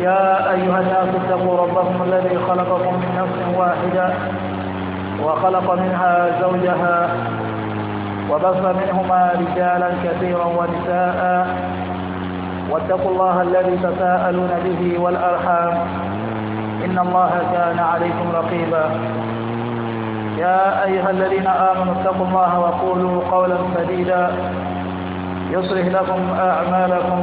يا أيها الناس اتقوا ربكم الذي خلقكم من نفس واحدة وخلق منها زوجها وبث منهما رجالا كثيرا ونساء واتقوا الله الذي تساءلون به والأرحام إن الله كان عليكم رقيبا يا أيها الذين آمنوا اتقوا الله وقولوا قولا سديدا يصلح لكم أعمالكم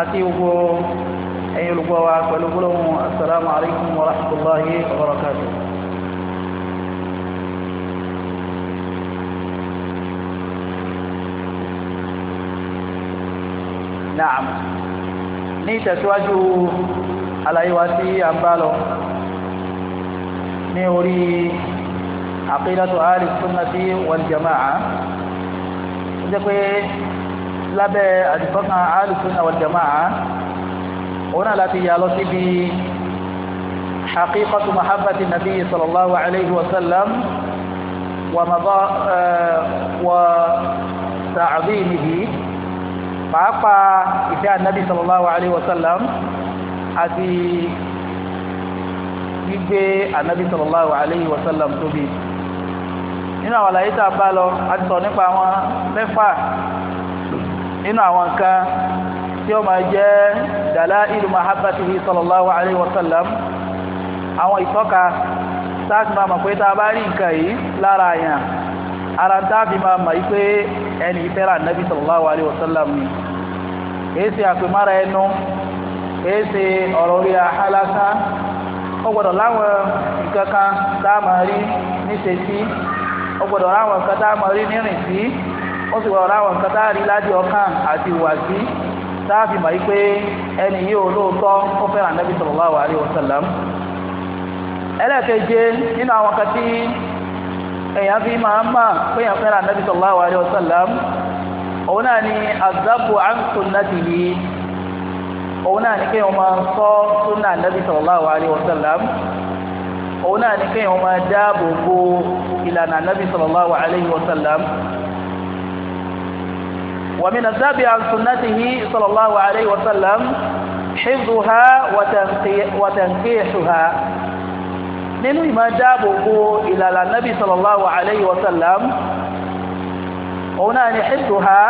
àti gbogbo ẹ̀yin olùgbọ́ wa pẹ̀lú gbólóhùn assalamu alaikum wa rahmatullahi wa barakatuh. naam ní ìtẹ̀síwájú àlàyé wa tí a ń ní orí aqidatu ahli sunnati wal jama'a jẹ́ pé lábẹ́ àdìsọ́kàn alùsùn àwọn jama'a òun náà láti yà lọ síbi حقيقة محبة النبي صلى الله عليه وسلم ومضى وتعظيمه pàápàá ìfẹ́ ànábì sallallahu alayhi wa sallam àti gbígbé ànábì sallallahu alayhi wa sallam tóbi nínú àwọn àlàyé tá a bá lọ a ti sọ nípa àwọn mẹ́fà nínú àwọn nǹkan tí ó máa jẹ́ dalailu mahabbatihi sallallahu Alaihi wa sallam àwọn ìtọ́ka táàkì máa mọ̀ pé tá a bá rí nǹkan yìí lára ara ń táàkì máa mọ̀ yìí pé ẹni ìfẹ́ràn nabi sallallahu Alaihi wa sallam ni èyí ṣe àpèmára ẹnu èyí ṣe ọ̀rọ̀ orí ahálásá ó gbọ́dọ̀ láwọn nǹkan kan tá a máa rí níṣe sí ó gbọ́dọ̀ láwọn nǹkan tá ó sì wọ̀rọ̀ láwọn nǹkan tá a rí lájú ọkàn àti ìwàsí tá a fi mọ̀ pé ẹni yìí ò lóòótọ́ ó fẹ́ràn anábì sallallahu alaihi wasallam. ẹlẹ́ẹ̀keje nínú àwọn kan tí èèyàn fi máa ń mọ̀ pé èèyàn fẹ́ràn anábì sallallahu alaihi wasallam òun náà ni az-zabbu an sunnatihi òun náà ni kéèyàn máa sọ súnà anábì sallallahu alaihi wasallam òun náà ni kéèyàn máa dáàbò bo ìlànà anábì sallallahu alaihi wasallam ومن الذهب عن سنته صلى الله عليه وسلم حفظها وتنكيحها nínú ìmọ̀ dáàbò bo ìlànà nàbì sallallahu alayhi wa sallam òun náà ni hifdhuha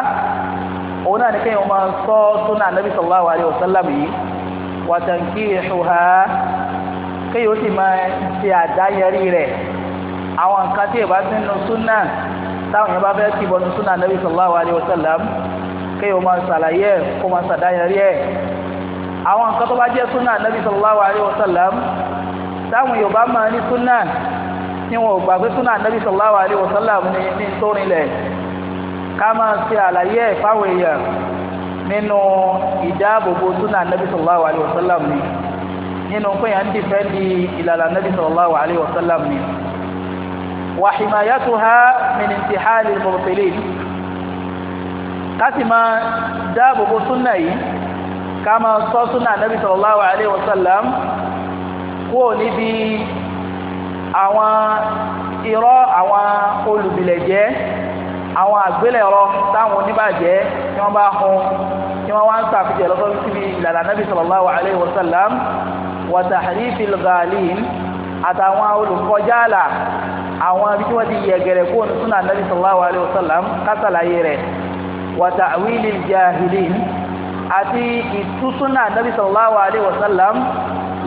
òun náà ni kí wọ́n máa sọ súnà nàbì sallallahu alayhi wa sallam yìí wa tankihuha kí yóò sì máa ṣe àdáyẹrí rẹ̀ àwọn nǹkan tí ìbá sínú súnà táwọn èèyàn bá fẹ́ kí ìbọnú súnà nàbí sallallahu alayhi wa sallam kéèyàn máa ṣàlàyé ẹ̀ kó máa ṣàdáyẹrí ẹ̀ àwọn nǹkan tó bá jẹ́ súnà nàbí sallallahu alayhi wa sallam táwọn Yorùbá máa ní súnà tí wọn ò gbà pé súnà nàbí sallallahu alayhi wa sallam ní ní tórinlẹ̀ ká máa ṣe àlàyé ẹ̀ fáwọn èèyàn nínú ìdáàbòbò súnà nàbí sallallahu alayhi wa sallam ni nínú pé yàn ń dìfẹ́ di ìlànà nàbí sallallahu alayhi wa sallam ni. وحمايتها من انتحال المبطلين kásì máa dáàbò كما súnà النبي صلى الله عليه وسلم، nàbì sallallahu alayhi wa sallam kúrò níbi àwọn irọ́ àwọn olùbìlẹ̀jẹ́ àwọn àgbélẹ̀rọ táwọn oníbàjẹ́ tí wọ́n bá hun tí wọ́n wá ń sàfihàn lọ́sọ́ síbi ìlànà nàbì sallallahu alayhi wa sallam wa tahrifil àtàwọn olùkọjá àlà àwọn ibi tí wọ́n ti yẹ gẹ̀rẹ̀ kó nínú súnà nàbí sallallahu alayhi wa sallam kásàlàyé rẹ̀ wa ta'wilil jahilin àti ìtúsúnà nàbí sallallahu alayhi wa sallam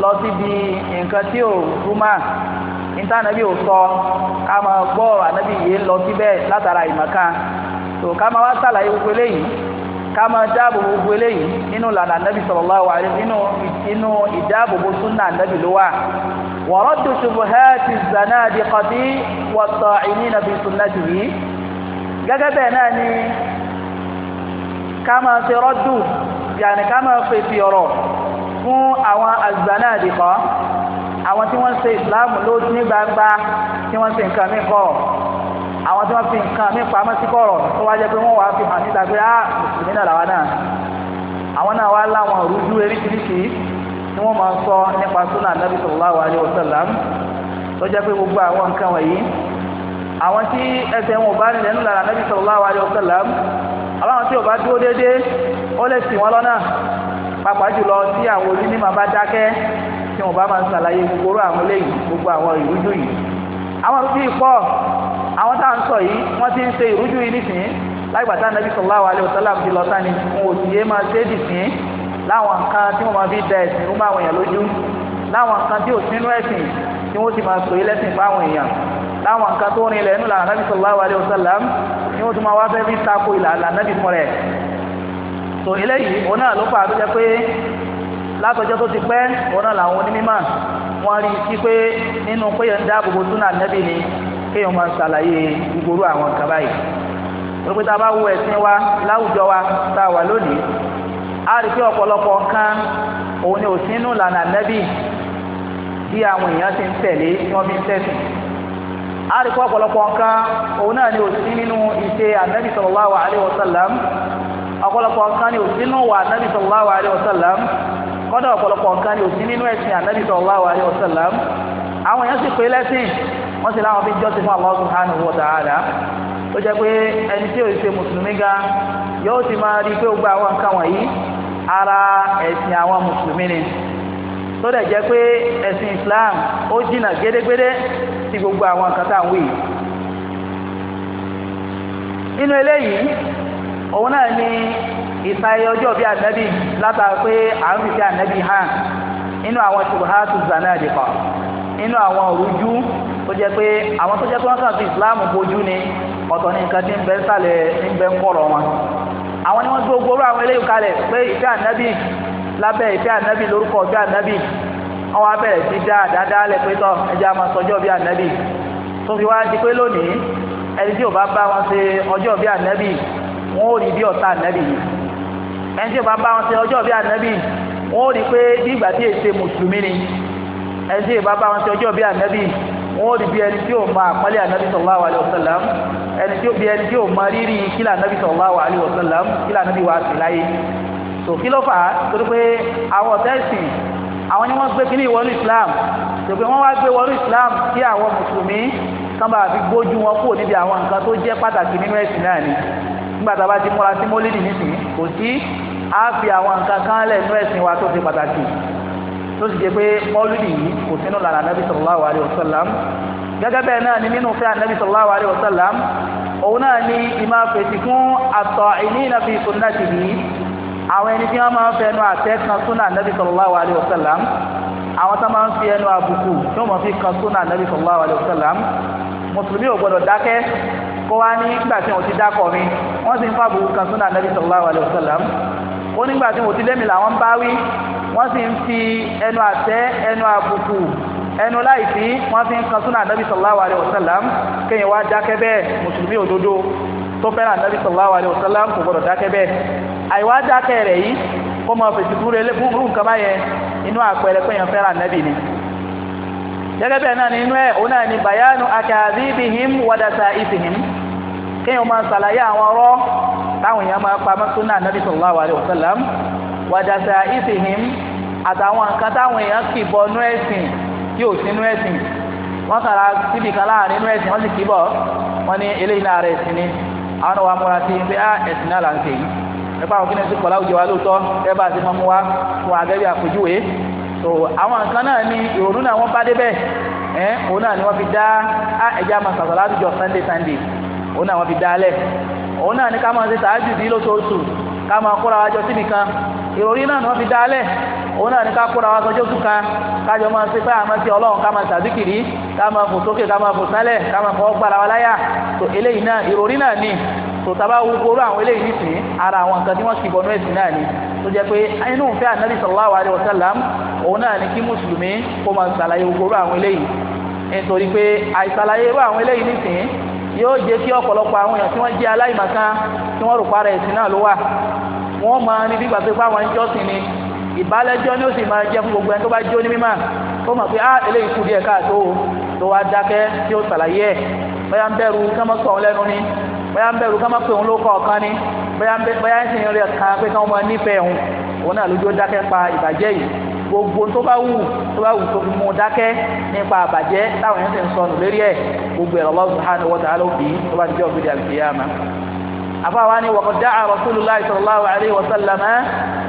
lọ síbi nǹkan tí ò rúmà níta nàbí ò sọ ká gbọ́ ànábì yìí lọ síbẹ̀ látara ìmọ̀kan tó ká wá sàlàyé gbogbo eléyìí ká máa dáàbò gbogbo eléyìí nínú ìlànà ànábì sallallahu alaihi nínú inú ìdáàbòbò súnà ànábì ló wà wa raddu shubuhati zanadiqati wat-ta'inina fi sunnatihi gẹ́gẹ́ bẹ́ẹ̀ náà ni ká máa ṣe rọ́dù yàní ká máa fèsì ọ̀rọ̀ fún àwọn az-zanadiqa àwọn tí wọ́n ṣe ìsìláàmù lójú ní gbangba tí wọ́n ṣe nǹkan mìíràn àwọn tí wọ́n fi nǹkan mi pamọ́ sí kọ̀rọ̀ tó wá jẹ́ pé wọ́n wàá fi hàn níta pé á ah, mùsùlùmí náà làwa náà àwọn náà wá láwọn òrùjú eríṣiríṣi tí wọ́n máa sọ nípa súnà nàbí sallallahu alaihi wasallam tó jẹ́ pé gbogbo àwọn nǹkan wọ̀nyí àwọn tí ẹsẹ̀ wọn ò bá nílẹ̀ ńlá nàbí sallallahu alaihi wasallam àwọn tí ò bá dúró déédé ó lè ṣì wọ́n lọ́nà pàápàá jùlọ tí àwọn onímọ̀ bá dákẹ́ tí wọn bá máa ń ṣàlàyé gbogbo àwọn eléyìí gbogbo àwọn ìrújú yìí àwọn ìrújú ìpọ̀ àwọn tá à ń sọ yìí wọ́n ti ń ṣe ìrújú yìí nísìnyí láìgbàtà nàbí sallallahu alaihi wasallam ti lọ sáni wọn ò sì yé máa ṣe é dìsín láwọn nǹkan tí wọ́n máa fi da ẹ̀sìn rúmọ́ àwọn èèyàn lójú láwọn nǹkan tí ò sínú ẹ̀sìn tí wọ́n sì máa pè é lẹ́sìn fáwọn èèyàn láwọn nǹkan tó rin ilẹ̀ nínú làwọn nàbí sallallahu alaihi wasallam ni wọ́n tún máa wá fẹ́ fi tako ìlànà nàbí fún rẹ̀ tó eléyìí òun náà ló fà á tó jẹ́ pé látọjọ́ tó ti pẹ́ òun náà làwọn onímọ̀ wọ́n rí sí pé nínú pé yẹn dá gbogbo súnà nẹ́bì ni kéèyàn máa ṣàlàyé gbogbo àwọn nǹkan báyìí torí pé tá a bá wo ẹ̀sìn wa láwùjọ wa tá a wà lónìí a rí pé ọ̀pọ̀lọpọ̀ kan òun ni òsínú lànà nẹ́bì bí àwọn èèyàn ti ń tẹ̀lé tí wọ́n fi ń tẹ̀sìn a rí pé ọ̀pọ̀lọpọ̀ kan òun náà ni òsín nínú ìṣe ànábì sallallahu alaihi wasallam ọ̀pọ̀lọpọ̀ kan ni òsínú wà ànábì sallallahu alaihi wasallam kọ́dọ̀ ọ̀pọ̀lọpọ̀ nǹkan ni n'inu nínú ẹ̀sìn ànábì sallallahu alaihi wasallam àwọn èèyàn sì pé lẹ́sìn wọ́n sì láwọn fi ti fún Allah subhanahu wa ta'ala ó jẹ́ pé ẹni tí ò ṣe mùsùlùmí ga yóò ti máa rí pé gbogbo àwọn nǹkan wọ̀nyí ara ẹ̀sìn àwọn mùsùlùmí ni tó dẹ̀ jẹ́ pé ẹ̀sìn Islam gbogbo àwọn nǹkan tá à ìsáyẹ ọjọ́ bí ànábì látara pé à ń fìfẹ́ ànábì hàn nínú àwọn ṣubuhatu zanadiqa nínú àwọn òrújú tó jẹ́ pé àwọn tó jẹ́ pé wọ́n kàn fi islam bojú ni ọ̀tọ̀ ní nǹkan tí ń bẹ ń sàlẹ̀ ń bẹ ń kọ̀rọ̀ wọn àwọn ni wọ́n tó gbóró àwọn eléyìí kalẹ̀ pé ìfẹ́ ànábì lábẹ́ ìfẹ́ ànábì lórúkọ ìfẹ́ ànábì wọ́n wá bẹ̀rẹ̀ sí dáadáa dáálẹ̀ pé tọ́ ẹja máa sọjọ́ bí ànábì tó fi wá di pé lónìí ẹni tí ò bá bá wọn ṣe ọjọ́ bí ànábì wọn ò rí bí ọ̀tá ànábì yìí ẹni tí ìbá bá wọn ṣe ọjọ́ bí ànábì wọn ò rí pé bí ìgbà tí èsè mùsùlùmí ni ẹni tí ìbá bá wọn ṣe ọjọ́ bí ànábì wọn ò rí bí ẹni tí ò mọ àpọ́nlé ànábì sallallahu alaihi wasallam ẹni tí ó bí ẹni tí ò mọ rírì kílà ànábì sallallahu alaihi wasallam kílà ànábì wà sí láyé tó kí ló fà á torí pé àwọn ọ̀tẹ́sì àwọn ni wọ́n gbé kíní ìwọ́lú Islam tó pé wọ́n wá gbé wọ́lú Islam kí àwọn mùsùlùmí kán bá fi gbójú wọn kúrò níbi àwọn nǹkan tó jẹ́ pàtàkì nínú ẹ̀sìn náà ni nígbà tá a bá ti múra sí mólídì nísìnyí kò sí á fi àwọn nǹkan kan lẹ̀ nú ẹ̀sìn wa tó ṣe pàtàkì tó sì jẹ́ pé mólídì yìí kò sínú lára nàbí sallallahu alaihi wasallam gẹ́gẹ́ bẹ́ẹ̀ náà ni nínú fẹ́ nàbí sallallahu alaihi wasallam òun náà ni ìmá fèsì fún àtọ̀ ìní nàbí sunnatihi àwọn ẹni tí wọ́n máa ń fẹnu àtẹ́ kan súnà nàbí sallallahu alaihi wasallam àwọn tó máa ń fi ẹnu àbùkù tí wọ́n máa fi kan súnà nàbí sallallahu alaihi wasallam mùsùlùmí ò gbọ́dọ̀ dákẹ́ kó wá ní nígbà tí wọ́n ti dákọ̀ mi wọ́n sì ń fa burúkú kan súnà nàbí sallallahu alaihi wasallam ó nígbà tí wọ́n ti lémi làwọn bá wí wọ́n sì ń fi ẹnu àtẹ́ ẹnu àbùkù ẹnu láìsí wọ́n fi ń kan súnà nàbí sallallahu alaihi wasallam kéèyàn wá dákẹ́ bẹ́ẹ̀ mùsùlùmí òdodo tó fẹ́ràn nàbí sallallahu alaihi wasallam kò gbọdọ̀ dákẹ́ bẹ́ẹ̀ àìwá dákẹ́ rẹ̀ yìí kó mọ fèsì búrú nǹkan gẹ́gẹ́ bẹ́ẹ̀ náà nínú ẹ̀ òun náà ni bayanu wadasa ifihim kéèyàn máa ṣàlàyé àwọn ọ̀rọ̀ táwọn èèyàn máa pamọ́ sún náà nàbí sallallahu alaihi wasallam wadasa ifihim àtàwọn nǹkan táwọn èèyàn kì bọ nú ẹ̀sìn tí ò sínú ẹ̀sìn wọ́n kàrà síbi kan láàrin nú ẹ̀sìn wọ́n sì kì bọ̀ wọ́n ní eléyìí náà ni àwọn so àwọn nǹkan náà ni ìrònú náà wọ́n bá débẹ̀ ẹ̀ òun náà ni wọ́n fi dá á ah, ẹja máa sàtọ̀ látijọ́ sunday sunday òun náà wọ́n fi dá lẹ̀ òun náà ni ká máa ṣe tààjù bí lóṣooṣù ká máa kóra wájọ síbi kan ìròrí náà ni wọ́n fi dálẹ̀ òun náà ni ká kóra wájọ jókòó kan kájọ máa ṣe pé àmọ́ sí ọlọ́run ká máa ṣàzíkìrì ká máa fò sókè ká máa fò sálẹ̀ ká máa fọwọ́ gbára wa láyà tó eléyìí náà ìròrí náà ni tó tábà wo gbóró àwọn eléyìí nìsín ara àwọn nǹkan tí wọ́n sì bọnú ẹ̀sìn náà ni tó jẹ́ pé inú ìfẹ́ ànábì sallallahu alaihi wasallam òun náà ni kí mùsùlùmí kó máa ṣàlàyé gbóró àwọn eléyìí nítorí pé àìṣàlàyé irú àwọn eléyìí nìsín yóò jẹ́ kí ọ̀pọ̀lọpọ̀ àwọn èèyàn tí wọ́n jẹ́ aláìmọ̀kan tí wọ́n rò para ẹ̀sìn náà ló wà wọ́n máa ní bí gbàgbé pàwọn ìjọsìn ni ìbálẹ́jọ́ ni ó sì máa jẹ́ fún gbogbo ẹni tó bá jó ní mímọ́ ó mọ̀ pé ah eléyìí kù díẹ̀ káàtó o tó wá dákẹ́ tí ó ṣàlàyé ẹ̀ bóyá ń bẹ̀rù kán mọ́ sọ òun lẹ́nu ni bóyá ń bẹ̀rù kán mọ́ pé òun ló kọ́ ọ̀kan ni bóyá ń sì ń rí pé káwọn máa nífẹ̀ẹ́ òun òun náà lójú dákẹ́ pa ìbàjẹ́ yìí gbogbo tó bá wù tó bá wù tó fi mú dákẹ́ nípa àbàjẹ́ táwọn yẹn ti ń sọnù lórí ẹ̀ gbogbo ẹ̀rọ Allah subhanahu wa ta'ala bí tó bá ti jẹ́ òbí al-qiyama. àfàwọn ni waqad da'a rasulullah sallallahu alayhi wa sallam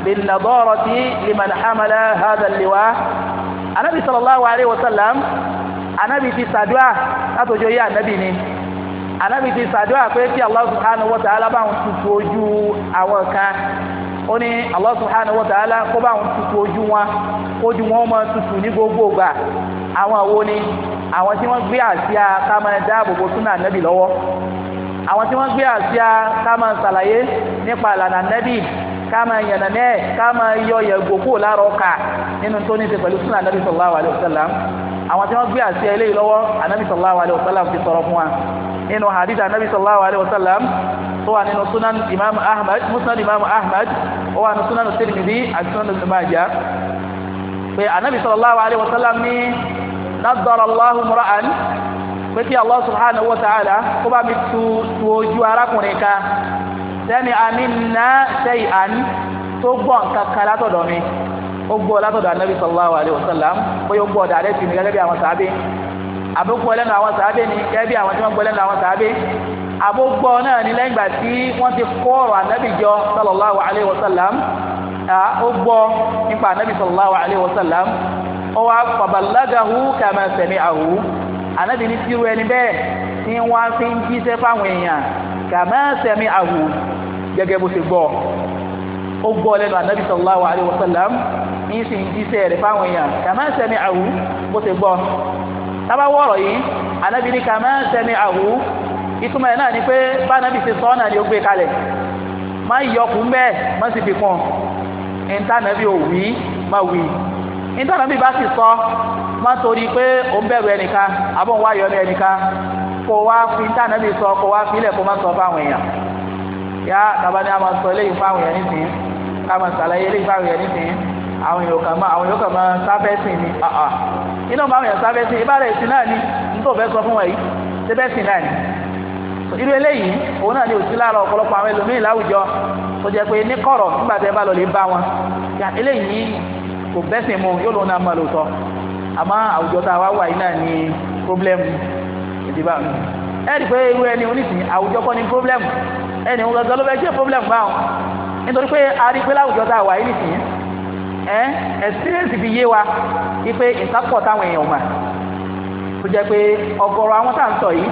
bin nadarati liman hamala hadha al-liwa anabi sallallahu alayhi wa sallam anabi ti sàdúà látòjó yé anabi ni anabi ti sàdúà pé kí Allah subhanahu wa ta'ala bá ń ojú àwọn kan ó ní Allah subhanahu wa ta'ala kó bá wọn tutù ojú wọn ojú wọn máa tutù ní gbogbo gbà àwọn wo ni àwọn tí wọ́n gbé àsíá ká máa dáàbò bo súnà nẹ́bì lọ́wọ́ àwọn tí wọ́n gbé àsíá ká máa ṣàlàyé nípa ìlànà nẹ́bì kama yananẹ kama yọ yẹgo kó lára ọkà nínú tó ní ṣe pẹ̀lú sunan anabi sallallahu alayhi wa sallam àwọn tí wọ́n gbé àṣẹ eléyìí lọ́wọ́ anabi sallallahu alayhi wa sallam ti nínú hadith anabi sallallahu alayhi wa sallam tó wà nínú sunan imam ahmad musnad imam ahmad ó wà nínú sunan tirmidhi àti sunan ibn majah pé anabi sallallahu alayhi wa sallam ní nadara allahu mura'an pé kí allah subhanahu wa ta'ala kó bá mi tu tu ojú arákùnrin kan sẹ́ni amínà sẹ́yìn àní tó gbọ́ nǹkan kan látọ̀dọ̀ mi ó gbọ́ látọ̀dọ̀ anabi sallallahu alayhi wa sallam bóyá ó gbọ́ ọ̀dà àdẹ́sìn mi gẹ́gẹ́ bí àwọn sàábé àbúkọ lẹ́nu àwọn sàábé ni kẹ́bí àwọn tí wọ́n gbọ́ lẹ́nu àwọn sàábé àbúkọ náà ni lẹ́yìn ìgbà tí wọ́n ti kọ́ ọ̀rọ̀ ànábì jọ sallallahu alayhi wa sallam ó gbọ́ nípa ànábì sallallahu alayhi wa sallam ó wá fàbàlágàhu kama sami'ahu ànábì ní tìrú ẹni bẹ́ẹ̀ ni wọ́n fi ń jíṣẹ́ fáwọn èèyàn kama sami'ahu gẹ́gẹ́ bó ṣe gbọ́ ó gbọ́ lẹ́nu ànábì sallallahu alayhi wa sallam ní sì ń jíṣẹ́ rẹ̀ fáwọn èèyàn kama sami'ahu bó ṣe gbọ́ tábà wọ̀rọ̀ yìí anabi ní kàmá sẹ́mi àhú ìtumọ̀ ẹ̀ náà ni pé bánabi ti sọ ọ́ náà ni ó gbé kalẹ̀ má yọkù ń bẹ́ẹ̀ má sì fi kàn o wi, wí wi, wí ìntànàbí bá sì sọ má torí pé ó ń bẹ̀rù ẹnìkan àbọ̀ ń wá yọnu ẹnìkan kó wá fi ìntànàbí sọ kó wá fi ilẹ̀ kó má sọ fáwọn èèyàn yá tàbá ni a máa sọ eléyìí fáwọn èèyàn nísìnyí ká máa sàlàyé eléyìí fáwọn èèyàn nísìnyí àwọn èèyàn kà máa àwọn èèyàn kà máa sáfẹ́sìn ni ah, ah. iná máa wọ̀nyàn sáfẹ́sìn ìbára ẹ̀sìn náà ni nítorí fẹ́ sọ fún wa yìí sẹ́fẹ́sìn náà ni irú eléyìí òun náà ni òsì lára ọ̀pọ̀lọpọ̀ àwọn ẹlòmíín láwùjọ tó jẹ́ pé ní nígbà tẹ́ bá lọ lè bá wọn eléyìí kò bẹ́sìn mu yóò lóun náà máa lò àmọ́ àwùjọ tá a wá wà yìí náà ni pọ́blẹ́mù ìdìbò àmì pé irú ẹni onísìn àwùjọ kọ́ ni pọ́blẹ́mù ẹni òun gangan ló fẹ́ ṣe pọ́blẹ́mù báwọn nítorí pé a rí pé láwùjọ tá a wà yìí nìsín ẹ experience fi yé wa wípé ìsápọ̀ táwọn èèyàn mà tó jẹ́ pé ọ̀gọ̀rọ̀ àwọn tá à ń sọ yìí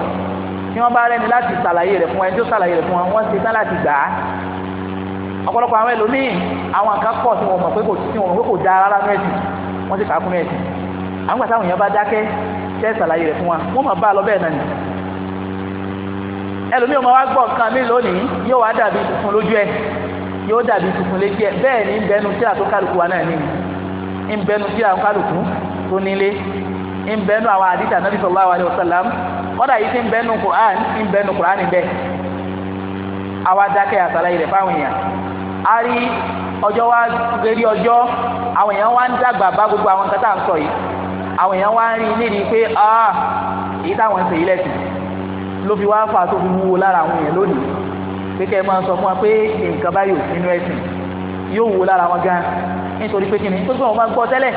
tí wọ́n bá rẹ́ni láti ṣàlàyé rẹ̀ fún wa ẹni tó ṣàlàyé rẹ̀ fún wa wọ́n ti tán láti gbà á ọ̀pọ̀lọpọ̀ àwọn ẹlòmíì àwọn nǹkan pọ̀ tí wọ́n mọ̀ pé kò tí wọ́n mọ̀ pé kò dáa rárá mẹ́sì wọ́n ti kà á kún mẹ́sì àwọn gbàtà àwọn èèyàn bá dákẹ́ tẹ́ ṣàlàyé rẹ̀ fún wa wọ́n mọ̀ bá a lọ bẹ́ẹ̀ náà ẹlòmíì ọmọ wa gbọ́ nǹkan mi lónìí yóò wá dàbí tuntun lójú ẹ̀ yóò dàbí tuntun létí ẹ bẹ́ẹ̀ ni nbẹ́nu tíra tó kálukú wa náà ní nbẹ́nu tíra kálukú tó nílé nbẹ́nu àwọn àdìtà nàbí sallallahu alaihi wasallam kọ́dà yìí ti Qur'an nbẹ́nu Qur'an bẹ́ẹ̀ àwa dákẹ́ àtàlàyé rẹ̀ fáwọn èèyàn a rí ọjọ́ wa rí ọjọ́ àwọn èèyàn wa ń dàgbà bá gbogbo àwọn ń sọ yìí àwọn èèyàn wa ń rí pé ah, èyí táwọn pé kẹ́ ẹ máa sọ fún wa pé nǹkan báyìí ò nínú ẹ̀sìn yóò wò lára wọn gan nítorí pé kíni nítorí pé wọn máa gbọ́ tẹ́lẹ̀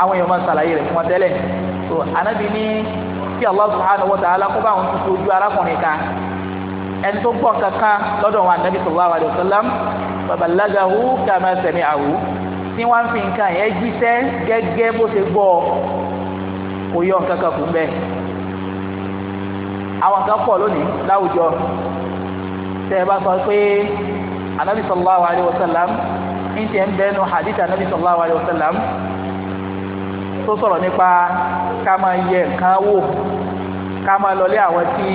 àwọn èèyàn máa ṣàlàyé rẹ̀ fún wọn tẹ́lẹ̀ tó ànábì ní kí Allah subhanahu wa ta'ala kó bá àwọn tuntun ojú arákùnrin kan ẹni tó gbọ́ kankan lọ́dọ̀ wọn ànábì sallallahu alayhi wa sallam babalagahu kama sami'ahu tí wọ́n fi nǹkan yẹn jíṣẹ́ gẹ́gẹ́ bó ṣe gbọ́ kò yọ nǹkan kan kù bẹ́ẹ̀ àwọn kan pọ̀ lónìí láwùjọ tẹ́ ẹ bá sọ pé anabi sallallahu alayhi wa sallam ń tiẹ̀ ń bẹ́ẹ̀ hadith anabi sallallahu alayhi wa sallam tó sọ̀rọ̀ nípa ká máa yẹ nǹkan wò ká máa lọlé àwọn tí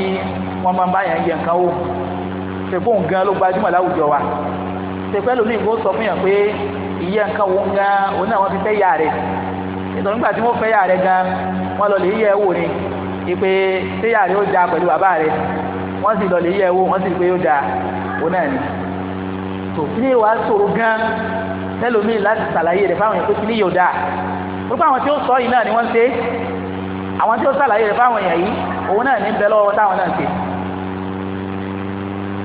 wọ́n máa ń báyàn yẹ nǹkan wò ṣègbọ́n gan ló gbajúmọ̀ láwùjọ wa ṣèpẹ́ lómi ìgbó sọ fún yàn pé ìyẹ nǹkan wò gan òun náà wọ́n fi fẹ́ yà rẹ̀ ìtọ́jú nígbà tí wọ́n fẹ́ yà rẹ̀ gan wọ́n lọ lè yẹ wò ni ìpè tẹ́yà rẹ̀ ó da pẹ̀lú bàbá rẹ̀ wọ́n sì lọ́ọ́ lè yẹ owó wọ́n sì pé ó dáa ó náà ni tó kí ni wàá sọ̀rọ̀ gan tẹ́lómi láti ṣàlàyé rẹ̀ fáwọn èèyàn pé kí ni yóò dáa gbogbo àwọn tí ó sọ yìí náà ni wọ́n ń ṣe àwọn tí ó ṣàlàyé rẹ̀ fáwọn èèyàn yìí òun náà ní bẹ lọ́wọ́ táwọn náà ń ṣe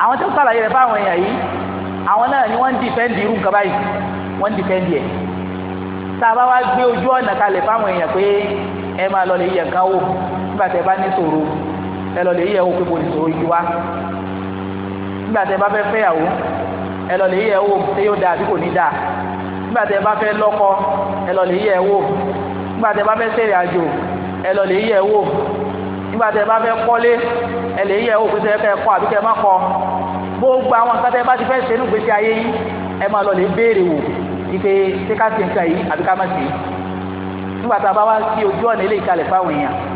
àwọn tí ó ṣàlàyé rẹ̀ fáwọn èèyàn yìí àwọn náà ni wọ́n ń dìfẹ́ǹdì irú nǹkan báyìí wọ́n ń dìfẹ́ǹdì ẹ̀ tá a bá wá gbé ojú ọ̀nà kalẹ̀ fáwọn èèyàn pé ẹ máa lọ ẹ lọ lè yẹ wo pé mo lè sòrò yìí wá nígbà tẹ bá fẹ́ fẹ́yàwó ẹ lọ lè yẹ wo pé yóò dáa àbí kò ní dáa nígbà tẹ bá fẹ́ lọ́kọ ẹ lọ lè yẹ wo nígbà tẹ bá fẹ́ sẹ́rìn àjò ẹ lọ lè nígbà tẹ bá fẹ́ kọ́lé ẹ lè yẹ wo pé tẹ àbí kẹ má kọ́ gbogbo àwọn nǹkan tẹ bá ti fẹ́ ṣe nínú ìgbésí ayé yìí ẹ máa lọ béèrè wò ipe ṣé ká ti nǹkan yìí àbí ká má ṣe nígbà tá a bá wá sí ojú ọ̀nà ilé ìkalẹ̀ fáwọn èèyàn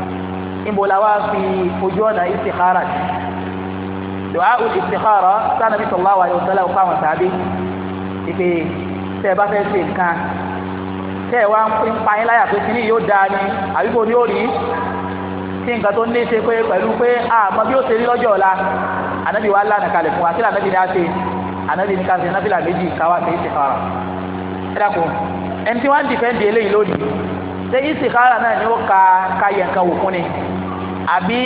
níbo la wá fi ojú ọ̀nà istikhara sí dùá istikhara sanabi sallallahu alaihi wasallam fáwọn tàbí ìpè tẹ́ ẹ bá fẹ́ ṣe nǹkan tẹ́ ẹ wá ń pín payín láyà pé kíní yóò dáa ni àbíkò ni ó rí kí nǹkan tó ní í ṣe pé pẹ̀lú pé àmọ́ bí ó ṣe rí lọ́jọ́ ọ̀la ànábì wa lánà kalẹ̀ fún wa kí lànàbì ni a ṣe ànábì ni ká ṣe nábìlà méjì káwá ṣe istikhara ẹ dàpọ̀ ẹni tí wọ́n ń dìfẹ́ǹdì eléyìí lónìí ṣé istikhara náà ni ó ka ka yẹ nǹkan wò fún ni àbí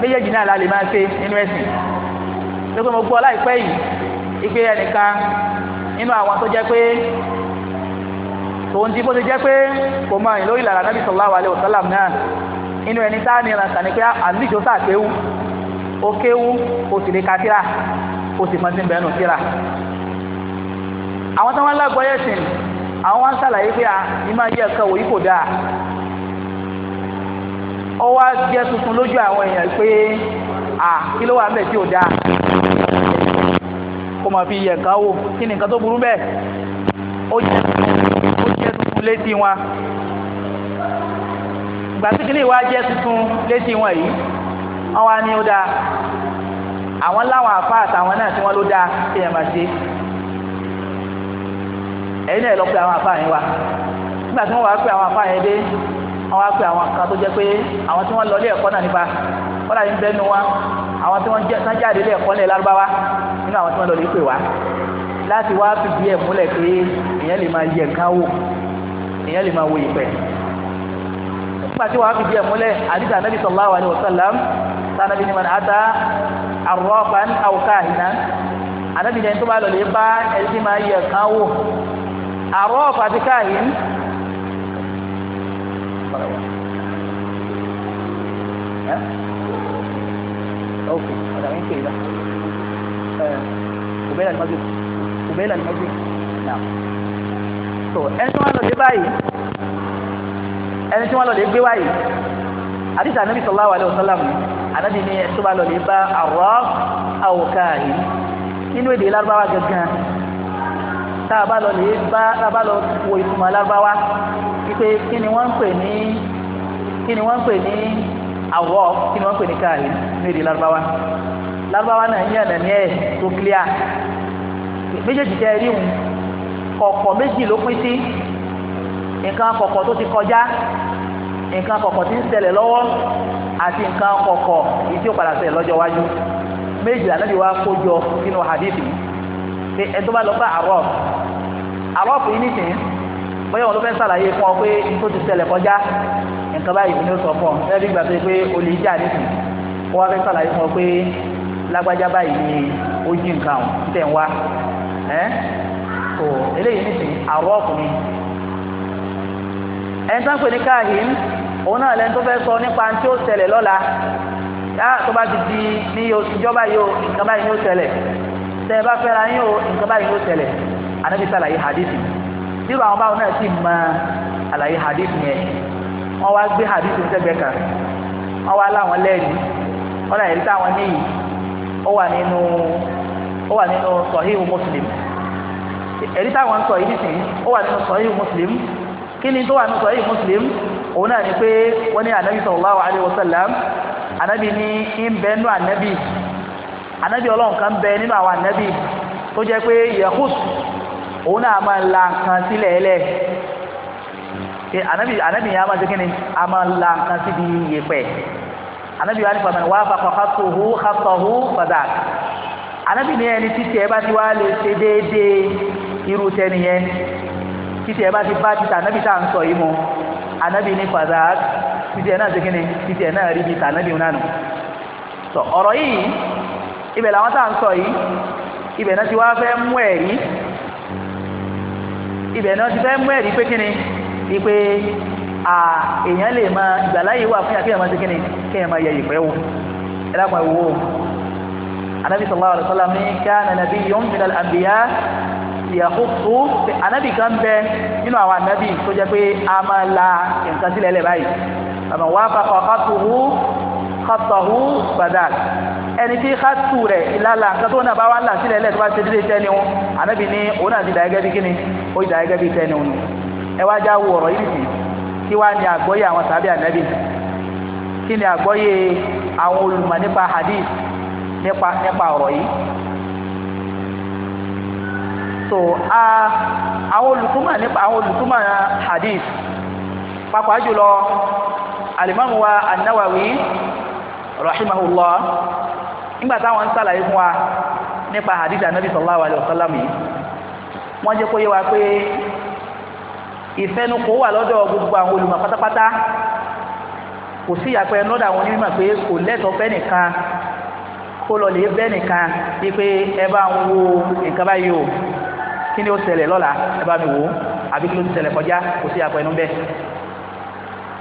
méjèèjì náà la lè máa ṣe nínú ẹ̀sìn lókè mo gbọ́ láìpẹ́ yìí ìpè ẹnìkan nínú àwọn tó jẹ́ pé tòun ti bó ti jẹ́ pé kò mọ àyìn lórí ìlànà Nabi sallallahu alaihi wasallam náà inú ẹni tá a ní ìlànà kàní pé àlejò sáà kéwú ó kéwú ó sì lè ka tíra ó sì mọ sí bẹ́ẹ̀ nù tíra àwọn tó wọn lágbọ́ yẹ̀sìn àwọn ń ṣàlàyé pé a? Ah, ní máa yẹ ẹ̀ka wòyí kò dáa ó wá jẹ́ tuntun lójú àwọn èèyàn pé à kí ló wà ń bẹ̀ tí ò dáa kó máa fi yẹ ẹ̀ka wò kí ni nǹkan tó burú bẹ́ẹ̀ ó jẹ́ ó jẹ́ tuntun létí wọn ìgbà tí kìnìún wá jẹ́ tuntun létí wọn yìí wọ́n wá ní ó dáa àwọn láwọn àfa àtàwọn náà tí wọ́n ló dáa kéèyàn máa ṣe é ẹ̀yin náà lọ pé àwọn afáàyàn wa nígbà tí wọ́n wá pé àwọn afáàyàn dé wọ́n wá pé àwọn kan tó jẹ́ pé àwọn tí wọ́n lọ ilé ẹ̀kọ́ náà nípa wọ́n láyé ń bẹ́nu àwọn tí wọ́n tán jáde ilé ẹ̀kọ́ nílẹ̀ lárúbáwá nínú àwọn tí wọ́n lọ lè pè wá láti wá fìdí ẹ̀ múlẹ̀ pé èèyàn lè máa yẹ nǹkan wò èèyàn lè máa wo ìpẹ́ nígbà tí wàá fìdí ẹ̀ múlẹ̀ àdìsá nàbì sallallahu alaihi wasallam sanabi ni ni ẹni tó àrọ́ọ̀f àti káyìn اوكي هذا عين كده قبيل المجد قبيل المجد so ẹni tí wọn lọ dé báyìí ẹni tí wọn lọ dé gbé wáyìí àdìsí ànábì sọlá wàlẹ ọsọlámù ànábì ní ẹni tó bá lọ dé bá àrọ àwòká nínú èdè lárúbáwá gangan tá a bá lọ lè bá tá a bá lọ wo ìtumọ̀ alábáwá wípé kí ni wọ́n ń pè ní kí ni wọ́n ń pè ní àwọ̀ kí ni wọ́n ń pè ní káàrí nídìí alábáwá alábáwá náà yí ọ̀nà ní ẹ̀ tó clear méjèèjì jẹ́ rí wọn kọ̀ọ̀kọ̀ méjì ló pín sí nǹkan kọ̀ọ̀kọ̀ tó ti kọjá nǹkan kọ̀ọ̀kọ̀ tí ń ṣẹlẹ̀ lọ́wọ́ àti nǹkan kọ̀ọ̀kọ̀ èyí tí ó padà ṣẹlẹ̀ lọ́jọ́ wájú méjì lànà bí wàá nínú hadithi pé ẹ tó bá lọ bá àrọ́ àbọ̀fù yìí nìsín bóyá wọn ló fẹ́ sàlàyé fún ọ pé tó ti ṣẹlẹ̀ kọjá nǹkan báyìí ni ó sọ fún ọ lẹ́yìn ìgbà tó yẹ pé olè jà nìsín ó wá fẹ́ sàlàyé fún ọ pé lágbájá báyìí ni ó jí nǹkan ọ̀hún tẹ̀ ń wá ẹ́ tó eléyìí nìsín àbọ̀fù ni ẹni tán pè ní káàhìn òun náà lẹni tó fẹ́ sọ nípa tí ó ṣẹlẹ̀ lọ́la yá tó bá ti di ní ìjọba yìí ó nǹkan báyìí ni ó ṣẹlẹ̀ tẹ́ anabi sàlàyé hadithi nígbà àwọn báwọn náà sì mọ àlàyé hadithi yẹn wọn wá gbé hadithi sẹgbẹ kan wọn wá láwọn lẹ́ẹ̀ni wọn náà yẹrí táwọn níyì ó wà nínú ó wà nínú sọhíhù muslim ẹ̀rí táwọn ń sọ yìí nìsín ó wà nínú sọhíhù muslim kí ni tó wà nínú sọhíhù muslim òun náà ni pé wọ́n ní anabi sallallahu alayhi wa sallam anabi ní ń bẹ́ẹ̀ nú anabi anabi ọlọ́run kan bẹ nínú àwọn anabi tó jẹ́ pé yahus òun náà máa la nǹkan sílẹ̀ ẹlẹ̀ anabi anabi yẹn a máa ṣe kí ni a máa la nǹkan síbi yẹpẹ̀ anabi wàá ní pàmò wàá fà kọ́ hàtòhù hàtòhù fàdà anabi ní ẹni títí ẹ bá ti wá lè ṣe déédéé irú tẹni yẹn títí ẹ bá ti bá títà anabi tá à ń sọ yìí mu anabi ní fàdà títí ẹ náà ṣe ni títí ẹ náà rí bi tà anabi náà nù sọ ọ̀rọ̀ yìí ibẹ̀ làwọn tá à ń sọ yìí ibẹ̀ náà ti wá fẹ́ mú ẹ̀rí ibẹ̀ náà ti fẹ́ mú ẹ̀rí pé kíni ipe èèyàn lè máa ìgbàláyè wà fún yà kéèyàn máa ṣe kíni kéèyàn máa yẹ ìpẹ́ wò ẹ dákun ẹ wò ó anabi sallallahu alaihi wa sallam ní káàna nàbí yom min al-anbiya yahudu anabi kan bẹ nínú àwọn anabi tó jẹ pé a máa la nǹkan sílẹ̀ lẹ̀ báyìí àmọ́ wàá fa kọ́ kátó hu kátó hu badal ẹni tí kátù rẹ̀ ìlàlà nǹkan tó náà bá wà ń là sílẹ̀ lẹ́tọ́ bá ti dílé tẹ́ni wọn ànábì ní òun náà ti dàgẹ́ bí kíni ó ti dàgẹ́ bí tẹ́ni wọn ẹ wá já wo yìí nìsí kí wá ní àgbọ́yé àwọn sàbí ànábì kí ni àgbọ́yé àwọn olùmọ̀ nípa hadith nípa nípa ọ̀rọ̀ yìí so àwọn olùtúmọ̀ nípa àwọn olùtúmọ̀ hadith pàápàá jùlọ alimami wa an-Nawawi nígbà táwọn ń sàlàyé fún wa nípa hadith anabi sallallahu alayhi wa sallam yìí wọ́n jẹ́ kó yé wa pé ìfẹnukò wà lọ́dọ̀ gbogbo àwọn olùmọ̀ pátápátá kò sí ìyàpẹ́ lọ́dọ̀ àwọn onímọ̀ pé kò lẹ́tọ̀ọ́ fẹ́ nìkan kó lọ lè bẹ́ nìkan wípé ẹ bá ń wo nǹkan báyìí o kí ni ó ṣẹlẹ̀ lọ́la ẹ bá mi wò ó àbí kí ló ti ṣẹlẹ̀ kọjá kò sí ìyàpẹ́ nù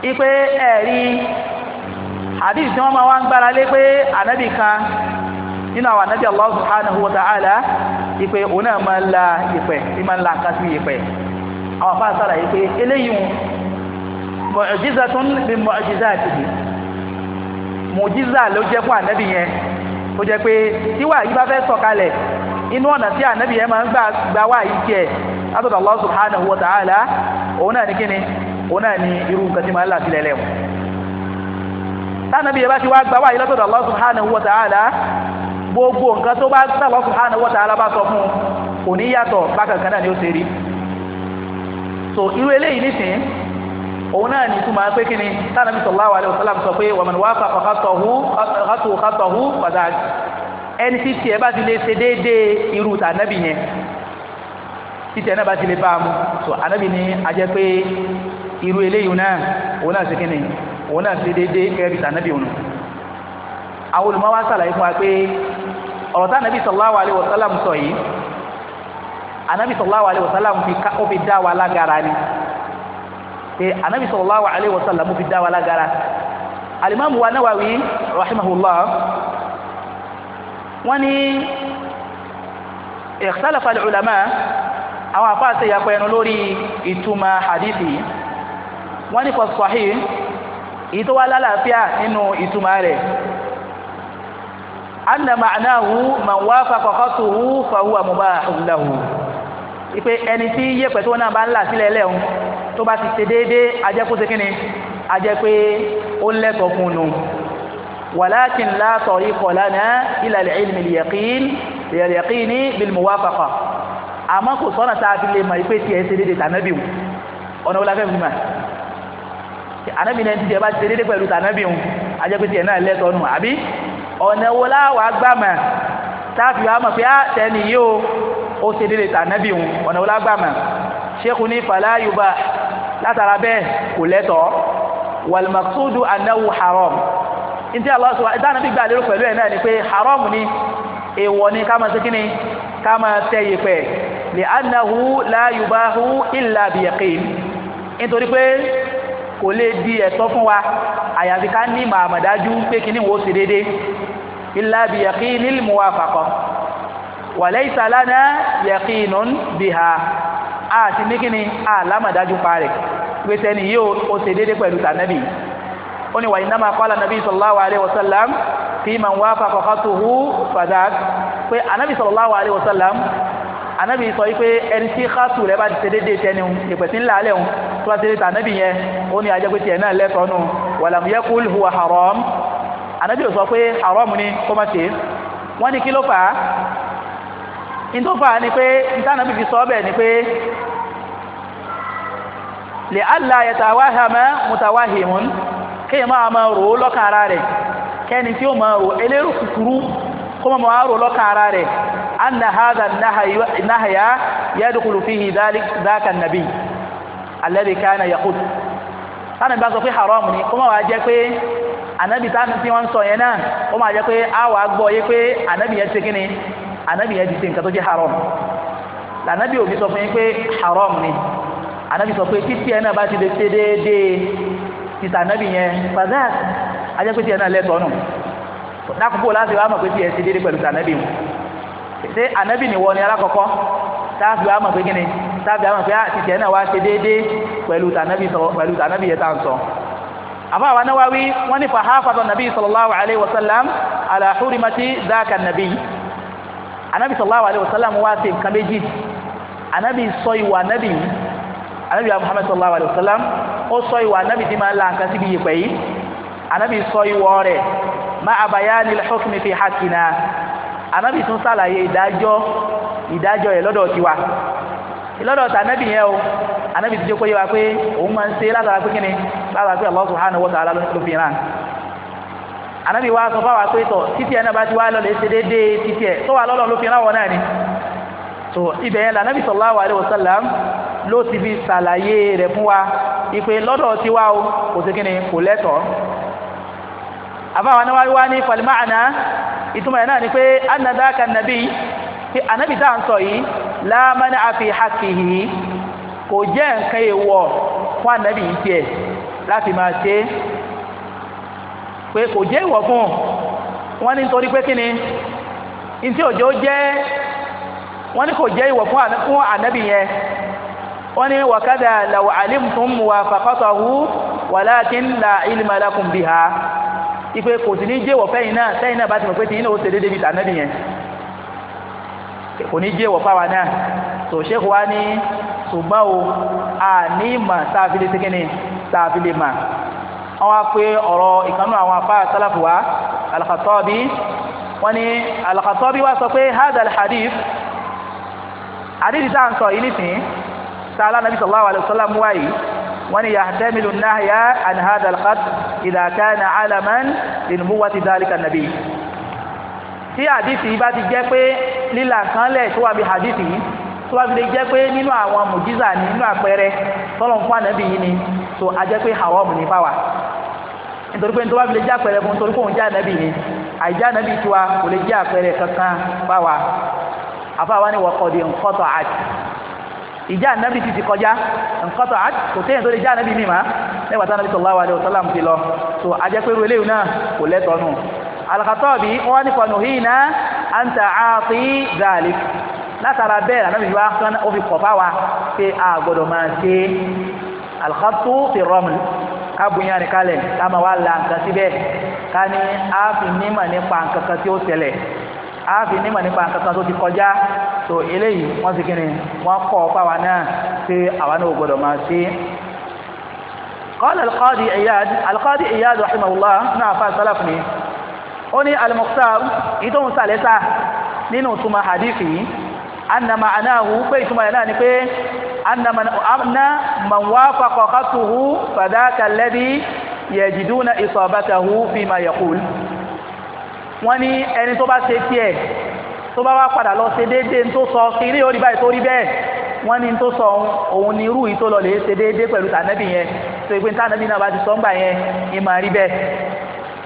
ipe ẹ̀rí àdìsí tí wọ́n máa wá ń gbára lé pé ànábì kan nínú àwọn anábì Allah subhanahu wa ta'ala ìpè òun náà máa ń la ìpè tí máa ń la nǹkan sí ìpè àwọn afáà sára ìpè eléyìí mu'jizatun min mu'jizatihi mu'jiza ló jẹ́ fún anábì yẹn ó jẹ́ pé tíwà yìí bá fẹ́ sọ̀kalẹ̀ inú ọ̀nà tí anábì yẹn máa ń gbà wá yìí jẹ́ látọ̀dọ̀ Allah subhanahu wa ta'ala òun náà ní kíni òun náà ní irú nǹkan tí máa ń là sílẹ̀ lẹ́wọ̀n tánàbí yẹn bá ti wá gbà wáyé lọ́tọ̀dọ̀ Allah subhanahu wa ta'ala gbogbo nǹkan tó bá Allah subhanahu wa ta'ala bá sọ fún un kò ní yàtọ̀ bákan kan náà ni ó ṣe rí so irú eléyìí nísìnyí òun náà ní túmọ̀ pé kí ni tánàbí sallallahu alaihi wasallam sọ pé wa man wafaqa khatahu khatahu fadak ẹni tí tiẹ̀ bá ti lè ṣe déédéé irú tànàbì yẹn tí tiẹ̀ náà bá ti lè bá a mú so ànábì ní ajẹ́ pé irú eléyìí náà òun náà ṣe kí ni òun náà ṣe déédéé kẹ́ẹ̀bì tànàbì òun àwọn olùmọ̀ wá sàlàyé fún wa pé ọ̀rọ̀ tá anabi sallallahu alayhi wa sallam sọ yìí anabi sallallahu alayhi wa sallam fi ká ó fi dá wa lágara ni ṣe anabi sallallahu alayhi wa sallam ó fi dá wa lágara alimami wa nawawi rahimahullah wọ́n ní ikhtalafa al-ulama àwọn afáàṣe yàpọ̀ ẹnu lórí ìtumọ̀ hadithi wọ́n ní fọ́sọ̀hí èyí lálàáfíà nínú ìtumọ̀ rẹ̀ anna ma'anahu man wafaqa qatuhu fa huwa mubahun lahu ipe ẹni tí yẹ̀pẹ̀ tó náà bá ń là sílẹ̀ lẹ́hùn tó bá ti ṣe déédéé ajẹ́kú ṣe kínni ajẹ́ pé ó lẹ́tọ̀ọ́ fún un nù walakin la tariqa lana ila al-ilmi al-yaqin al-yaqini bil-muwafaqa àmọ́ kò sọ́nà tá fi lè mọ̀ ipe tí ẹ ṣe déédéé tànábì wù ọ̀nà wọlé afẹ́ fún mi ànábì náà ti jẹ́ bá ṣe déédéé pẹ̀lú tànábì wù ajẹ́ pé tí ẹ náà lẹ́tọ̀ọ́ nù àbí ọ̀nà wo láwàá gbàmọ̀ táàfì wa mọ̀ pé á ah, tẹ́ni yìí o ó ṣe délé tànábì òun ọ̀nà wo láwàá gbàmọ̀ ṣékun ní fàlàyùbá látara bẹ́ẹ̀ kò lẹ́tọ̀ọ́ wàlùmọ̀kúdù anáwó haram ntí alọ́sọ ìdánábì gbà lérò pẹ̀lú ẹ̀ náà ni pé haram ni èèwọ̀ ni ká máa ṣe kíni ká máa tẹ́ yẹpẹ̀ lè anáhu láyùbáhu ìlà bìyẹ̀kìn nítorí pé kò lè di ẹ̀tọ́ fún wa àyàfi ká ní màmàdájú pé kíní wo ṣe déédéé illa bi yaqinil muwafaqa wa laysa lana yaqinun biha a ti ní kíni alámàdájú parẹ̀ gbèsè ni yóò ó ṣe déédéé pẹ̀lú tànàbì ó ní wa innama qala nàbí sallallahu alayhi wa sallam fi man wafaqa khatuhu fadak pé ànábì sallallahu alayhi wa sallam ànábì sọ yìí pé ẹni tí khatu rẹ̀ bá ti ṣe déédéé tẹ́ni ìpèsè ńlá alẹ́ òun tó bá ṣe déédéé tànàbì yẹn ó ní ajẹ́pẹ́sì ẹ̀ náà lẹ́tọ̀ọ́nù wa lam yakul huwa haram ànábì ò sọ pé haram ni kó má ṣe wọ́n ní kí ló fà á ìtòfà ni pé ìtànàbì fi sọ ọ́ bẹ́ẹ̀ ni pé lè àlà yatawahama mutawahimun kéèyàn máa máa rò ó lọ́kàn ara rẹ̀ kẹ́ni tí ó máa rò elérò kúkúrú kó máa máa rò lọ́kàn rẹ̀ anna hadha nahaya yadkhulu fihi dhaka nabi alladhi kana yaqul tánàbì bá sọ pé haram ni kó máa wá jẹ́ ànábì táwọn tí wọ́n ń sọ yẹn náà ó máa jẹ́ pé a wàá gbọ́ yé pé ànábì yẹn ti kí ni ànábì yẹn ti ṣe nǹkan tó jẹ́ haram lànábì òbí sọ fún yín pé haram ni ànábì sọ pé títí ẹ náà bá ti lè ṣe déédéé títà ànábì yẹn fàdáàt ajẹ́ pé tí ẹ náà lẹ́tọ̀ọ́ nù lákòókò láti wá mọ̀ pé tí ẹ ṣe déédéé pẹ̀lú ànábì mu ṣé ànábì ni wọ́n ni alákọ̀ọ́kọ́ táàbì wá mọ̀ pé kí ni táàbì wá mọ̀ pé ah, títí ẹ náà wá ṣe déédéé pẹ̀lú ànábì yẹn tá ń sọ àbá wa Nawawi wọn ní fahafadọ nabi sallallahu alayhi wa sallam ala hurimati dhaka nabi anabi sallallahu alayhi wa sallam wá sí nǹkan méjì anabi sọ ìwà nabi anabi muhammad sallallahu alayhi wa sallam ó sọ ìwà nabi tí máa ń la nǹkan síbi yìí pẹ̀yì anabi sọ ìwọ rẹ̀ ma'a bayani al-hukmi fi haqqina anabi tún sàlàyé ìdájọ́ ìdájọ́ yẹn lọ́dọ̀ tiwa ìlọ́dọ̀ tà anábì yẹn o anábì ti jẹ́ kó yẹ wa pé òun máa ń ṣe látara pé kíni látara pé Allah subhanahu wa ta'ala ló fi ràn anábì wa sọ fáwọn pé tọ̀ títí ẹ̀ náà bá ti wá lọ́lẹ̀ ṣe déédéé títí ẹ̀ tó wà lọ́lọ́ ló fi ràn wọn náà ni tó ibẹ̀ yẹn lànàbì sallallahu alaihi wasallam ló ti fi ṣàlàyé rẹ̀ fún wa ìpè lọ́dọ̀ ti wá o kò sí kíni kò lẹ́tọ̀ọ́ àfáwọn anáwárí wá ní falimá àná ìtumọ̀ yẹn náà ni pé anadaka nàbí anábì táà ń sọ yìí láàmánà àfi hakihi kò jẹ́ nǹkan èèwọ̀ fún ànábì yìí tiẹ̀ láti máa ṣe é pé kò jẹ́ èèwọ̀ fún wọn ní nítorí pé kí ni ntí òjò jẹ́ wọn ní kò jẹ́ èèwọ̀ fún ànábì yẹn wọn ní wàkàdà làwọ̀ alimtum wà fàkọ́tọ̀hu wàlákin la ilma lakum biha ipe kò sí ní jẹ́wọ̀ fẹ́yìn náà sẹ́yìn náà bá ti mọ̀ pé tí yín ó ṣe déédéé bíi tànábì yẹn kò ní jẹ́ wọ̀ fáwa náà tó ṣéèkù wa ní ṣùgbọ́n o a ní ìmọ̀ tá a fi lè ṣe kí ni tá a fi lè mà wọ́n wá pé ọ̀rọ̀ ìkànnú àwọn afá sálàfù wa al-Khattabi wọ́n ní al-Khattabi wa sọ pé hadal hadith hadith tá à ń sọ yìí nìsín tá a lánàbí sallallahu alaihi wasallam wáyìí wọ́n ní yahtamilu nahya an hadal khat idha kana alaman lin buwati dhalika nabi tí hadisi yìí bá ti jẹ́ pé lílà kanlẹ̀ tó wà bí hadisi yìí tó wà bí lè jẹ́ pé nínú àwọn mùjíza ní nínú àpẹẹrẹ tọ́lọ̀ fún ànábì yìí ni tó a jẹ́ pé haram ní fáwà nítorí pé tó wà bí lè jẹ́ àpẹẹrẹ fún torí pé òun jẹ́ ànábì ni àìjẹ́ ànábì tiwa kò lè jẹ́ àpẹẹrẹ kankan fáwà àfáwa ni wọ́kọ̀dì nkọ́tọ̀ àti ìjà ànábì ti ti kọjá nkọ́tọ̀ àti kò téèyàn tó lè jẹ́ ànábì mi mà nígbà tí ànábì sallallahu alaihi wasallam ti lọ tó a jẹ́ pé irú Al-Khattabi wọ́n ní fanuhina an ta'ati zalik látara bẹ́ẹ̀ ànábì wa kan ó fi kọ̀fà wa pé a gbọ́dọ̀ máa ṣe al-khattu fi raml ká bunyá ni kalẹ̀ ká máa wá la nǹkan síbẹ̀ ká ní a fi nímọ̀ nípa nǹkan kan tí ó ṣẹlẹ̀ a fi nímọ̀ nípa nǹkan kan ti kọjá tó eléyìí wọ́n ti kíni wọ́n kọ́ fáwa náà pé àwa náà قال القاضي إياد القاضي إياد رحمه الله نعم سلفني ó ní al-Mukhtar ìtòhùn sàlẹ́sà nínú ìtumọ̀ hadithi yìí anna ma'anahu pé ìtumọ̀ yẹn náà ni pé anna man wafaqa khattuhu fadhaka alladhi yajiduna isabatahu fima yaqul wọ́n ní ẹni tó bá ṣe tiẹ̀ tó bá wá padà lọ ṣe déédéé tó sọ kiri ó rí báyìí tó rí bẹ́ẹ̀ wọ́n ní tó sọ òun ní irú yìí lọ lè ṣe déédéé pẹ̀lú tànẹ́bì yẹn tó ìpín tànẹ́bì náà bá ti sọ ń gbà yẹn ìmọ̀ rí bẹ́ẹ̀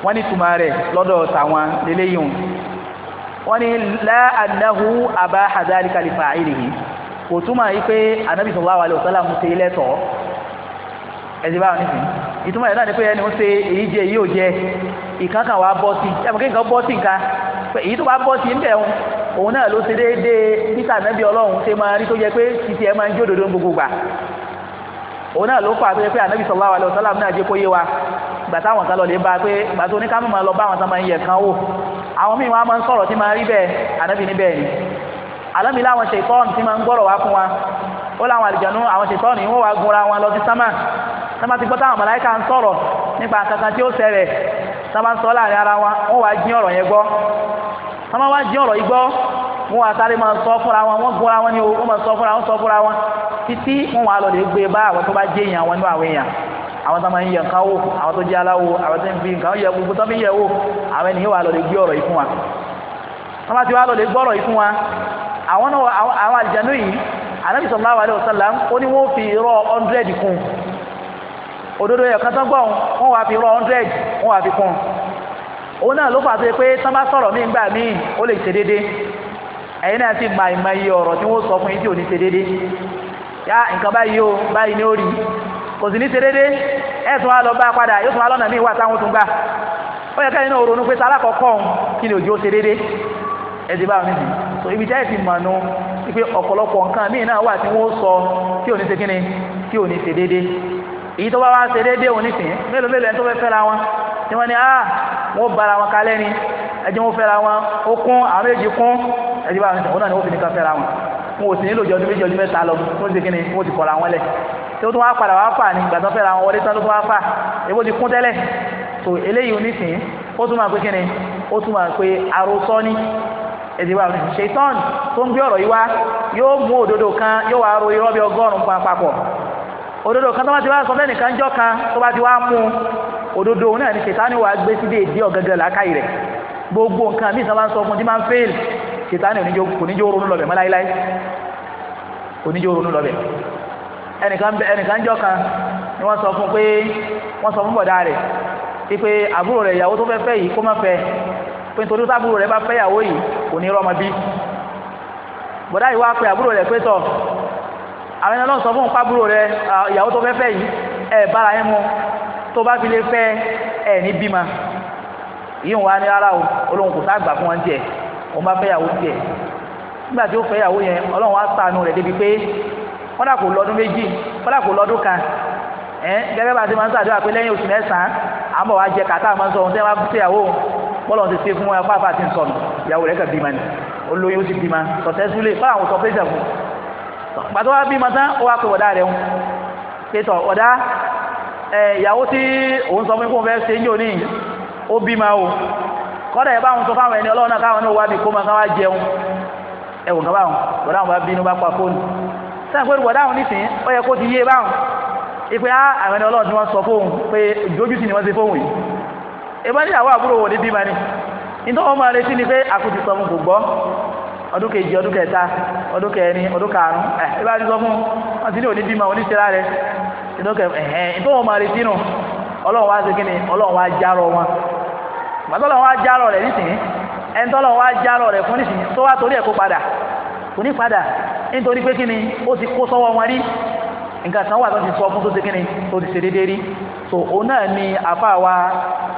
wọ́n ní túmọ̀ rẹ̀ lọ́dọ̀ tàwọn lélẹ́yìn wọ́n ní láàdáhù àbá àdáàlì kàlífà àìrìhì kò túmọ̀ yìí pé anábì sallallahu alaihi wasallam ṣe lẹ́tọ̀ ẹ̀sìn báwọn nìsín ìtumọ̀ yìí náà ni pé ẹni ó ṣe èyí jẹ èyí ò jẹ ìkankan wàá bọ́ nǹkan bọ́ sí èyí tó bá bọ́ ń bẹ̀ wọn òun náà ló ṣe déédéé peter nẹ́bí ọlọ́run ṣe máa rí tó jẹ pé títí ẹ máa ń jódodo gbogbo gbà òun náà ló fà tó jẹ pé anábì sallallahu alaihi wasallam náà jẹ́ kó yé wa gbàtà àwọn kan lọ lè ba pé gbàtà oníkàmù máa lọ bá àwọn tán yẹ kan wò àwọn míì wọn máa sọ̀rọ̀ tí máa rí bẹ́ẹ̀ ànábì ní ni alámi láwọn ṣètọ́ọ̀nù tí máa ń gbọ́rọ̀ wá fún wa ó láwọn àlìjànú àwọn ṣètọ́ọ̀nù yìí wọ́n wá gunra wọn lọ sí sámà sámà ti gbọ́ táwọn màláìka ń sọ̀rọ̀ nípa kankan tí ó ṣẹlẹ̀ sámà ń sọ láàrin ara wọn wọ́n wá jí ọ̀rọ̀ yẹn gbọ́ sámà wá jí ọ̀rọ̀ yìí gbọ́ wọ́n wá sáré máa sọ fúnra wọn wọ́n gunra wọn ni o wọ́n máa sọ fúnra wọn sọ fúnra wọn títí wọ́n wá lọ lè gbé bá àwọn tó bá jẹ́ èèyàn wọn nínú àwọn èèyàn àwọn tó máa ń yẹ nǹkan wò àwọn tó jẹ́ aláwo àwọn tó ń fi nǹkan yẹ gbogbo tó fi ń yẹ wò àwọn ènìyàn wà lọ́lẹ̀ gbé ọ̀rọ̀ yìí fún wa wọ́n bá ti wá lọ́lẹ̀ gbọ́ ọ̀rọ̀ yìí fún wa àwọn náà àwọn àlìjánu yìí anabi sallallahu alayhi ó ní wọ́n fi irọ́ hundred kún o báyìí kò sì ní ṣe déédéé ẹ̀ tún wá lọ bá padà yóò tún wá lọ́nà míì wà táwọn tún gbà ó yẹ kẹ́yìn náà ronú pé sálákọ̀ọ́kọ́ kí ni òjò ṣe déédéé ẹ̀ bá wọn níbi so ibi jẹ́ ti mọ̀nù pé ọ̀pọ̀lọpọ̀ nǹkan míì náà wà tí wọ́n sọ tí ò ní ṣe kíni tí ò ní ṣe déédéé èyí tó bá wá ṣe déédéé òun nísìnyí mélòó mélòó ẹni tó fẹ́ fẹ́ra wọn tí wọ́n ní ah wọ́n bara wọn kalẹ́ ni ẹjẹ́ wọn fẹ́ra wọn ó kún àwọn méjì kún ẹjẹ́ bá wọn nísìnyí òun náà ni wọ́n fi nìkan fẹ́ra wọn wọn ò sì nílò jọdún méjì ọdún mẹ́ta lọ wọn ti kíni ele. ti kọ̀ra wọn lẹ̀ tí ó tún wá padà wá fà ní ìgbà tó wọn wọlé tán ló tún wá ti kún tẹ́lẹ̀ tó eléyìí onísìn ó tún máa pé kíni ó tún máa pé ní tó ń gbé ọ̀rọ̀ kan yóò wá ro irọ́ bí ọgọ́rùn-ún papọ̀ kan tó bá ti wá sọ fẹ́ nìkan jọ́ kan tó bá ti wá mú òdodo náà ni wàá gbé ọ̀gẹ́gẹ́ ṣètánì kò níjó ronú lọ́bẹ̀ mọ́ láíláí kò níjó ronú lọ́bẹ̀ ẹnìkan kan ni wọ́n sọ fún pé wọ́n sọ fún bọ̀dá rẹ̀ ipe àbúrò rẹ̀ ìyàwó tó fẹ́ fẹ́ yìí kó má fẹ́ pé nítorí tábúrò rẹ̀ bá fẹ́ ìyàwó yìí kò ní rọ́mọ bí bọ̀dá yìí wá pe àbúrò rẹ̀ pé tọ̀ àwọn ẹni náà sọ fún pàbúrò rẹ̀ ìyàwó tó fẹ́ fẹ́ yìí ẹ bára yín mu tó bá fi lè fẹ́ ẹ ní bímọ yìí ń wá ní rárá o olóhùn kò sá gbà fún wọn tiẹ̀ òun bá fẹ́ yàwó tiẹ̀ nígbà tí ó fẹ́ yàwó yẹn ọlọ́run á sànù rẹ̀ débi pé kọ́dà kò lọ́dún méjì kọ́dà kò lọ́dún kan ẹ̀ gẹ́gẹ́ bá a ti máa ń sàdúrà pé lẹ́yìn oṣù mẹ́sàn-án à ń bọ̀ wá jẹ kàtà máa ń sọ ohun tẹ́ wá fẹ́ yàwó bọ́lọ̀ ti ṣe fún wọn fáfá ti ń sọnù ìyàwó rẹ̀ kàn bímọ ni olóyún ó ti bímọ sọ̀tẹ́súlẹ̀ fáwọn sọ pé ìjàkùn pàtó wá bímọ tán ó wá pé ọ̀dà rẹ̀ ń pétọ̀ ọ̀dá ìyàwó tí òun sọ fún kóun fẹ́ ṣe ń jò ní kọ́dà ẹ bá wọn sọ fáwọn ẹni ọlọ́run náà káwọn náà wá kó máa káwọn jẹun ẹ wò káwọn bọ̀dá wọn bá bínú bá pa fóònù bọ̀dá wọn ó ti yé báwọn àwọn ẹni ọlọ́run tí wọ́n sọ fóònù pé ni wọ́n ṣe fóònù yìí ni máa retí ni pé àkùtì sọ fún gbogbo ọdún kejì ọdún kẹta ọdún kẹrin ọdún ẹ ti sọ fún wọn ti ní gbàtọ́lọ̀ wá járọ̀ rẹ̀ nísìnyí ẹni tọ́lọ̀ wá járọ̀ rẹ̀ fún nísìnyí tó wá torí ẹ̀ kó padà kò ní padà nítorí pé kíni ó ti kó sọ́wọ́ wọn rí nǹkan kan wà tó ti sọ fún tó ti kíni tó ti ṣe déédéé rí so òun náà ni àfa wa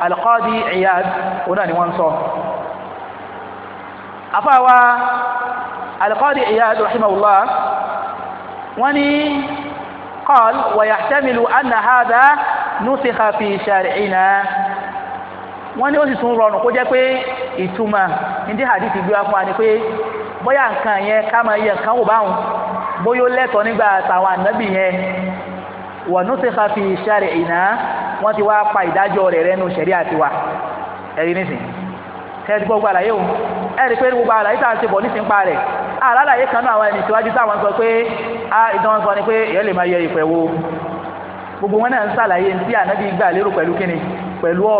Al-Qadi òun náà ni wọ́n ń sọ àfa wa Al-Qadi rahimahullah wọ́n ní qal wa yahtamilu anna hadha nusikha fi shar'ina wọ́n ní ó sì tún rọrùn kó jẹ́ pé ìtumọ̀ ní hadith gbé wá fún wa ni pé bóyá nǹkan yẹn ká máa yẹ nǹkan wò báwọn lẹ́tọ̀ọ́ nígbà tàwọn ànábì yẹn wa nusikha fi shari'ina wọ́n ti wá pa ìdájọ́ rẹ̀ àti wa ẹ̀rí gbogbo àlàyé o ẹ̀rí pé gbogbo àlàyé tá à ń ṣe bọ̀ pa rẹ̀ àlàyé kan náà àwọn ẹni síwájú táwọn sọ pé a sọ ni gbogbo wọn náà ń ṣàlàyé ní ànábì gbà lérò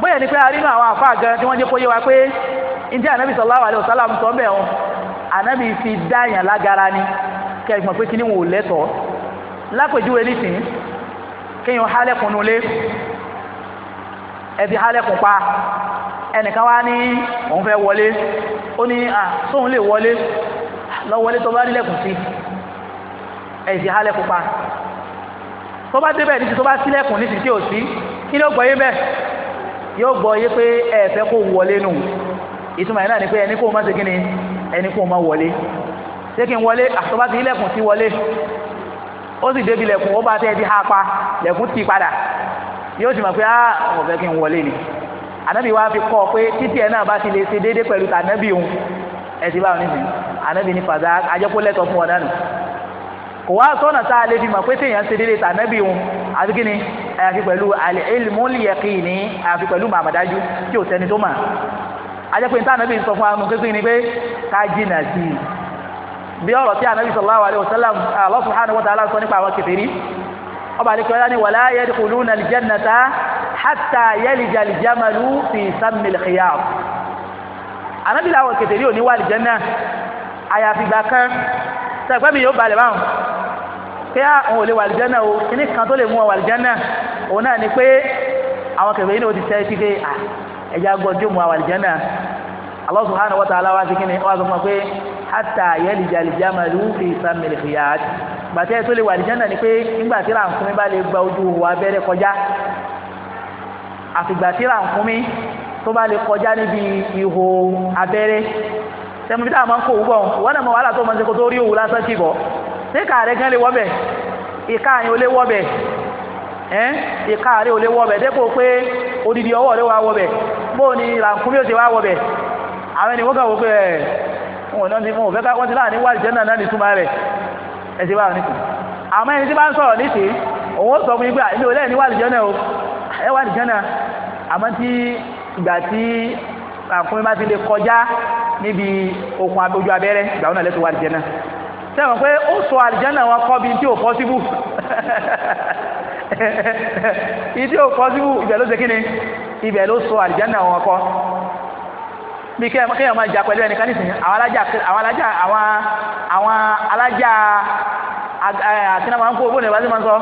bóyá ni pé a rí inú àwọn àfa gan tí wọ́n jẹ́ kó yé wa pé ǹjẹ́ ànábì sallallahu alaihi wasallam sọ bẹ́ẹ̀ wọn ànábì fi dáyàn lágara ni kẹ́gbọ̀n pé kí ni wọn ò lẹ́tọ̀ọ́ lápèjúwe nísìnyí kéèyàn hálẹ̀kùn nulẹ̀ ẹbí hálẹ̀kùn pa ẹnìkan wá ní òun fẹ́ wọlé ó ní à sóun lè wọlé lọ wọlé tó bá nílẹ̀kùn sí ẹ̀sìn hálẹ̀kùn pa tó bá débẹ̀ nísìnyí tó bá sílẹ̀kùn nísìnyí tí ò sí kí ni ó gbọ́ yé bẹ́ẹ̀ yóò gbọ́ yé pé ẹ fẹ́ kó wọlé nù ìtumọ̀ yẹn náà ni pé ẹni kó má ṣe kí ni ẹni kó má wọlé ṣé kí n wọlé àtọ́bá ti ilẹ̀kùn ti wọlé ó sì débi lẹ̀kùn ó bá tẹ́ ti há pa lẹ̀kùn ti padà yóò ti mọ̀ pé ah mo fẹ́ kí n wọlé ni ànábì wa fi kọ́ pé títí ẹ̀ náà bá ti lè ṣe déédéé pẹ̀lú tànábì òun ẹ̀ ti bá òun nísìnyí ànábì ní fàdá ajẹ́kólẹ́tọ̀ fún ọ kò wá sọ́nà tá a lè fi mọ̀ pé téèyàn ṣe déédéé tànẹ́bí òun àti kí ni àyàfi pẹ̀lú al-ilmul yaqini àyàfi pẹ̀lú màmàdájú tí ò sẹ́ni tó mà ajẹ́pẹ́ níta ànábì sọ fún àwọn kékeré ni pé ká jìnà sí i bí ọ̀rọ̀ tí ànábì sallallahu alaihi wasallam Allah subhanahu wa ta'ala sọ nípa àwọn kèfèrí ọba àdìkọ́lá ni wala yadkhuluna al-jannata hatta yalija al-jamalu fi sammi al-khiyat làwọn kèfèrí ò ní wà al àyàfi gbà kan sẹ̀pẹ́ mi yóò balẹ̀ báwọn pé à ah, òun ò lè wà àlìjánà o kíní kan tó lè mú ọ wà àlìjánà òun náà ni pé àwọn kẹfẹ́ yìí ni ó ti sẹ́ sí pé à ẹja gbọ́dọ̀ mú ọ wà àlìjánà Allah subhanahu wa ta'ala wá sí kíni sọ fún wa pé hatta yalija al-jamalu fi sammil khiyat gbàtẹ́ tó lè wà àlìjánà ni pé nígbà tí ràǹkúnmí bá lè gba ojú wa abẹ́rẹ́ kọjá àfìgbà tí ràǹkúnmí tó bá lè kọjá níbi ihò abẹ́rẹ́ sẹ́mu bí táwọn máa ń kó òwúbọ̀ wọn náà mọ wàhálà tó máa ń ṣe kó tó rí òwú lásán tì bọ̀ ṣé kààrẹ gan lè wọ́bẹ̀ ìka àyìn ò lè wọ́bẹ̀ ẹ́n ìka àrẹ ò lè wọ́bẹ̀ dépò pé odidi ọwọ́ rẹ wà wọ́bẹ̀ bóò ni làǹkúmí ò ṣe wà wọ́bẹ̀ àwọn ènìyàn kan wò pé ẹ̀ wọn náà ti fún òfẹ́ wọn ti láàrin wà jẹ́ ẹni tí bá níbi okùn abójú abẹ́rẹ́ ìgbà wọn náà lẹ́tọ̀ọ́ àlìjẹ́nà sẹ́wọ̀n pé ó sọ àlìjẹ́nà wọn kọ́ bí tí ò pọ́síbù ìdí ò pọ́síbù ibẹ̀ ló ṣe kí ni ibẹ̀ ló sọ àlìjẹ́nà wọn kọ́ bí kéèyàn máa jà pẹ̀lú ẹnìkan nísìnyí àwọn alájà àwọn alájà àwọn àwọn alájà àkínná máa ń kó owó ní ìbáṣe máa ń sọ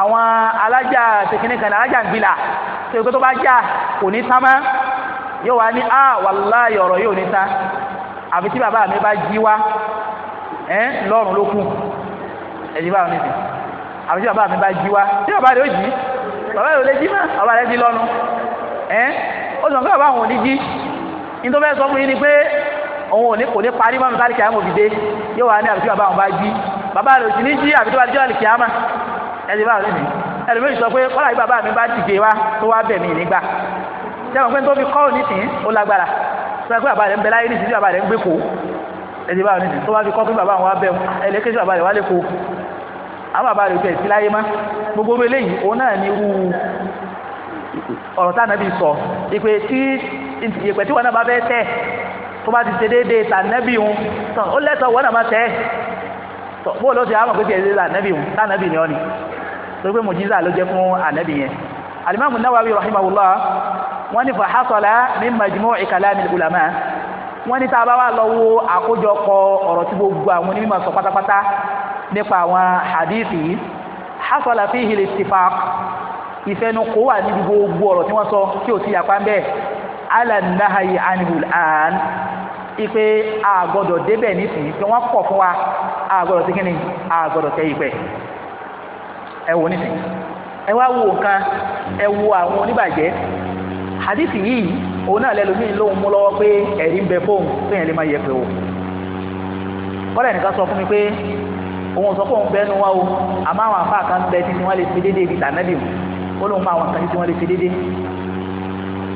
àwọn alájà ṣèkínní kan alájà ń gbilà tó yẹ kó tó bá jà kò ní sámá yóò wá ní a ah, wàláyé ọ̀rọ̀ yóò ní ta àfi tí bàbá mi bá jí wá ẹ lọ́rùn ló kù ẹ̀jẹ̀ báwọn nìyí àfi tí bàbá mi bá jí wá tí bàbá rẹ̀ ó jí bàbá rẹ̀ ó lè jí mọ́ bàbá rẹ̀ ti lọ́nu ẹ ó sọ pé bàbá àwọn ò ní jí ní tó fẹ́ sọ fún yín ni pé òun ò ní kò ní parí mọ́mí sáré kìámù òbí dé yóò wá ní àbí tí bàbá àwọn bá jí bàbá rẹ̀ ò sì ní jí àbí tó bá jọ́ ẹ̀jẹ̀ bá dìde wá tó jẹ́wọ̀n pé tó fi kọ́rùn nísìnyí ó lágbára tó yẹ pé bàbá rẹ̀ ń bẹ láyé nísìnyí bàbá rẹ̀ ń gbé kó ẹ̀dí báwọn nísìnyí tó bá fi kọ́ pé bàbá àwọn abẹ́ ẹlẹ́kẹ́ sí bàbá rẹ̀ wálé kó àwọn bàbá rẹ̀ tẹ̀ sí láyé má gbogbo orí eléyìí òun náà ní irú ọ̀rọ̀ tá ànábì sọ ìpè tí ìpè tí wọn náà bá fẹ́ tẹ̀ tó bá ti ṣe déédéé tànábì wọn tán ó lẹ́tọ̀ọ́ wọn náà má tẹ̀ bóòlù ó àwọn àpèjì alimami النووي رحمه الله، ní fàhásọ̀lá min majmu'i kalami ulama wọ́n ní tá a bá wà lọ wo àkójọpọ̀ ọ̀rọ̀ tí gbogbo àwọn onímọ̀ sọ pátápátá nípa àwọn hadithi hasọ̀lá fihi al-ittifaq ìfẹnukò wà níbi gbogbo ọ̀rọ̀ tí wọ́n sọ tí ò sí yapa ń alanahayi anihul an ipe àgọ́dọ̀ débẹ̀ nísìnyí pé wọ́n kọ̀ fún wa àgọ́dọ̀ tí kíni àgọ́dọ̀ tẹ́ ìpẹ́ ẹ wò nísìnyí ẹ wá wo nǹkan ẹ wo àwọn oníbàjẹ́ hadithi yìí òun náà lẹ́lòmíì lóun mú lọ́wọ́ pé ẹ̀rí ń bẹ fóun fẹ́yìn lè má yẹ pé o kọ́lẹ̀ nìkan sọ fún mi pé òun sọ fóun bẹ́ẹ̀ nu wá o àmọ́ àwọn afá kan bẹ títí wọ́n lè fi déédéé ibi tànẹ́bì mu ó lóun mọ àwọn kan títí wọ́n lè fi déédéé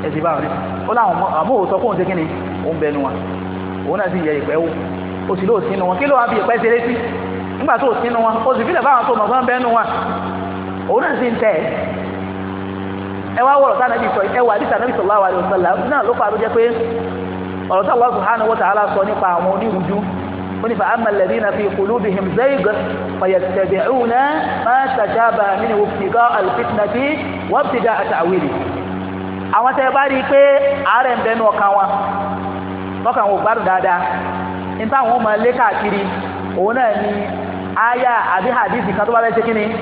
ẹ̀sìn báwọn ó láwọn àmọ́ òun sọ fóun ṣe kíni òun bẹ́ẹ̀ nu wa òun náà sì yẹ ìpẹ́ wò ó sì lóò sínú wọn kí ló wá fi ìpẹ́ ṣeré sí nígbà tó sínú wọn ó sì fi òun náà sì ń tẹ̀ ẹ wá wọ̀rọ̀ sànàbí sọ ẹ wà níta nàbí sallallahu alaihi wasallam náà ló pàdó jẹ́ pé ọ̀rọ̀ tí Allah subhanahu wa ta'ala sọ nípa àwọn onírúurú ó ní fa'amma alladhina fi qulubihim zayg fayattabi'una ma tashabaha minhu ibtigha'a al-fitnati wa ibtigha'a ta'wilihi àwọn tẹ́ bá rí i pé àárẹ̀ ń bẹnu ọkàn wọn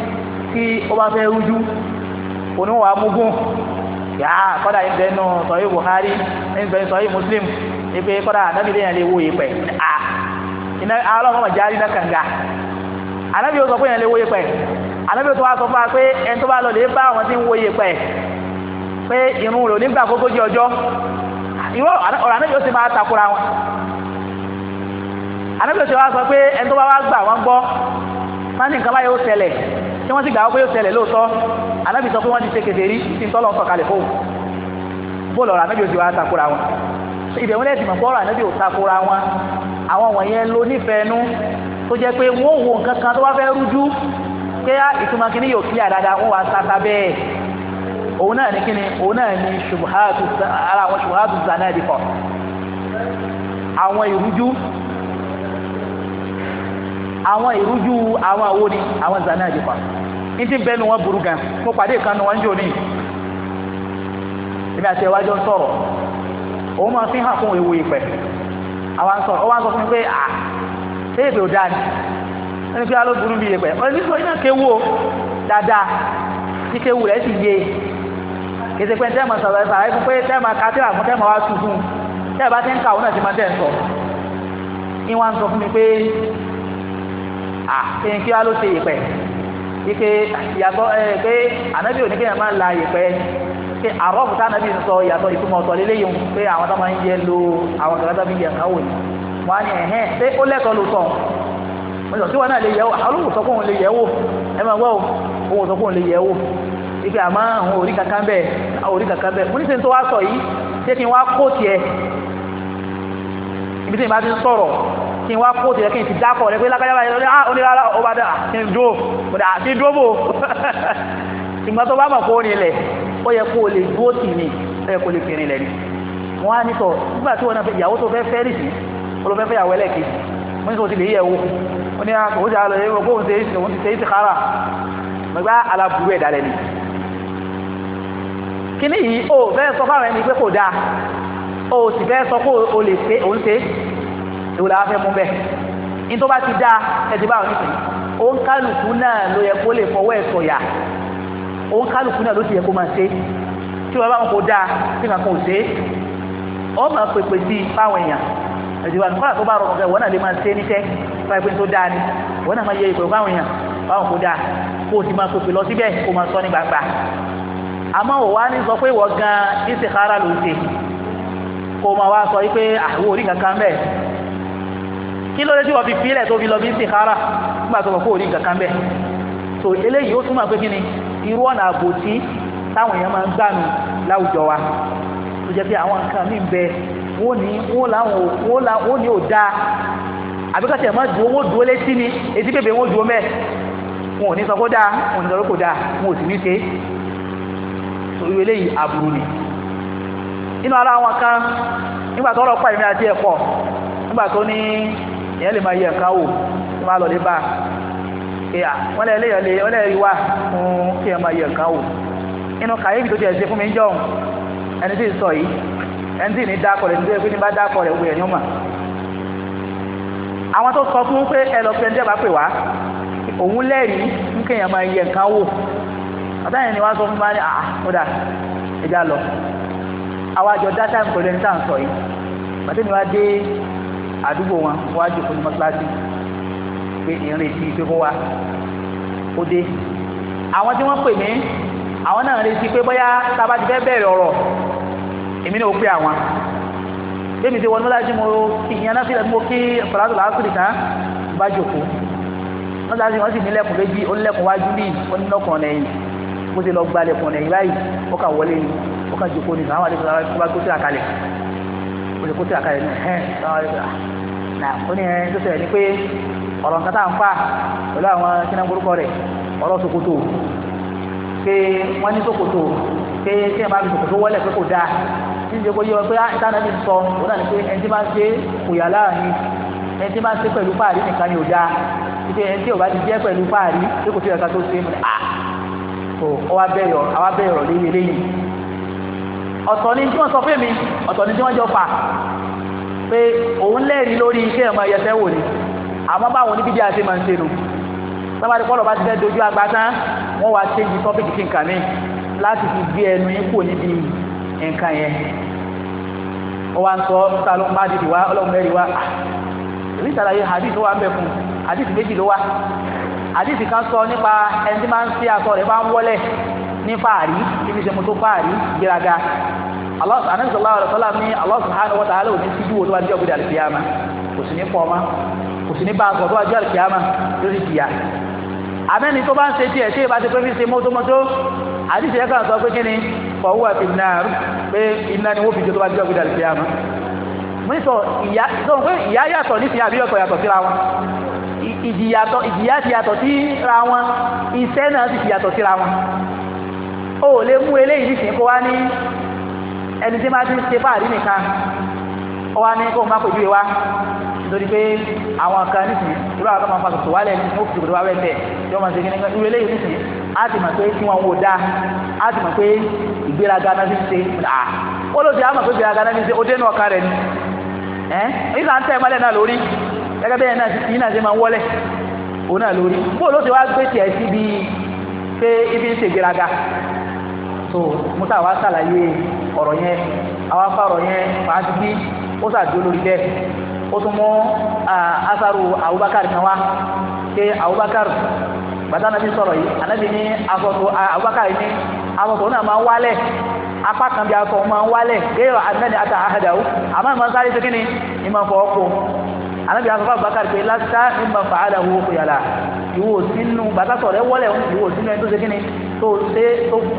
wọn tí ó bá fẹ́ rújú oníwà amúgún yàá kọ́dà ń bẹnu sọ̀rí Buhari ń bẹnu sọ̀rí Muslim ìpè kọ́dà anábìlẹ̀ yẹn lè wo ìpẹ́ à iná alọ́mọ járí náà kànga anábì ó sọ pé yẹn lè wo ìpẹ́ anábì ó sọ wá sọ fún wa pé ẹni tó bá lọ lè bá àwọn tí ń wo ìpẹ́ pé irun rò nígbà fógójì ọjọ́ ìwọ ọ̀rọ̀ anábì ó sì máa takura wọn anábì ó sì wá sọ pé ẹni tó bá wá gbà wọn gbọ́ má ní nǹkan báyìí ó ṣẹlẹ̀ tí wọ́n sì gbà wọ́n pé yóò ṣẹlẹ̀ lóòótọ́ anábì sọ pé wọ́n ti ṣe kedere tí ń tọ́lọ̀ ń sọ̀kalẹ̀ fóun bóòlù ọ̀rọ̀ anábì òsì wa takora wọn ibẹ̀ wọn lẹ́sìn mọ̀pọ̀ ọ̀rọ̀ anábì ò takora wọn àwọn wọ̀nyẹn ló nífẹ̀ẹ́ nú tó jẹ́ pé wọ́n wo nǹkan kan tó wá fẹ́ rújú pé ìtumọ̀ kínní yóò kílẹ̀ dáadáa wọ́n wá sáta bẹ́ẹ̀ òun náà ní kíni òun náà ní ṣubuhatu ara àwọn ṣubuhatu zanadi kọ àwọn ìrújú àwọn ìrújú àwọn àwo ni àwọn zanadi kọ ní ti bẹ́ẹ̀ ni wọ́n burú gan mo pàdé ìkànnì wọn jò ní èmi àti ẹ̀wájọ́ sọ̀rọ̀ òun máa fi hàn fún ewu ìpẹ́ àwa ń sọ̀rọ̀ ó wá sọ fún mi pé à ṣé èdè ò dáa ni ẹni pé aló burú bí ìpẹ́ ọ̀rẹ́ nípa iná kéwu o dáadáa tí kéwu rẹ̀ sì yé kìsì pé tẹ́ẹ̀mà sọ̀rọ̀ ẹ̀sà ẹ̀kú pé tẹ́ẹ̀mà kátìrà fún tẹ́ẹ̀mà wá tù fún tẹ́ẹ̀ bá ti ń kà òun náà ti máa tẹ̀ ń sọ ní wọ́n á ike yàtọ̀ ẹ eh, pé ànábì òní kéèyàn máa ń la ìpẹ́ pé àrọ́ọ̀fù tá ànábì ń sọ yàtọ̀ ìtumọ̀ ọ̀tọ̀ lélẹ́yìn pé àwọn tó máa ń yẹ lo àwọn kàkà tó fi yẹ káwò yìí wọn á ní ẹ̀hẹ́n pé ó lẹ́tọ̀ọ́ ló sọ mo sọ sí wọn náà lè yẹ wò olóhùn sọ pé òun lè yẹ wò ẹ máa gbọ́ òun sọ pé òun lè yẹ wò ibi àmọ́ àwọn orí kankan bẹ́ẹ̀ àwọn orí mo ní sẹ́ni tó wá sọ yìí ṣé kí n wá kó tiẹ̀ ibi tí n ti ń kí n wá kó tẹ̀lé kí n ti dákọ̀ rẹ pé lágbájá báyìí lọ́dẹ ah onírara ọba dà kí n dúró kódà kí n dúró bò ìgbà tó bá mọ̀ kó ní ilẹ̀ ó yẹ kó o lè dúró tì ní ó yẹ kó o lè fìrin lẹ̀ ni wọ́n á ní sọ nígbà tí wọ́n náà fẹ́ ìyàwó tó fẹ́ fẹ́ rì sí olùfẹ́ fẹ́ ìyàwó ẹlẹ́ẹ̀kejì wọ́n ní sọ ti lè yẹ̀ wò ó ní àkókò ah, ti àlọ́ yẹ̀ wò kóhùn ti ṣe é ti kára mọ̀gbá aláburú ẹ̀dá lẹ́ni kíní yìí ó fẹ́ sọ fáwọn ẹni èwo làwọn fẹ́ mú bẹ́ẹ̀ ní tó bá ti dáa ẹ̀dí báwọn nísìnyí òun kálukú náà ló yẹ kó lè fọwọ́ ẹ̀ sọ̀yà òun kálukú náà ló ti yẹ kó máa ṣe tí wọ́n bá wọn kó dáa tí wọn kò ṣe ọ́ máa pèpè sí fáwọn èèyàn ẹ̀dí báwọn kọ́lá tó bá rọrùn kẹ́ wọ́n náà lè máa ṣe níṣẹ́ fáwọn ìpín tó dáa ni wọ́n náà máa yẹ ìpè fáwọn èèyàn fáwọn kó dáa kó o ti máa pèpè lọ síbẹ̀ kó o máa sọ ní gbàgbà àmọ́ ò wá ní sọ pé ìwọ gan istikhara ló ń ṣe kó o máa wá sọ wípé àwọn ah, orí kankan bẹ́ẹ̀ kí ló dé tí wọ́n fi fílẹ̀ tó fi lọ bí istikhara ara tó kó ní kankan so eléyìí ó túnmà pé kí ni irú ọ̀nà táwọn èèyàn máa ń láwùjọ wa tó jẹ́ pé àwọn nǹkan míì bẹ wọ́n ní ò dáa ẹ̀ máa létí ni etí wọn ò ní sọ kó dáa wọn ò ní sọ kó dáa wọn ìyẹn lè máa yẹ nǹkan wò kí máa lọ lè bá ìyá wọn lè léyàn lè wọn lè rí wá fún kí ẹ máa yẹ nǹkan wò inú kàyéfì tó tiẹ̀ ṣe fún mi ń jọ̀hún ẹni tí ì sọ yìí ẹni tí ì ní dákọ̀ rẹ̀ nítorí pé ní bá dákọ̀ rẹ̀ wúyẹ̀ ní ọmọ àwọn tó sọ fún pé ẹ lọ pé ẹni tí ẹ bá pè wá òun lẹ́rìí ń kéèyàn máa yẹ nǹkan wò àtàyẹn ni wọ́n sọ fún mi ní àà kódà ẹja lọ àwọn àjọ dá táìmù pẹ̀lú ẹni tá à ń sọ yìí pàtẹ́ni wá dé àdúgbò wọn wá jòkó ní mọ́sálásí pé ìrètí pé kó wá ó dé àwọn tí wọ́n pè mí àwọn náà retí pé bóyá tába ti fẹ́ bẹ̀rẹ̀ ọ̀rọ̀ èmi náà ó pè àwọn bẹ́ẹ̀ mi ti wọnú láti mo ìyẹn náà sílẹ̀ tí mo kí fàlàtò làásùrì tán bá jòkó mọ́sálásí wọn sì ní lẹ́kùn méjì ó ní lẹ́kùn wájú bíi ó ní lọ́kàn lẹ́yìn bó ti lọ gba lẹ́kùn báyìí ó kà wọlé ni ó kà jòkó ni náà ó ní ẹni tó ṣẹlẹ̀ ni pé ọ̀rọ̀ nǹkan tá à ń fà pẹ̀lú àwọn kíná gbórúkọ rẹ̀ ọ̀rọ̀ ṣòkòtò pé wọ́n ní ṣòkòtò pé tí ẹ̀ bá fi ṣòkòtò wọlé pé kò dáa níbi kó yé wọn pé ah, ìtànà ti sọ wọn náà ni pé ẹni tí máa ń ṣe kòyà láàrin ẹni tí máa ń ṣe pẹ̀lú fáàrí nìkan ni ò dáa ìpè ẹni tí ò bá ti jẹ́ pẹ̀lú fáàrí tí kò sí ẹ̀ka tó ṣe mọ̀ à tó ah, ọwá bẹ̀rọ̀ àwa bẹ̀rọ̀ lórí eléyìí ọ̀tọ̀ ni tí wọ́n sọ fún mi ọ̀tọ̀ ni tí wọ́n jọ fà pé òun lẹ́rìí lórí iṣẹ́ ọmọ ayẹsẹ́ wò ni àmọ́ báwọn oníbíjà ṣe máa ń ṣe nù sábàdì pọ́lọ̀ bá ti fẹ́ dojú àgbà tán wọ́n wá ṣéǹjì tọ́pìkì sí nǹkan mi láti fi gbé ẹnu yín kúrò níbi nǹkan yẹn wọ́n wá ń sọ ta ló ń bá dìdì wá ọlọ́run mẹ́rin wá ah, èmi ìsàlàyé hadith ló wà ń bẹ fún hadith méjì ló wà hadith kan sọ nípa ẹni tí máa ń ṣe aṣọ rẹ̀ bá ń wọlé ní fàárí ibi ìṣẹ́mu tó fàárí gbéraga anásọ̀lá ọ̀rọ̀ sọ́lá ní Allah subhanahu wa ta'ala òní síjú wo níwájú ọ̀gbìn àlùkìyàmà kò sí ní pọ́ọ́mà kò sí ní bá aṣọ níwájú àlùkìyàmà lórí ìyá àmẹ́ni tó bá ń ṣe tiẹ̀ tí ìbá ti pé fi ṣe mọ́tómọ́tó àdìsí ẹ̀ka sọ pé kí ni fọwọ́ àti náà pé iná ni wọ́n fi jẹ́ tó bá jẹ́ ọ̀gbìn àlùkìyàmà mọ́tò ìyá tó ń pè ìyá yàtọ̀ ní ti àbí ọ̀tọ̀ yàtọ̀ síra wọn ìjìyà ti yàtọ̀ síra wọn iṣẹ́ náà ti yàtọ̀ síra wọn o lè mú eléyìí nísìnyí kó wá ní ẹni tí máa ti ń ṣe fáàrí nìkan ó wá ní kó má pèjú wa nítorí pé àwọn kan nísìnyí ìlú àwọn kan máa fa tòtò wálẹ̀ ní ó fi tòtò wálẹ̀ bẹ̀ tí wọ́n máa ṣe kíni irú eléyìí nísìnyí á ti mọ̀ pé kí wọ́n wò dáa á ti mọ̀ pé ìgbéraga náà ti ṣe à ó ló á mọ̀ pé ìgbéraga náà ti ṣe ó dénú ọ̀kan rẹ̀ ni ẹ̀ ìlà ń tẹ́ ẹ mọ́lẹ̀ náà lórí gẹ́gẹ́ bẹ́ẹ̀ náà ti náà ṣe máa wọ́lẹ̀ òun náà lórí bóòlù ó ti wá so musa wa sàlàyé ọ̀rọ̀ yẹn àwa fa ọ̀rọ̀ yẹn fàájì ó sàdó lórí bẹ́ẹ̀ ó asaru abubakar kan wá abubakar bàtà nàbí sọ̀rọ̀ yìí ànábì ní afọ̀tò abubakar ní afọ̀tò náà máa ń wálẹ̀ apá kan bí afọ̀ máa ń wálẹ̀ kéèrò àti mẹ́rin àti àhàdàwó àmọ́ ìmọ̀ sáré sí kí ni anábì asọ́fà bàkàr pé lásìkà nígbà fàálà wo kò yàrá ìwò sínú bàtà sọ̀rọ̀ ẹ wọlé ìwò sínú ẹni tó ṣe kíni tó ṣe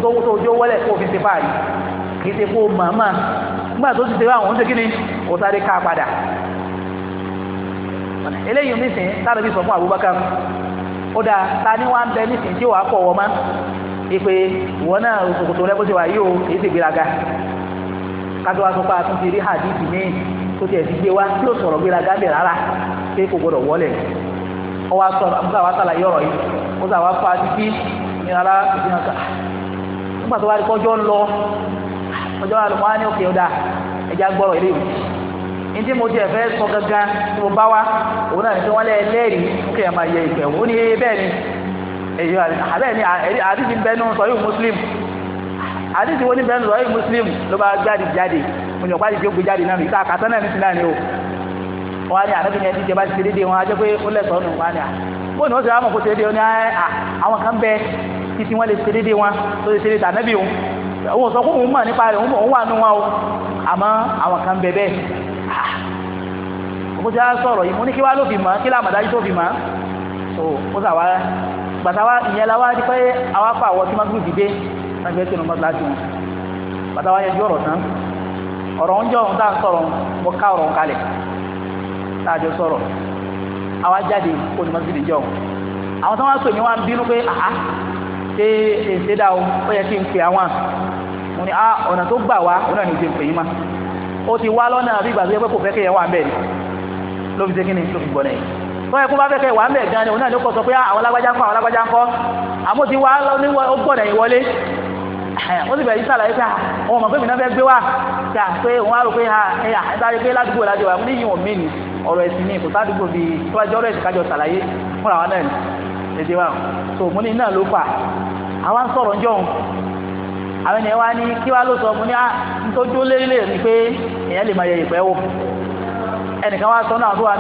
tó jó wọlé kó fi ṣe fáàrí kì í ṣe kó màmá nígbà tó ti ṣe báwọn ó ṣe kíni ó sáré ká padà eléyìí nísìn tábìlì sọ fún Abubakar ó dáa ta ni wọ́n á bẹ nísìn tí wàá kọ̀ wọ́n má ipe ìwọ náà òkòtò rẹ bó ṣe wà yìí o kì í ṣègbéraga kájọ wa sọ pé a tún ti rí hadithi míì tó tiẹ̀ ti gbé wá tí ó sọ̀rọ̀ gbéra gábẹ̀ rárá pé kò gbọdọ̀ wọlé ọ wá sọ àbúrò àwọn àtàlàyé ọ̀rọ̀ yìí ó sọ àwọn afọ àtìkí ní ara ìdíhàn ká nígbà tó wá rí kọjọ́ lọ ọjọ́ wa lọ́wọ́ ní òkè ọ̀dà ẹja gbọ́rọ̀ ilé ìwé ntí mo tiẹ̀ fẹ́ sọ gangan tí bá wá òun náà ní pé wọ́n lé kí ẹ máa yẹ ìfẹ́ òun ah, ní bẹ́ẹ̀ ni èyí àbẹ́ẹ̀ ni àdìsí bẹ́ẹ̀ nù sọ́yìn muslim àdìsí wo ní bẹ́ẹ̀ nù sọ́yìn muslim ló bá jáde jáde òyìnbó bá ti ṣe gbé jáde náà mi ìta kàtán náà ní sinai ni o wọn á ní àná bìyẹn ti jẹ bá ti ṣe déédéé wọn á jẹ pé ó lẹ́tọ̀ọ́ nù wọn á ní à bó ní ó ṣe wá mọ̀ kó ṣe déédéé ó ní à àwọn kan bẹ títí wọn lè ṣe déédéé wọn tó lè ṣe déédéé tànẹ́bì òun òun sọ pé òun mọ̀ nípa rẹ̀ òun wà nù wọn o àmọ́ àwọn kan bẹ bẹ́ẹ̀ ó ti á sọ̀rọ̀ yìí mo ní kí wá ló fi mọ̀ kí lámàdájú tó fi mọ̀ so ó sà wá gbàtà wá ìyẹn la wá di pé àwa pa àwọn tí má gbé dìde wọn gbàtà wá ọ̀rọ̀ ń jọ òun tá sọ̀rọ̀ ká ọ̀rọ̀ kalẹ̀ tá a jọ sọ̀rọ̀ àwa jáde kó ní mọ́sídìí jọ àwọn tó wá pè mí wá ń bínú pé àá ṣe èsè ti wá lọ́nà bí ìgbà tó yẹ pé kò fẹ́ wà ń ni ló fi ṣe kí ni ló fi gbọ́ náà yìí tọ́yẹ kó bá fẹ́ wà ń gan ni òun náà ló sọ pé àwọn alágbájá ń kọ́ àwọn alágbájá wọ́n sì bẹ̀rẹ̀ yìí sàlàyé ká ah, ọmọ mọ̀ pé mi náà fẹ́ gbé wá ká pé òun á rò pé ẹ̀yà ìtàrí pé ládùúgbò wà ní ìyíwọ̀n mí ni ọ̀rọ̀ ẹ̀sìn ni kò sádùúgbò bíi tọ́jú ọ̀rọ̀ ẹ̀sìn wa náà ni èdè wa so mo ní iná ló àwa ń sọ̀rọ̀ njọ́ òun àwọn ènìyàn wa ní kí wa ló sọ mo ní ah, ni pé èèyàn lè máa yẹ ìpẹ́ wò ẹnìkan sọ náà tó wà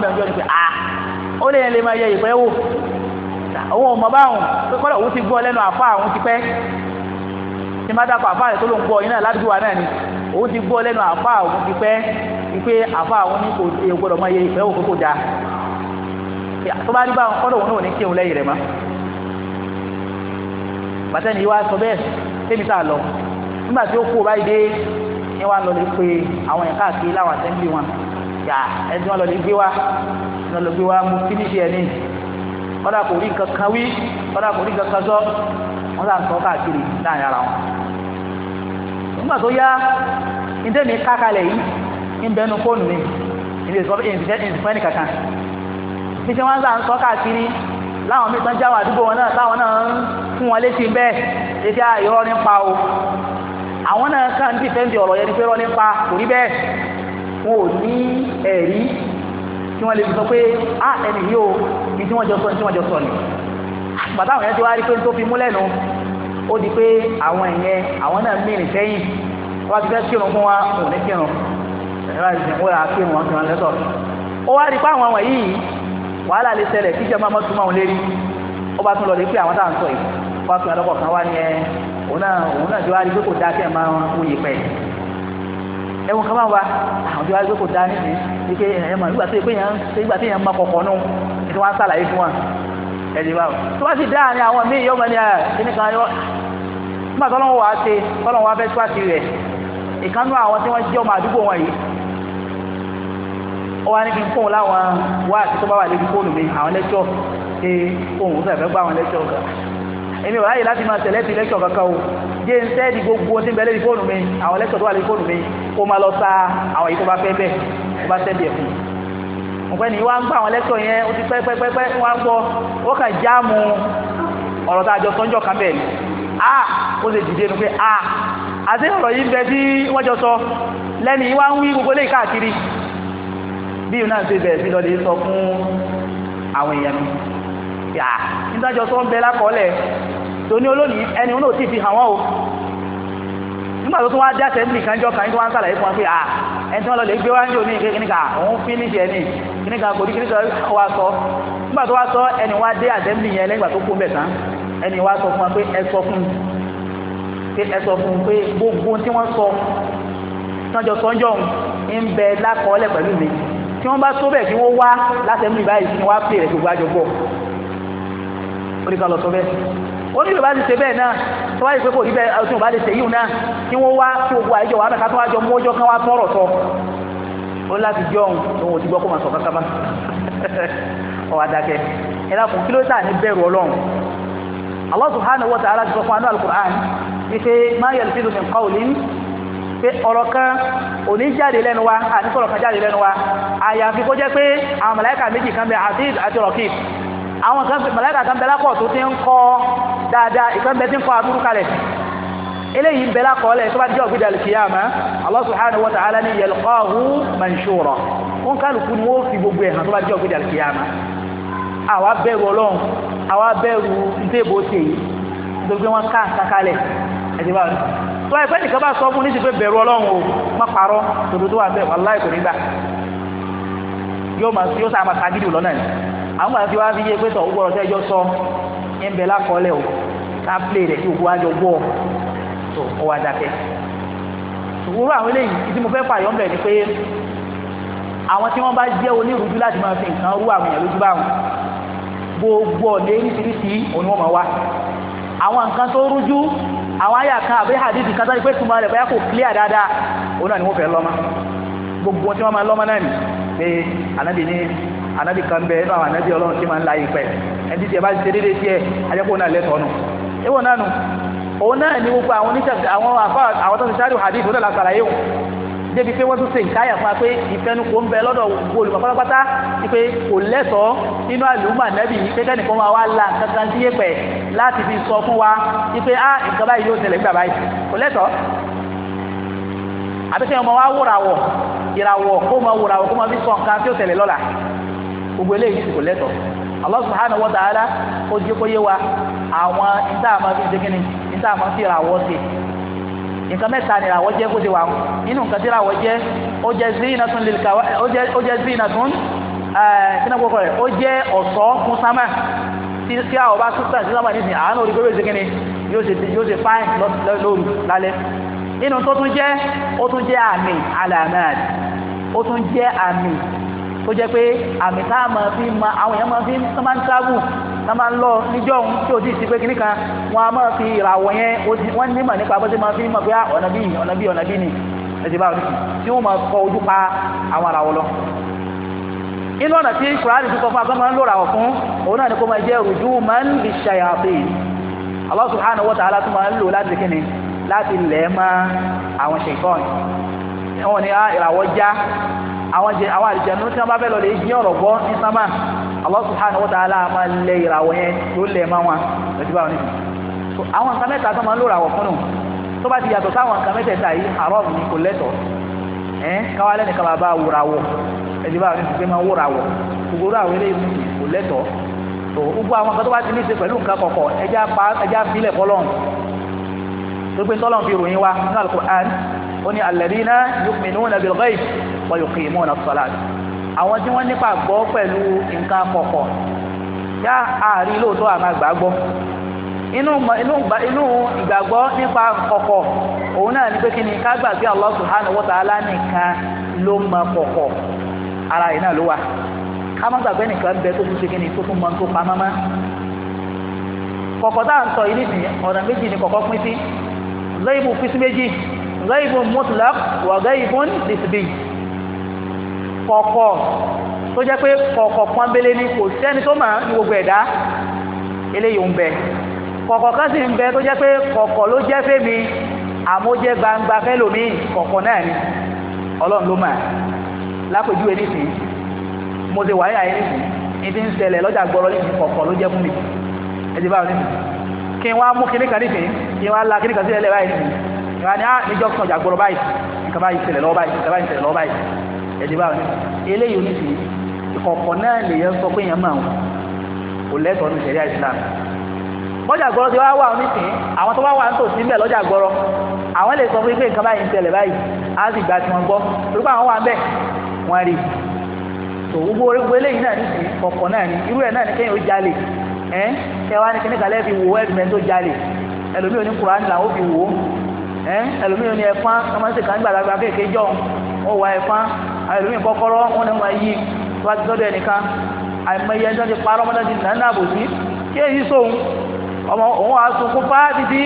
ti má dàpọ̀ àfa rẹ̀ tó ló ń gbọ́ yín náà ládùúgbò wa náà ni òun ti gbọ́ lẹ́nu àfa òun ti pẹ́ wípé àfa òun ní kò ṣe gbọ́dọ̀ mọ iye ìfẹ́ òkú kò dáa tó bá rí báwọn kọ́dọ̀ òun náà ò ní kí òun lẹ́yìn rẹ̀ mọ́ bàtẹ́ni wá sọ bẹ́ẹ̀ tẹ́mi sáà lọ nígbà tí ó kú báyìí dé ni wọ́n lọ lè pe àwọn ẹ̀ka àkiri láwọn àtẹ́ńbì wọn yà ẹni tí wọ́n lọ mú kí níṣẹ́ ẹ̀ wọ́n dà kò rí nǹkan kan wí wọ́n dà kò rí nǹkan kan sọ wọ́n dà sọ káàkiri láàrin ara wọn. nígbà tó yá ndémi kákalẹ̀ yìí ń bẹnu fóònù mi ìdìfẹ́ ní kankan bí tí wọ́n sá ń sọ káàkiri láwọn mi tán jáwọ́ àdúgbò wọn náà táwọn náà ń fún wọn létí bẹ́ẹ̀ létí àìrọ́ nípa o àwọn náà kàn ń dìfẹ́ǹdì ọ̀rọ̀ yẹn ní pé rọ́ nípa kò rí bẹ́ẹ̀ wọn ò ní ẹ̀rí tí wọ́n lè sọ pé á ẹni yìí o ní tí wọ́n jọ sọ ní tí wọ́n jọ sọ ni bàtà àwọn yẹn ti wá rí pé tó fi múlẹ̀ nu ó di pé àwọn ẹ̀yẹn àwọn náà mìíràn sẹ́yìn wọ́n ti fẹ́ kírun fún wa òun ní kírun ẹ̀rọ àìsàn ó yà kírun wọn kírun lẹ́tọ̀ ó wá rí pé àwọn àwọn yìí wàhálà lè ṣẹlẹ̀ kíjẹ́ máa mọ́ túmọ̀ òun lérí ó bá tún lọ lè pé àwọn táwọn sọ yìí wọ́n fi ọlọ́kọ̀ kan wá ní ẹ òun náà òun náà ti wá rí pé kò dáa kí ẹ máa ń wúyè pẹ́ẹ́ ẹ̀wọ̀n kan bá wa àwọn ìjọba gbé kò dá nídìí ní pé ẹ̀yàn mọ̀ nígbà tó yẹ pé yẹn nígbà tó yẹn mọ kọ̀ọ̀kan nù ètò wọn sàlàyé fún wa ẹ̀dì wa tó bá sì dá àárín àwọn míì yọmọ ní kíní kan yọ nígbà tó lọ́wọ́ wa ṣe kọ́lọ́wọ́ wa fẹ́ tó àti rẹ̀ ìkánú àwọn tí wọ́n jẹ́ ọmọ àdúgbò wọn yìí ó ní kí n fóun láwọn wá àti tó bá wà lórí fóònù mi àwọn lẹ́jọ́ pé fóun fẹ́ fẹ́ gbá àwọn lẹ́jọ́ gan èmi ò ráyè láti máa tẹ̀lé ti lẹ́kṣọ̀ kankan o jẹ́ ń sẹ́ẹ̀dì gbogbo tí ń bẹ lórí fóònù mi àwọn lẹ́kṣọ̀ tó wà lórí fóònù mi kó máa lọ sa àwọn èyí tó bá fẹ́ bẹ́ẹ̀ tó bá sẹ́ẹ̀dì ẹ̀ fún un ọ̀pẹ́ ni wọ́n ń gbọ́ àwọn lẹ́kṣọ̀ yẹn ó ti pẹ́pẹ́pẹ́ wọ́n á gbọ́ ó kàn jáàmù ọ̀rọ̀ tá a jọ sọ́njọ́ kan bẹ́ẹ̀ ni a ó lè dìde nu pé a àti ọ̀rọ̀ yìí ń bẹ tí wọ́n jọ sọ lẹ́ni wá ń wí gbogbo lè káàkiri bí iná ṣe bẹ̀rẹ̀ sí lọ́dẹ̀ sọ fún àwọn èèyàn mi yà nítajọ sọ ń bẹ lákọọ́lẹ̀ tó ní olónìí ẹni wọn ò sì fi hàn wọ́n o nígbà tó tún wá dá sẹ́ńtì kan jọ kan tó wá ń sàlàyé fún wọn pé ah ẹni tí wọ́n lọ lè gbé wá ń jò ní kíníkà òun fínísì ẹni kíníkà kò ní kíníkà wá sọ nígbà tó wá sọ ẹni wá dé àtẹ́mìlì yẹn lẹ́gbà tó kó mẹ́ta ẹni wá sọ fún wa pé ẹ sọ fún pé ẹ sọ fún pé gbogbo tí wọ́n sọ sọ́njọ́ sọ́njọ́ ń bẹ lákọọ́lẹ̀ pẹ̀lú mi tí wọ́n bá tó bẹ̀ kí wọ́n wá látẹ̀mìlì báyìí kí wọ́n wá pè rẹ̀ gbogbo àjọpọ̀ oníkàlọ́sọ bẹ́ẹ̀ oníbẹ̀ bá ti ṣe bẹ́ẹ̀ náà tó bá yẹ pé kò rí bẹ́ẹ̀ tí wọ́n bá lè ṣe yìí náà kí wọ́n wá kí gbogbo àìjọ wà mẹ́ka tó wá jọ mú ọjọ́ kan wá tọ́rọ̀ sọ ó láti jọ òun òun ò ti gbọ́ kó máa sọ kankan bá ọwọ́ adákẹ́ ẹ dákun kí ló tà ní bẹ̀rù ọlọ́run Allah subhanahu wa ta'ala ti sọ fún anú alukur'an wípé ma yalfizu min qawlin pé ọ̀rọ̀ kan ò ní jáde lẹ́nu wa àti sọ̀rọ̀ kan jáde lẹ́nu wa àyàfi kó jẹ́ pé àwọn màláíkà méjì kan bẹ àti àti rọ̀kì àwọn kan màláìkà kan bẹ́lá pọ̀ tó ti ń kọ́ dáadáa ìkan bẹ́ ti ń kọ́ aburú kalẹ̀ eléyìí bẹ́lá kọ́ lẹ̀ tó bá jẹ́ ògbédà lùkìyàmá Allah subhanahu wa ta'ala ni yalqahu manshura wọn kálukú ni wọ́n fi gbogbo ẹ̀hàn tó bá jẹ́ ògbédà lùkìyàmá àwa bẹ̀rù ọlọ́run àwa bẹ̀rù ntẹ́bọ̀ ṣe yìí nítorí pé wọ́n ká kakalẹ̀ ẹ̀dí bá wọn tó ẹgbẹ́ nìkan bá sọ fún ní ti pé bẹ̀rù ọlọ́run o má parọ́ tòdó tó wà bẹ́ẹ̀ ni àwọn àti wá fi yé pé tọ̀ gbọ́dọ̀ tẹ́jọ́ sọ ń bẹ lákọọ́lẹ̀ o ká plé rẹ̀ tí òkú wájọ gbọ́ tó ọ wá dákẹ́ òwúrọ̀ àwọn eléyìí ìdí mo fẹ́ pààyàn bẹ̀ ni pé àwọn tí wọ́n bá jẹ́ onírúurú láti máa fi nǹkan rú àwọn èèyàn lójú bá wọn gbogbo ọ̀dẹ́ oríṣiríṣi òun wọn máa wá àwọn nǹkan tó rújú àwọn àyà kan àbí hadithi kan sáré pé túmọ̀ rẹ̀ bóyá kò clear dáadáa òun náà ni wọ́n fẹ́ lọ́mọ gbogbo tí wọ́n máa lọ́mọ náà ni pé ànábì ní anabi kan bẹ inú àwọn anabi ọlọ́run tí máa ń la ìpẹ́ ẹni tí ẹ bá ti ṣe déédéé tiẹ̀ ajẹ́kọ̀ọ́ náà lẹ́tọ̀ọ́ nù ewu náà nù òun náà ni gbogbo àwọn oníṣẹ́ àwọn afa àwọn tó ti sáré hadith òun náà la sàlàyé o débi pé wọ́n tún ṣe ìkáyà fún wa pé ìfẹnukò ń bẹ lọ́dọ̀ olùkọ́ pátápátá pé kò lẹ́tọ̀ọ́ nínú àlùmọ̀ nẹ́bì pé kẹ́nìkan wa wá la kankan sí yẹ̀pẹ̀ láti fi sọ fún wa pé á ah, nǹkan báyìí yóò ṣẹlẹ̀ nígbà báyìí kò lẹ́tọ̀ọ́ àbíkẹ́yìn ọmọ wa wòràwọ̀ ìràwọ̀ kó mọ wòràwọ̀ kó mọ fi sọ nǹkan tí ó ṣẹlẹ̀ lọ́la gbogbo eléyìí kò lẹ́tọ̀ Allah subhanahu wa ó jẹ́ kó yé wa àwọn níta àmọ́ fi ṣe kíni níta àmọ́ fi ra àwọ̀ ṣe nǹkan mẹ́ta ni ìràwọ̀ jẹ́ kó ṣe wà nínú nǹkan jẹ́ ó jẹ́ kawa ó jẹ́ zinatun kíni àkókò rẹ̀ ó jẹ́ fún sámà tí sí sámà nísìnyí orí yóò ṣe fáìn lóru lálẹ́ nínú tó tún jẹ́ ó tún jẹ́ àmì ó tún tó jẹ́ pé àmì tá a máa fi ma àwọn èèyàn máa fi tán máa ń tábù tán máa ń lọ níjọ́ òun tí ò tí ì sí pé kíní kan wọn a máa fi ìràwọ̀ yẹn wọ́n nímọ̀ nípa bó ṣe máa fi mọ̀ pé ah, ọ̀nà bí ọ̀nà bí ọ̀nà bí ni ẹ̀sìn báwọn ní tí wọ́n máa kọ ojú pa àwọn àràwọ̀ lọ. inú ọ̀nà tí kùránì tó sọ fún akọ́ máa ń lòràwọ̀ fún òun náà ni kó máa jẹ́ rùjú máa ni ah, ìràwọ̀ já àwọn jẹ àwọn àlìjẹnu tí wọn bá fẹ́ lọ lè jí ọ̀rọ̀ gbọ́ ní sábà Allah subhanahu wa ta'ala máa lẹ ìràwọ̀ yẹn yóò lẹ máa wọn lọ́jọ́ báwọn níbi àwọn nǹkan mẹ́ta tó máa ń lò ràwọ̀ fún nù tó bá ti yàtọ̀ sáwọn nǹkan mẹ́tẹ̀ẹ̀ta yìí haram ni kò lẹ́tọ̀ọ́ ẹ̀ káwá lẹ́nu kaba bá wòràwọ̀ ẹ̀jẹ̀ báwọn níbi pé máa wòràwọ̀ gbogbo àwọn eléyìí kò lẹ́tọ̀ọ́ tó gbogbo àwọn nǹkan tó bá ti ní ṣe pẹ̀lú nǹkan kọ̀kọ̀ ẹja ó ní alladhina yu'minuna bil ghaib wa yuqimuna as-salat àwọn tí wọ́n nípa gbọ́ pẹ̀lú nǹkan kọ̀kọ̀ yá àárín lóòótọ́ àmà gbàgbọ́ inú ìgbàgbọ́ nípa kọ̀kọ̀ òun náà ní pé kí ni ká gbàgbé ló mọ ara yìí náà ló wà ká má gbàgbé nìkan bẹ tó tún ṣe kí ni tó tún mọ tó pamọ́ mọ́ kọ̀kọ̀ tá à ń sọ yìí nìsín ọ̀nà méjì ni ghaibun mutlaq wa ghaibun nisbi kọ̀kọ̀ tó jẹ́ pé kọ̀kọ̀ pọ́nbélé ni kò sẹ́ni tó máa ní gbogbo ẹ̀dá eléyìí ń bẹ kọ̀kọ̀ kan sì ń bẹ tó jẹ́ pé kọ̀kọ̀ ló jẹ́ fẹ́mi àmójẹ́ gbangba fẹ́lòmíì kọ̀kọ̀ náà ni ọlọ́run ló máa lápèjúwe nísìnyí mo ti wáyà yín nísìnyí ibi ń ṣẹlẹ̀ lọ́jà gbọ́rọ̀ nísìnyí kọ̀ọ̀kan ló jẹ́ fún mi ẹ ti báwo nísìnyí kí n wá mú kíní kan nísìnyí kí n wá la kíní kan sílẹ̀ lẹ́wà yín wọn ni ah níjọ́ kan jàgbọ́rọ̀ báyìí nǹkan báyìí ṣẹlẹ̀ lọ́wọ́ báyìí nǹkan báyìí ṣẹlẹ̀ lọ́wọ́ báyìí ẹ̀dí báwọn ni eléyìí ní ti ìkọ̀kọ̀ náà lèyàn sọ pé èèyàn máa wọn kò lẹ́tọ̀ọ́ ní sẹ̀ríà Islam bọ́jà gbọ́rọ̀ ti wá wà nísìn àwọn tó wá wà nítòsí ń bẹ̀ lọ́jà gbọ́rọ̀ àwọn lè sọ fún pé nǹkan báyìí ń ṣẹlẹ̀ báyìí á sì gba tiwọn gbọ́ torí pé àwọn wà ń bẹ̀ wọ́n rí tò gbogbo orígun eléyìí náà nísìn kọ̀ọ̀kan náà ni irú ẹ̀ ni kéèyàn ó jalè ẹ̀ ẹ wá ní kíníkà lẹ́ẹ̀fi wò ẹ̀ fi mẹ́tò jalè ẹlòmíì oní ẹ ẹlòmíràn ní ẹ̀fán ọmọ ẹsẹ̀ kan gbàlagbà kéèké jọ ó wà ẹ̀fán ẹlòmíràn kọ́kọ́rọ́ wọn ni wọn yí wọn ti tọ́jú ẹnìkan àìmọye ẹjọ́ ti parọ́ ọmọdé ti nàá nàbò sí kí èyí sóhun ọmọ òun á sunkún pa títí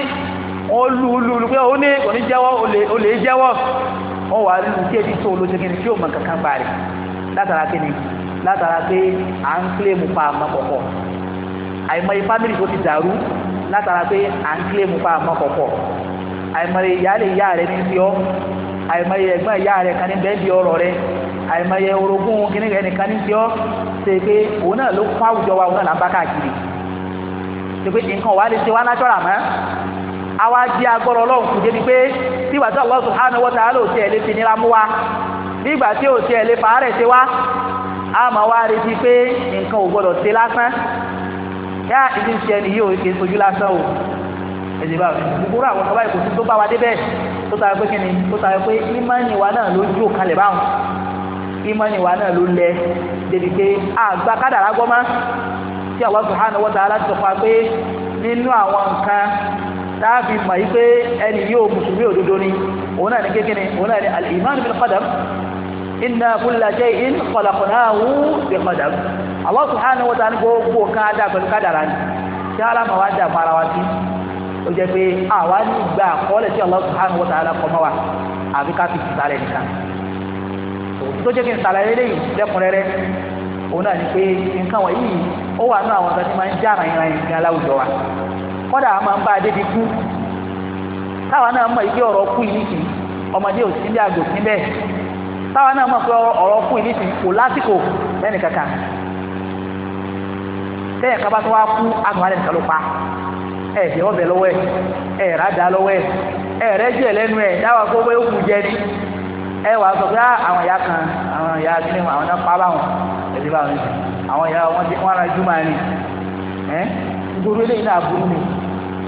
wọn lu lu lu pé òun ní òní jẹ́wọ́ olè jẹ́wọ́ wọn wà lu kí èyí sóhun ló ṣe kí ni kí òun mọ̀ kankan bá rẹ̀ látara kí ni látara pé à ń kílèmù pa àmọ́ kọ̀kọ̀ àìmọye fámìlì tó ti dàrú látara pé à ń kílèmù pa àmọ́ kọ̀kọ̀ àìmọye ìyáálé ìyá rẹ ní bí ọ àìmọye ẹ̀gbọ́n ìyá rẹ kan ní bẹ́ẹ̀ bí ọ̀rọ̀ rẹ àìmọye orogún kìnìkan nìkan ní bí ọ ṣe pé òun náà ló kọ́ àwùjọ wa òun náà là ń bá káàkiri ṣe pé nǹkan wàá lè ṣe wá nájọ́ra mọ́ àwa jẹ́ agbọ́rọ̀ ọlọ́run kù débi pé nígbà tí Allah subhanahu wa ta'ala ò tiẹ̀ lè fi nira mú wa nígbà tí ò tiẹ̀ lè fàárẹ̀ ṣe wá a máa wá retí pé nǹkan ò gbọ́dọ̀ ṣe lásán yá ìdí ìṣẹ́ni yìí ò kè lásán o ẹ̀sìn bá gbogbo àwọn kaba ìkòtí tó bá wa dé bẹ́ẹ̀ tó ta pé kíni tó ta pé ìmánì wa náà ló jó kalẹ̀ báwọn ìmánì wa náà ló lẹ débi pé àgbà kádàrá gbọ́ má tí Allah subhanahu wa ta'ala ti sọ fún wa pé nínú àwọn nǹkan tàbí mọ̀ yí pé ẹni yóò mùsùlùmí òdodo ni òun náà ní kékeré òun náà ní al-iman bil qadar inna kulla shay'in khalaqnahu bi qadar Allah subhanahu wa ta'ala ní gbogbo kan á pẹ̀lú kádàrá ni tí alámọ̀ wá dà fara wa sí O jẹ́ pé àwa ní ìgbà àkọọ́lẹ̀ tí Allah subhanahu wa ta'ala kọ́ mọ́ wa àbí ká fi ìsàlẹ̀ nìkan tó jẹ́ kí n sàlàyé lẹ́yìn lẹ́kùnrẹ́rẹ́ òun náà ni pé nǹkan wọ̀nyí ó wà àwọn ọ̀sán tí máa ń já aláwùjọ wa kọ́dà a máa ń bá a débi kú táwa náà mọ̀ ibi ọ̀rọ̀ kú yìí ọmọdé ò sí ní àgbò sí bẹ́ẹ̀ táwa náà mọ̀ pé ọ̀rọ̀ kú kò lásìkò lẹ́nìkankan tẹ́yìn ẹ̀ẹ́dẹ̀ ọbẹ̀ lọ́wọ́ ẹ̀ ẹ̀ẹ́rà lọ́wọ́ ẹ̀ ẹ̀ẹ́rẹ́ jẹ́ lẹ́nu ẹ̀ dáwà kó wẹ́ òkú jẹ́ ní ẹ wàá sọ pé àwọn ìyá kan àwọn ìyá àwọn náà àwọn ìyá wọn ti wọn ara jù máa rìn gbogbo eléyìí náà aburú ni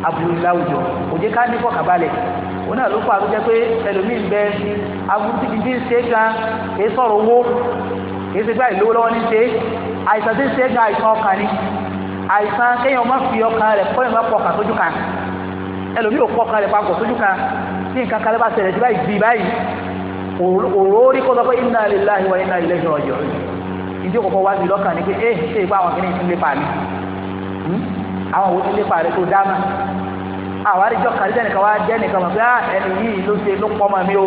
aburú ni láwùjọ òjé ká ní fọkàbalẹ̀ òun náà ló kọ́ àtúnjẹ pé ẹlòmíín bẹ aburú ti di ṣe gan sọ̀rọ̀ àìsàn kéèyàn má fi ọkàn rẹ̀ kọ́ ìmọ̀ pọkàn sójú kan ẹlòmíì ò pọkàn rẹ̀ papọ̀ sójú kan tí nǹkan kan bá ṣẹlẹ̀ sí báyìí gbì báyìí òróórí kó sọ pé inna lillahi wa inna ilayhi raji'un ìdí òkòkò wá sí lọ́kàn ni pé ẹ ṣe ìgbà àwọn kìnìún ti ń lépa mi hmm? àwọn òwò ti ń lépa rẹ̀ tó dá mà àwárí jọ kàrí sẹ́nìkan wá jẹ́ nìkan mọ̀ pé á ah, ẹni yìí ló ṣe ló pọ́ mọ́ mi o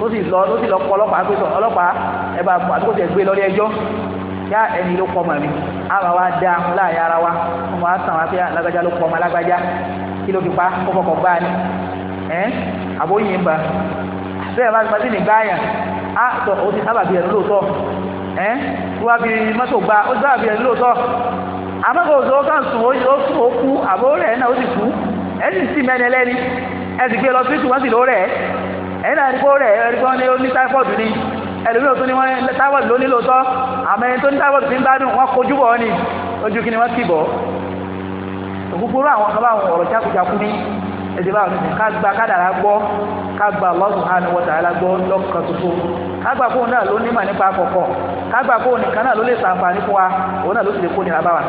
ló sì lọ ló sì lọ pọ́ ọlọ́pàá pé sọ ọlọ́pàá ẹ bá àdúgbò tẹ̀ gbé lórí ẹjọ́ Ya, ẹni ló kọ́ mọ̀ mi àwa wa dá láàyè ara wa wọ́n máa sàn wá pé alágbájá ah, ló kọ́ ọmọ alágbájá kí ló fi pa kọ́kọ́kọ́ gbá ni ẹ́ àbóyìn ba bẹ́ẹ̀ bá gbá sí ní gbáyà á sọ ó ti sábàbí ẹ̀ lóòótọ́ ẹ́ wá bí mọ́tò gbá ó ti sábàbí ẹ̀ lóòótọ́ àmọ́kọ̀ òṣòwò kan sùn ó sùn ó kú àbó rẹ̀ náà ó sì kú ẹ̀ sì sí mẹ́ni ẹlẹ́ni ẹ̀ sì gbé lọ sí tùwọ́n sì ẹ̀ náà ẹ̀ ni ẹlòmíì tó ní wọ́n táwọ̀lù ló nílò tọ́ àmọ́ ẹni tó ní táwọ̀lù ti ń gbádùn wọ́n kojú bọ̀ ni ojú kí ni wọ́n kì bọ̀ òkúkúrú àwọn kan báwọn ọ̀rọ̀ jákujáku ní ẹ̀dẹ̀ báwọn ní ká gba kádàrá gbọ́ ká gba Allah subhanahu wa ta'ala gbọ́ lọ́kàn tuntun ká gbà kóun náà ló nímọ̀ nípa àkọ́kọ́ ká gbà kóun nìkan náà ló lè sàǹfààní fún wa òun náà ló sì lè kó nira bá wa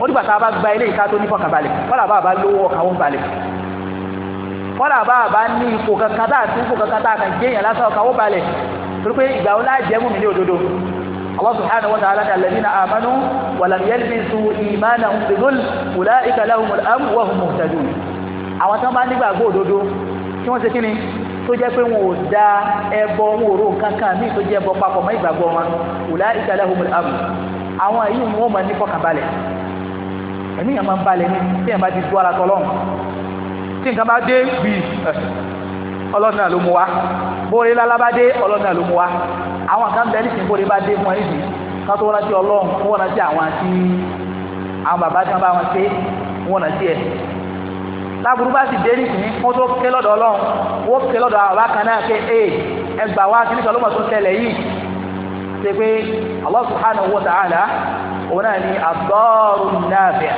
ó dìgbà tá a bá gba ilé ìka tó ní fọkànbalẹ̀ kọ́lá bá a bá lówó ọkàn ó ń balẹ̀ kọ́lá bá a bá ní ipò kankan tá a ti ń fò kankan tá a kàn jẹ́yàn lásán ọkàn ó balẹ̀ torí pé ìgbà wo láà jẹ́ mùmínì òdodo Allah subhanahu wa ta'ala alladhina amanu wa lam yalbisu imanahum bi dhulm ulaika lahumul amn wa hum muhtadun àwọn tí wọ́n bá nígbàgbọ́ òdodo tó jẹ́ pé wọn ò da ẹbọ wọn ò kankan míì tó jẹ́ ẹbọ papọ̀ mọ́ ìgbàgbọ́ wọn ulaika lahumul amn àwọn èyí ni wọ́n ní fọkànbalẹ̀ ẹ̀mí yẹn máa ń balẹ̀ ní tí yẹn ti dúara tọ́lọ́run tí ọlọ́run náà ló mú wa bóore lálábàdé ọlọ́run náà ló mú wa àwọn kan bẹ nísìnyí bóore bá dé fún ẹ nísìnyí kan tó rántí ọlọ́run wọ́n rántí àwọn àti àwọn bàbá tí wọ́n bá wọn ṣe wọ́n rántí ẹ̀ láburú bá sì dé nísìnyí wọ́n tó ké lọ́dọ̀ ọlọ́run wọ́n ké lọ́dọ̀ àwọn kan náà pé ẹ ẹ gbà wá kí nítorí ọlọ́mọ tó tẹ̀lẹ̀ yìí ṣe pé Allah subhanahu wa ta'ala òun náà ni ad-darun nafi'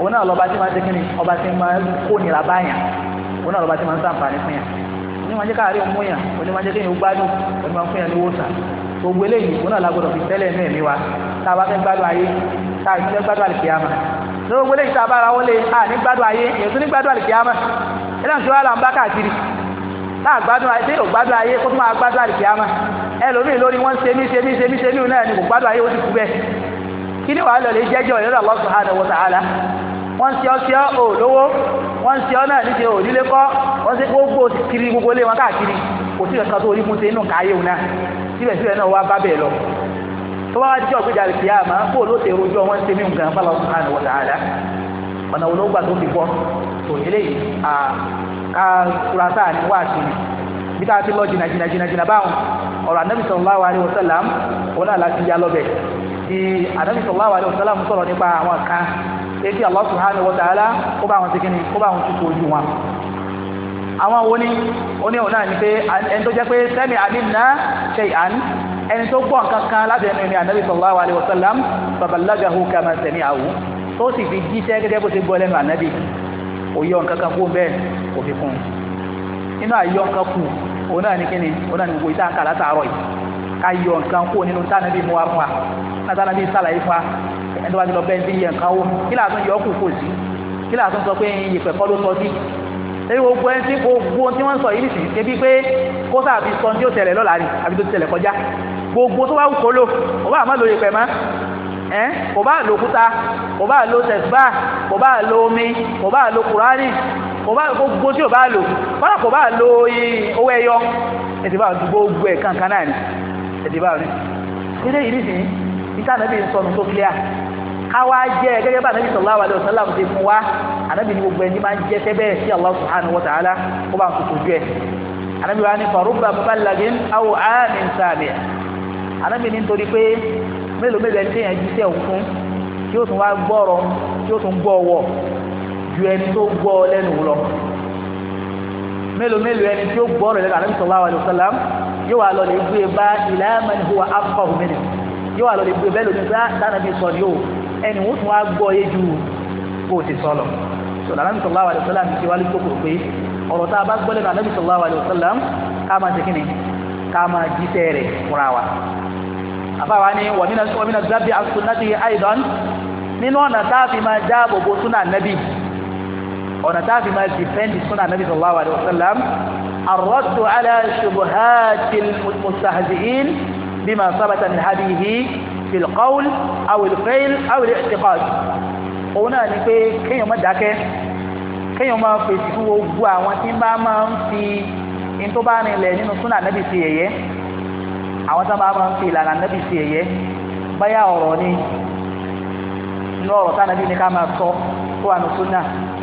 òun náà lọ́ba tí máa ń ṣe kí ni ọba tí máa ń kó nira báyà òun náà lọ́ba tí máa ń sàǹfààní fún yà òní máa jẹ́ káàárẹ̀ òmúyàn òní máa jẹ́ kéèyàn gbádùn òní máa fún yàn ní wòsàn gbogbo eléyìí òun náà lágbọ́dọ̀ fi tẹ́lẹ̀ ní ẹ̀mí wa tá a bá fẹ́ gbádùn ayé tá a fẹ́ gbádùn àlìkìyàmà lọ́wọ́ gbogbo eléyìí tá a bá ra wọlé a ní gbádùn ayé èso ní gbádùn àlìkìyàmà eléyìí tí wọ́n là ń bá káàkiri tá a gbádùn ayé ò gbádùn ayé kó tó máa gbádùn àlìkìyàmà ẹlòmíì lórí wọn ṣe mí ṣe mí ṣe mí ṣe mí náà ni kò gbádùn ayé ó ti kú bẹ́ẹ̀ kí ni wàá lọ lè jẹ́jọ́ ìlú Allah subhanahu wa wọ́n ṣe ọ́ ṣe ọ́ ò lówó wọ́n ṣe ọ́ náà níṣe ò nílé kọ́ wọ́n ṣe gbogbo kiri gbogbo lé wọn káàkiri kò sí ìrẹsì kan tó orígun ṣe inú káyé òun náà síbẹ̀síbẹ̀ náà wá bá bẹ́ẹ̀ lọ tó bá wá jẹ́ ọ̀gbẹ́jà rẹ̀ fìyà máa kó ló ṣe rojọ́ wọ́n ṣe mí nǹkan fọlọ́ subhanahu wa ta'ala ọ̀nà wo ló gbà tó fi bọ́ tò eléyìí à ká kurasa wá sallallahu alayhi wa sallam wọn náà láti yá lọ́bẹ̀ sallallahu alayhi wa sallam sọ̀rọ̀ nípa àwọn etí Allah subhanahu wa ta'ala kó bá wọn ti kíni kó bá wọn ti kú ojú wọn àwọn wo ni oní òun ni pé ẹni tó jẹ́ pé sẹ́mi àdínà ṣe àn ẹni tó gbọ́ nǹkan láti ẹnu ìrìn ànábì sallallahu alaihi wasallam babalagahu kama sẹ́mi àwù tó sì fi jíṣẹ́ gẹ́gẹ́ bó ṣe gbọ́ lẹ́nu ànábì òye nǹkan kan fún bẹ́ẹ̀ kò fi kún nínú àyọ nǹkan kù òun ni kíni òun náà ni gbogbo ìtànkà látàárọ̀ yìí ká yọ nǹkan kú nínú tánàbí mu wa fún wa látànàbí fún wa ẹni tó bá ti lọ bẹ́ẹ̀ ń ti yẹ nǹkan wò kí làásùn yọ ọkùn kò sí kí làásùn sọ pé ìyẹ̀pẹ̀ kọ́ ló sọ sí ebi gbogbo ẹni tí gbogbo tí wọ́n sọ yìí nìsí ebi pé kó sáà fi sọ ní ó tẹ̀lẹ̀ lọ́la ni àbí tó ti tẹ̀lẹ̀ kọjá gbogbo tó bá wù kó lò kò bá àmọ́ lo ìpẹ̀ mọ́ ẹ́ kò bá lo òkúta kò bá lo tẹ̀síbà kò bá lo omi kò bá lo kùránì kò bá gbogbo tí ò bá lò kọ́nà kò bá lo owó ẹyọ ẹ̀dì bá gbogbo ẹ̀ kankan náà ni ẹ̀dì bá rí ilé yìí nìsí ìtànàbí sọnù tó clear káwá jẹ́ gẹ́gẹ́ bá anábì sallallahu alaihi wasallam ti mú wá anábì ní gbogbo ẹni máa ń jẹ́ tẹ́bẹ̀ sí Allah subhanahu wa ta'ala ó bá ń tutù ojú ẹ̀ anábì wa ní farubba mubalagin aw amin sami anábì ní nítorí pé mélòó mélòó ẹni téèyàn jíṣẹ́ òun fún tí ó tún wá gbọ́rọ̀ tí ó tún gbọ́ ọwọ́ ju ẹni tó gbọ́ lẹ́nu lọ mélòó mélòó ẹni tí ó gbọ́rọ̀ lẹ́nu anábì sallallahu alaihi wasallam yóò wá lọ lè gbé bá ila man huwa afqahu minhu yóò wá lọ lè gbé bẹ́ẹ̀ lónìí sáà dáná bí sọ ni yóò ẹni wọ́n tún wá gbọ́ yé ju bó ti sọ̀lọ̀ sọ̀rọ̀ anábì sallallahu alaihi wasallam ti wá lé kókò pé ọ̀rọ̀ tá a bá gbọ́ lẹ́nu anábì sallallahu alaihi wasallam ká máa ṣe kíni ká máa jíṣẹ́ rẹ̀ fúnra wa. àfàwa ni wàmínà zabi asunati aidan nínú ọ̀nà tá a fi máa dáàbò bo súnà nábì ọ̀nà tá a fi máa dìfẹ́ǹdì súnà nábì sallallahu alaihi wasallam الرد على شبهات المستهزئين بما ثبت من هديه fil qawl aw al fi'l aw al i'tiqad òun náà ni pé kéèyàn má dákẹ́ kéèyàn máa fèsì fún gbogbo àwọn tí bá máa ń fi ní tó bá rinlẹ̀ nínú súnà nẹ́bì sí ẹ̀yẹ́ àwọn tí wọ́n bá máa ń fi ìlànà nẹ́bì sí ẹ̀yẹ́ báyà ọ̀rọ̀ ni inú ọ̀rọ̀ tá nàbí ni ká máa sọ tó wà ní súnà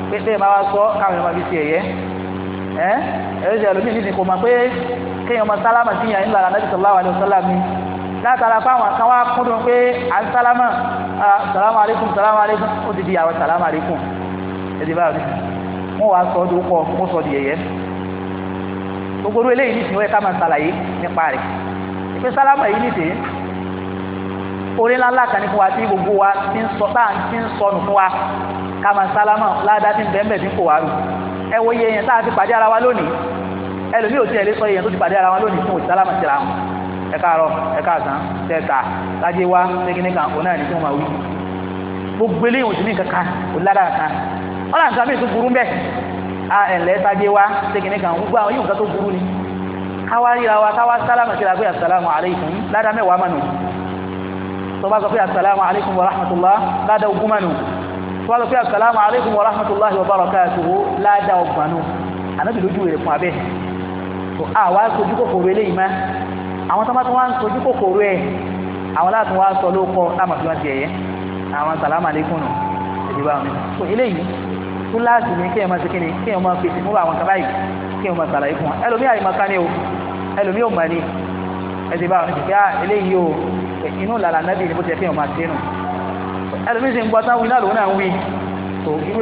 pé tẹ́yìn bá wá sọ káwọn èèyàn máa fi sí ẹ̀yẹ́ ẹ́ ẹ̀rọ ìṣẹ̀lẹ̀ mi nìkan mọ̀ pé kéèyàn máa sálámà sí yàn nílò àlànà látara fáwọn kan wá kúndùn pé à ń sálámà sàlámà àlékún sàlámà àlékún ó ti di àwọn sàlámà àlékún ẹ̀dí báyìí wọ́n wá sọ ọdún pọ̀ wọ́n sọ di yẹ̀yẹ́ gbogbo orí eléyìí nìsín wọ́n yẹ ká máa ṣàlàyé nípa rẹ̀ ìpè sálámà yìí nìsín orí ńláńlá kan ní fún wa tí gbogbo wa ti ń sọ táà ti ń sọnù fún wa ká máa sálámà ládàá ti ń bẹ́ẹ̀ ti ń kò wá rù ẹ wo iye yẹn táà ti pàdé ara wa lónìí ẹlòmíì ò tiẹ̀ lè sọ iye yẹn tó ti pàdé ara wa lónìí fún òtí sálámà síra wọn ẹ káàárọ̀ ẹ káàsán tẹta lájẹ wá ṣẹkínní kan òun náà ní kí wọn máa wí gbogbo eléyìí òsì ní kankan òlára kan wọn là ń sàmì tó burú mbẹ a ẹ̀lẹ́ tajé wa ṣẹkínní kan gbogbo àwọn yìí nǹkan tó burú ni káwá ríra wa káwá sálámù sí àgbé àsálàmù aláìkùm ládàá mẹ́wàá mọ̀nù tó bá sọ pé àsálàmù aláìkùm wa rahmatullah ládàá ogún mọ̀nù tó bá sọ pé àsálàmù aláìkùm wa rahmatullah wa barakatuhu ládàá ọgbọ̀nù ànábì lójú rẹ̀ fún abẹ́ àwa kojú kòkòrò eléyìí máa àwọn tọ́mọ́tọ́ wá ń sojú kòkòrò ẹ̀ àwọn láàtún wá sọ lóko láàmà fi wọ́n ti ẹ̀yẹ àwọn sàlámà lẹ́kùn nù ìdìbò àwọn mìíràn so eléyìí túláàsì ni kéèyàn máa ṣe kíni kéèyàn máa fèsì fún àwọn kan báyìí kéèyàn máa sàlàyé fún wọn ẹlòmíì àyè máa kání o ẹlòmíì ò mọ̀ ní ẹ̀sìn báwọn níbi ká eléyìí o inú làlà nábì ni bó ti ẹ̀ kéèyàn máa sínú ẹlòmíì sì ń gbọ́ sáwọn iná lòun náà ń wí so irú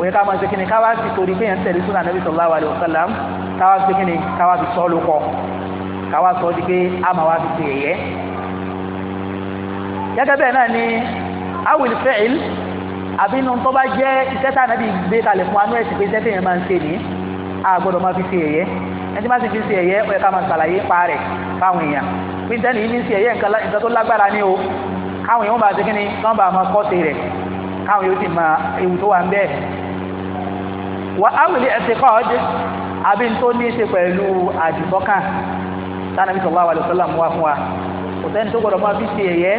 o yẹ ká máa ṣe kíni káwa sọ di pé a máa wá fi ṣe ẹ̀yẹ. gẹ́gẹ́ bẹ́ẹ̀ náà ni awil fẹ́ẹ̀l àbí nu tó bá jẹ́ iṣẹ́ tá ànábì gbé kalẹ̀ fún anú ẹ̀sìn pé iṣẹ́ tẹ̀yẹ̀ máa ń ṣe ní a gbọ́dọ̀ máa fi ṣe ẹ̀yẹ ẹni tí máa ti fi ṣe ẹ̀yẹ ó yẹ ká máa ṣàlàyé pa rẹ̀ fáwọn èèyàn pé tẹ́lẹ̀ yìí ní ṣe ẹ̀yẹ nǹkan tó lágbára ní o káwọn èèyàn bá ṣe kí ni kán bá máa kọ́ ṣe rẹ̀ káwọn yóò sì máa ewu tó wà ń bẹ́ẹ̀. wà á wìlé ẹ̀sìn kọ́ọ̀dì àbí tó ní í ṣe pẹ̀lú àdìbọ́kàn tánàbí sallallahu alaihi wasallam wá fún wa kò sẹ́ni tó gbọ́dọ̀ máa fi ṣe ẹ̀yẹ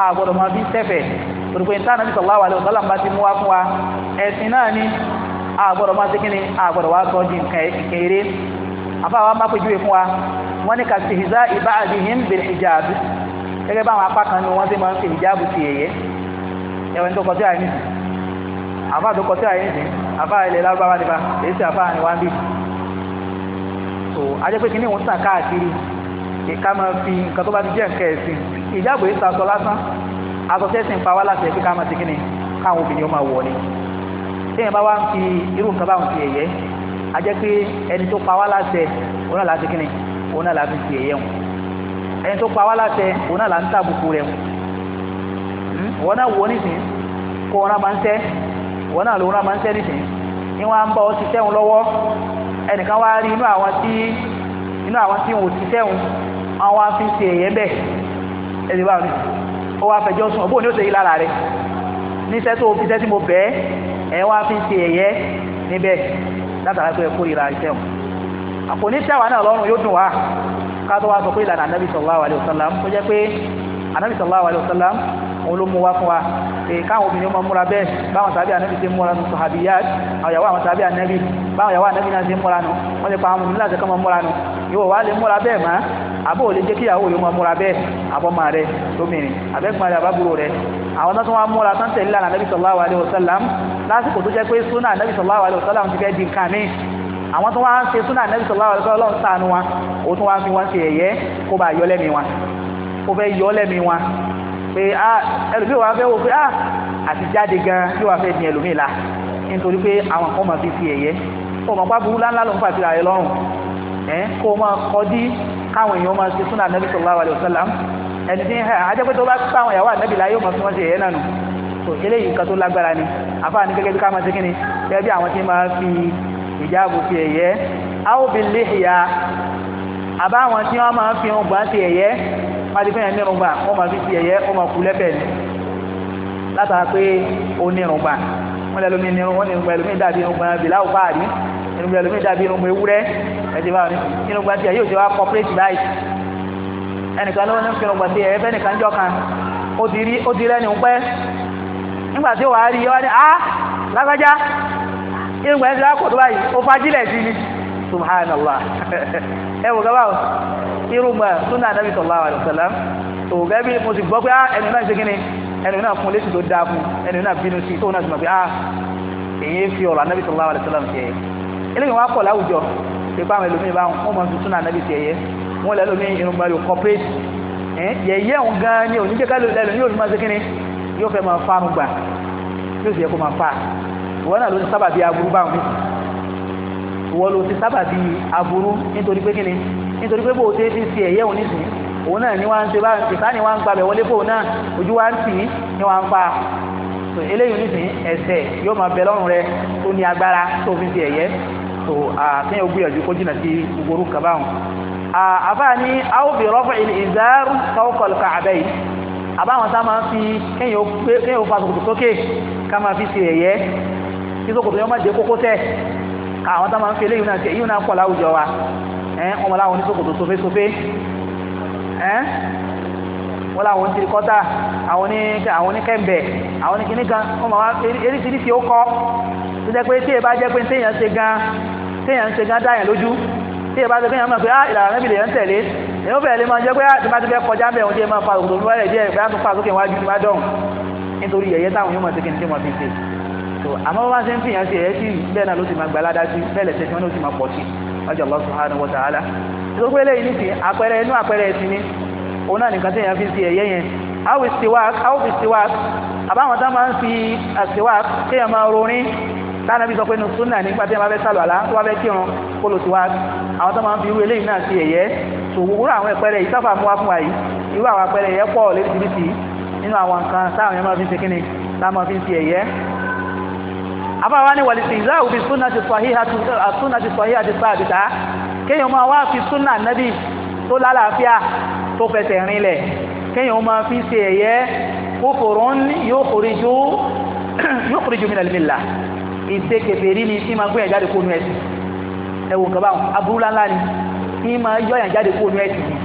a gbọ́dọ̀ máa fi ṣẹ̀fẹ̀ torípé tánàbí sallallahu alaihi wasallam bá ti mú wá fún wa ẹ̀sìn náà a gbọ́dọ̀ máa ṣe ni a gbọ́dọ̀ wá sọ di nǹkan eré àfáwọn máa pèjúwe fún wa wọ́n ní ka ṣèhìzá ba'dihim bil hijab gẹ́gẹ́ báwọn apá kan ní wọ́n ti máa ń ṣe hijab ti ẹ̀yẹ ẹ̀wọ̀n tó kọtí àyè nìsín àfáà tó kọtí àyè nìsín àfáà ilẹ̀ lárúbáwá nípa èyí sì àfáà ni wá ń so ajẹ́ pé kíní òun tàn káàkiri ká máa fi nǹkan tó bá ti jẹ́ nǹkan ẹ̀sìn ìjáàbò yìí sàṣọ lásán asọ̀tẹ́sìn pa wá láti ẹ̀fí ká máa ti kíní káwọn obìnrin ó máa wọ̀ ni téèyàn bá wá ń fi irú nǹkan báwọn fi ẹ̀yẹ́ ajẹ́ pé ẹni tó pa wá láṣẹ òun náà láti kíní òun náà láti fi ẹ̀yẹ́ wọn ẹni tó pa wá láṣẹ òun náà là tàbùkù rẹ̀ wọn hmm? wọn náà wọ nísìn kó wọn náà ẹnìkan wá rí inú àwọn tí inú àwọn tí wọn ò ti sẹ́wọ̀n àwọn wá fi ṣe bẹ́ẹ̀ ẹ̀sìn báwọn ni ó wá fẹjọ́ sùn ni ó ṣe yí lára rẹ̀ níṣẹ́ tó fi iṣẹ́ mo bẹ́ ẹ̀ wá fi ṣe ẹ̀yẹ níbẹ̀ látara pé àpò oníṣẹ́ wa náà lọ́rùn yóò dùn wá ká tó wá sọ pé ìlànà anábì sallallahu alaihi wasallam tó jẹ́ pé anabi sallallahu alayhi wa sallam òun ló mú wá fún wa káwọn obìnrin máa múra bẹ́ẹ̀ báwọn sábẹ́ anabi ti múra nù sahabiyat àwọn yàwó àwọn sábẹ́ anabi báwọn yàwó anabi náà ti múra nù wọ́n ti pa àwọn obìnrin láti kọ́ máa múra nù ìwọ wàá lè múra bẹ́ẹ̀ mọ́ àbó ò lè jẹ́ kíyàwó yóò máa múra bẹ́ẹ̀ àbọ̀mọ rẹ lómìnir àbẹ́gbọ̀n rẹ àbábúrò rẹ àwọn tó wá múra tán tẹ̀lé lánàá nabi sallallahu alayhi wa sallam lásìkò tó jẹ́ pé sunnah nabi sallallahu alayhi wa sallam ti fẹ́ di nǹkan míì àwọn tó wá ń ṣe súnà nẹ́bí sọ̀rọ̀ àwọn ọlọ́run ṣàánú wa ó tún wá ń fi wọ́n ṣe ẹ̀yẹ kó bá yọ lẹ́mìí wa ó fẹ́ yọ lẹ́mi wọn pé ah, ẹlòmíì wà fẹ́ wò pé ah, àti jáde gan yóò wá fẹ́ di ẹlòmíì la nítorí pé àwọn kan máa fi fi ẹ̀yẹ kó máa pàbùrú láńlá ló ń pàṣẹ ààrẹ lọ́rùn ẹ̀ kó máa kọdí káwọn èèyàn máa ṣe súnà nẹ́bí sallallahu alaihi wasallam ẹni tí ajẹ́pẹ́ tó bá sáwọn ìyàwó ànẹ́bí láyé ó máa fi wọ́n ṣe ẹ̀yẹ náà nù so eléyìí nǹkan tó lágbára ni àfáà ní gẹ́gẹ́ bí ká máa ṣe kíni gẹ́gẹ́ bí àwọn tí máa fi ìjáàbò fi ẹ̀yẹ áwòbí léhìá àbáwọn tí wọ́n máa fi ọgbà ṣe ẹ̀yẹ pàdífẹ́ yẹn nírùngbà wọ́n máa fi fi ẹ̀yẹ wọ́n máa kú lẹ́bẹ̀ ni látara pé ó nírùngbà wọ́n lẹ́lómi nírùngbà nírùngbà ẹlòmíì dàbí irùngbà bìláwù báàrí irùngbà ẹlòmíì dàbí irùngbà ewúrẹ́ ẹ̀jẹ̀ báwọn irùngbà tiẹ̀ yóò ti wá bụla life ẹnìkan ló ń fi irùngbà tiẹ̀ ọ nìkan ó ti rí ó ti nígbà tí wàá rí wọ́n ní ah ẹwọ gaba o irúgbà súnà anábì sallallahu alaihi wasallam òwò gẹ́bí mo sì gbọ́ pé ah, ẹni náà ṣe kíni ẹni náà fún létí tó dáa fún ẹni náà bínú sí tóun náà sì mọ̀ pé ah, èyí fi ọ̀rọ̀ anábì sallallahu alaihi wasallam tiẹ̀ eléyìí wọn kọ̀ láwùjọ pípa àwọn ẹlòmíì bá wọn mọ̀ súnà anábì tiẹ̀ yẹ wọn lẹ́ lómi irúgbà yóò corporate yẹ̀yẹ́ òun gan ni òní jẹ́ká lẹ́lòmíì òní máa ṣe kíni yóò fẹ́ máa fa àrùn gbà yóò sì yẹ kó máa fa ìwọ náà ló ń sábà bí aburú báwọn wọ́n ló ti sábà bí aburú nítorí pé kíni nítorí pé bóòtú ti ń ṣe ẹ̀yẹ́ òun nísìnyí òun náà ni wọ́n ń se bá ìta ni wọ́n ń gbabẹ̀ wọlé bóun náà ojú wa ń tì í ni wọ́n ń pa so eléyìí nísìnyí ẹ̀ṣẹ̀ yóò máa bẹ lọ́rùn rẹ tó ní agbára tó fi ń ṣe ẹ̀yẹ́ so àfihàn ògbìyànjú kó jìnnà sí gbogbo kaba wọn. àbáà ni àwọn obìnrin rọ́pò ilé ìzáàrú kọ́kọ́lù ká àbẹ́ yìí àbáwọn sá máa ń fi kéèyàn ó fa sòkòtò sókè ká máa fi ṣe ẹ̀yẹ́ kí sòkòtò yẹn má dé kókó tẹ̀ Ah, àwọn tó máa ń fi eléyìí náà ṣe èyí náà pọ̀ láwùjọ wa wọ́n láwọn oníṣòkòtò soféṣofé wọ́n láwọn ní tirikọ́tà àwọn ní kẹ́ńbẹ̀ àwọn ní kìnnìkan wọ́n máa wá eríṣiríṣi ó kọ́ tó jẹ́ pé tí èèbá jẹ́ pé téèyàn ṣe gan téèyàn ṣe gan dáyàn lójú tí èèbá ṣe pé èèyàn mọ̀ pé á ah, ìlànà mẹ́bìlì yẹn ń tẹ̀lé èèyàn ó bẹ̀rẹ̀ lè máa jẹ́ pé ah, tí máa ti fẹ́ kọjá ń bẹ̀ òun tí èèyàn máa fa òkòtò fún wáyẹ̀ díẹ̀ ìfẹ́ àtúnfà sókè wájú ní wá dọ̀hùn nítorí ẹ̀yẹ táwọn yóò mọ̀ sí kí n tí mo fi ṣe so àmọ́ wá sí ń fìyàn sí ẹ̀yẹ́ bẹ́ẹ̀ náà ló ti máa gbà bẹ́ẹ̀ tí wọ́n ló ti máa pọ̀ sí lẹ́yìn àpẹẹrẹ inú àpẹẹrẹ ẹ̀sìn ni òun fi ẹ̀yẹ́ yẹn how is siwak how is siwak àbáwọn tá máa ń fi siwak kéèyàn máa rorin táwọn ẹbí sọ pé nùsùn náà nígbà tí wọn bá fẹ́ sálọ àlá tó bá fẹ́ kírun kó lò siwak àwọn tó máa ń fi irú eléyìí náà sí ẹ̀yẹ́ tó àwọn yìí mú wá fún wa yìí irú àbáwá ní wàlìsì ìzáàwù bí súnà ti sọ̀hí àti sáàbìtà kéèyàn máa wá fi súnà nábì tó lálàáfíà tó fẹsẹ̀ rinlẹ̀ kéèyàn máa fi ṣe ẹ̀yẹ kókòrò yóò kórè ju mìíràn mìíràn ìṣe kẹfẹ́rí ni tí máa gbé ẹ̀jáde kó nu ẹ̀sìn ẹ̀wò nǹkan báwọn aburú ńláńlá ni tí máa yọ ẹ̀jáde kó nu ẹ̀sìn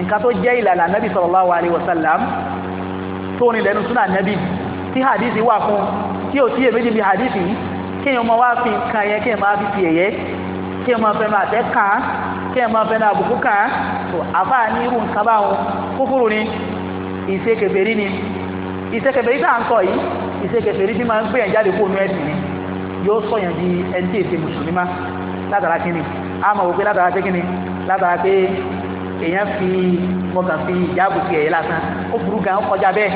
nǹkan tó jẹ́ ìlànà nábì sallallahu alaihi wasallam tó ní lẹ́nu súnà nábì tí hadisi wà fún tí ò tíye méjì bí hadisi yìí kí èèyàn máa wá fi nǹkan yẹn kí èèyàn máa fi fi ẹ̀yẹ kí èèyàn máa fẹ́ máa tẹ́ kàn án kí èèyàn máa fẹ́ náà àbùkù kàn án tó àfáà ní irú nǹkan báwọn kúkúrú ni ìṣe kèfèrí ni ìṣe kèfèrí tá à ń sọ yìí ìṣe kèfèrí tí máa ń gbìyànjú àdìkú ònú ẹ̀sìn ni yóò sọ̀yàn di ẹni tí èsè mùsùlùmí má látara kí ni a máa wò pé látara pé kí ni látara pé èèyàn fi mọ̀kàn fi ìjáàbù fi ẹ̀yẹ lásán ó burú gan ó bẹ́ẹ̀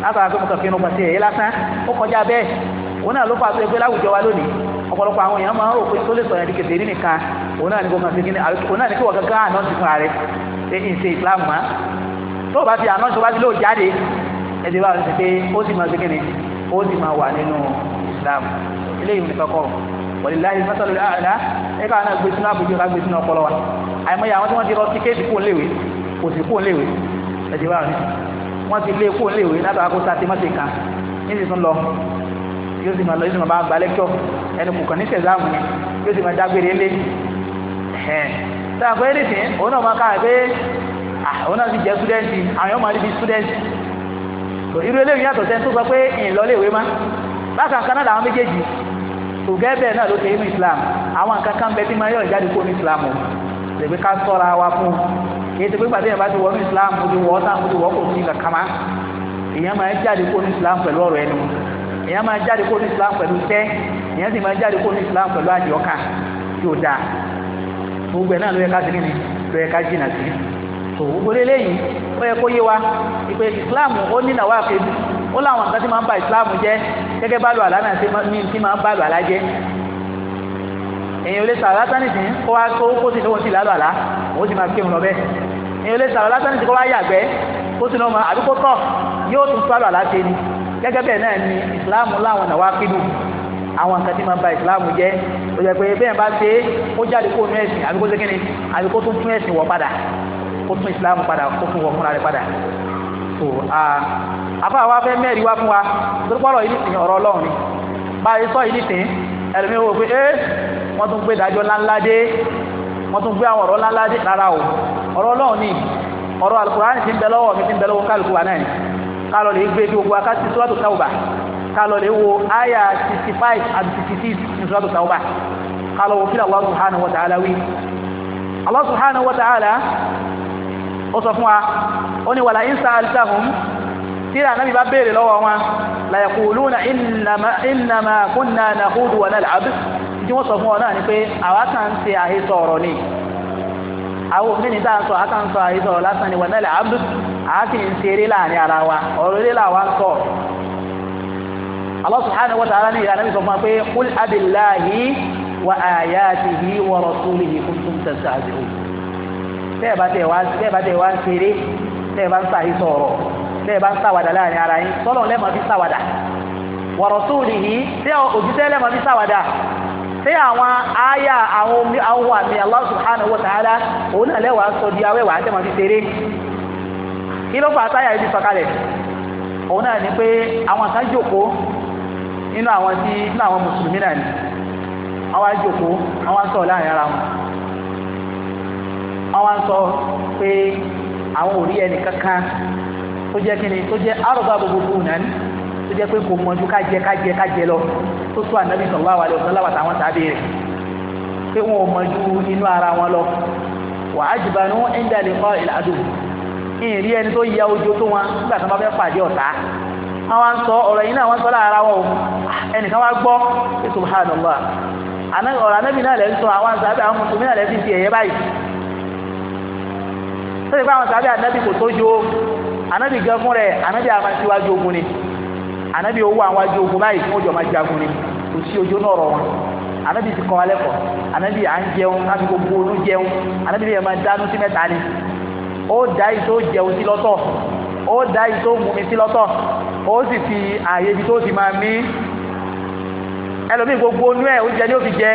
látara pé mo kàn fi inú pàṣẹ èyí lásán ó kọjá bẹ́ẹ̀ òun náà ló fà pé pé láwùjọ wa lónìí ọ̀pọ̀lọpọ̀ àwọn èèyàn máa ń rò pé tó lè sọ̀rọ̀ ẹ̀dínkè tèmi nìkan òun náà ní kò kàn sí kíni òun náà ní kí wọ́n kankan àná ti fún ààrẹ ṣe ń ṣe Islam mọ́ tó o bá ti àná ṣọwá sí lóò jáde ẹ̀dẹ̀ bá ti pé ó sì máa ṣe kíni ó sì máa wà nínú Islam eléyìí nìkan kọ̀ wọ̀lẹ̀ láyé mọ́tàlú àdá ẹ̀ka àwọn àgbẹ̀ sínú àbújọ àgbẹ̀ sínú ọpọlọ wa àìmọye àwọn tí wọ́n ti rọ tíkẹ́ẹ̀tì kò léwe kò sì kò léwe wọ́n ti lé kúrò léèwé látara kó sáté mọ́tì kan níbi tún lọ yóò sì máa lọ yóò sì máa bá gba lẹ́kítọ̀ ẹnu kù kàn ní sẹ̀záàmù ni yóò sì máa dágbére lé sáà pé nìsín òun náà máa káà pé òun náà ti jẹ́ súdẹ́ǹtì àwọn yóò máa rí bí súdẹ́ǹtì irú eléyìí yàtọ̀ sẹ́ni tó sọ pé ìlọléèwé má bákan kan náà làwọn méjèèjì ṣùgbọ́n bẹ́ẹ̀ náà ló ṣe inú Islam àwọn nǹkan kan bẹ tí máa yọ̀ ìjáde kó ní Islam o lè gbé ká sọ́ra wa fún kìí ṣe pé gbàdé yẹn bá ti wọ ní islam mo ti wọ ọ́ sáà mo ti wọ́ kò sí nǹkan kama máa jáde kó ní islam pẹ̀lú ọ̀rọ̀ ẹnu èèyàn máa jáde kó ní islam pẹ̀lú tẹ́ èèyàn sì máa jáde kó ní islam pẹ̀lú àdìọ́kà tí ó dáa gbogbo ẹ̀ náà ló yẹ ká segin ni ló yẹ ká jìnà sí tó gbogbo eléyìí ó yẹ kó yé wa ìpè islam ó ní nàwa àfẹ ó láwọn nǹkan tí máa ń ba islam jẹ gẹ́gẹ́ bá lu àlá náà ní tí máa ń ba lu àlá jẹ èèyàn ò lè sàrà sánìsìn kó wá kó kó sì lóhùn sí ìlàlù àlá òun sì máa kéwọn lọ bẹ́ẹ̀ ele lè sàrọ̀ lásán ní ti kọ́ wá yàgbẹ́ kó sì náà mọ àbí kó tọ̀ yóò tún sọ́ọ̀lù àláṣẹ ni gẹ́gẹ́ bẹ́ẹ̀ náà ni ìsìláàmù láwọn náà wá kídù àwọn nǹkan tí máa ba ìsìláàmù jẹ́ tó jẹ́ pé bẹ́ẹ̀ bá ṣe ó jáde kó nu ẹ̀sìn àbí kó ṣe kíni àbí kó tún tún ẹ̀sìn wọ̀ padà kó tún ìsìláàmù padà kó tún wọ̀ fúnra rẹ̀ padà tó àfa wa fẹ́ mẹ́rin wá fún wa torí pọ́lọ̀ yìí nìsín ọ̀rọ̀ ọlọ́run ni bá a sọ yìí nìsín wọ́n tún gbé àwọn ọ̀rọ̀ ńláńlá dé rárá o ọ̀rọ̀ ọlọ́run ni ọ̀rọ̀ alukurani ti ń bẹ lọ́wọ́ mi ti ń bẹ lọ́wọ́ kálukú wa náà ni ká lọ lè gbé bí gbogbo akásí sọ́dọ̀ tàwùbà ká lọ lè wo àyà sixty five and sixty six ní sọ́dọ̀ tàwùbà ká lọ wo kí Allah subhanahu wa ta'ala wí Allah subhanahu wa ta'ala ó sọ fún wa ó ní wàlá insa alisahum tíra anábì bá béèrè lọ́wọ́ wọn la yaquluna innama innama kunna nakhudu tí wọ́n sọ fún ọ náà ni pé àwa kàn ń ṣe àhesọ ọ̀rọ̀ ni àwọn òfin ní dáa sọ àkàn sọ àhesọ ọ̀rọ̀ lásán ni wọ̀nẹ́lẹ̀ abdul àákì ń ṣeré láàrin ara wa ọ̀rọ̀ eré làwa ń sọ Allah subhanahu wa ta'ala ní ìyá anábì sọ fún wa pé kúl abillahi wa ayatihi wa rasulihi kuntum tastahzi'un tẹ́ẹ̀ bá tẹ̀ wá tẹ́ẹ̀ bá tẹ̀ wá ń ṣeré tẹ́ẹ̀ bá ń ṣàhesọ ọ̀rọ̀ tẹ́ẹ̀ bá ń ṣàwàdà láàrin ara yín sọ́lọ́ lẹ́mọ̀ fi ṣàwàdà wa rasulihi tẹ́ òjíṣẹ́ lẹ́mọ̀ fi ṣàwàdà ṣé àwọn àyà àwọn ohun àmì Allah subhanahu wa ta'ala òun náà lẹ́wàá sọ di awẹ́wà àtẹ̀mọ́ fi ṣeré kí ló fà á ibi sọ̀kalẹ̀ òun ni pé àwọn kan jòkó nínú àwọn tí nínú àwọn mùsùlùmí ni àwọn àjòkó àwọn sọ láàrin ara wọn àwọn sọ pé àwọn ò rí ẹnì kankan tó jẹ́ kíni tó jẹ́ àrùbá tó jẹ́ pé kò mọ ju kájẹ kájẹ kájẹ lọ tó tó ànábì sallallahu alaihi wasallam àtàwọn tàbí rẹ̀ pé wọn ò mọ ju inú ara wọn lọ wà á jìbà ní wọn ń dalè kọ́ ìlàdù ìrìn ẹni tó ya ojú tó wọn nígbà tó wọn fẹ́ pàdé ọ̀tá àwọn sọ ọ̀rọ̀ yìí náà wọ́n sọ lára wọn o ẹnìkan wá gbọ́ pé subhanallah ọ̀rọ̀ anábì náà lẹ́ ń sọ àwọn sàbẹ̀ àwọn mùsùlùmí náà lẹ́ fi ti ẹ̀yẹ báyìí sọ́dọ̀ pé àwọn sàbẹ̀ anábì kò tó jo anábì gan fún rẹ̀ anábì àmàṣíwájú ogun ni ànábì owó àwọn ajé ogun báyìí tí wọ́n jọ máa jagun ni kò sí ojú náà rọ̀ wọn ànábì ti kọ́ wa lẹ́kọ̀ọ́ ànábì à ń jẹun láti gbogbo olú jẹun ànábì yẹn máa dánú sí mẹ́ta ni ó dá yìí tó jẹun sí lọ́tọ̀ ó dá yìí tó mumi sí lọ́tọ̀ ó sì fi ààyè ibi tó ti máa mí ẹlòmíì gbogbo onú ẹ̀ oúnjẹ ni ó fi jẹ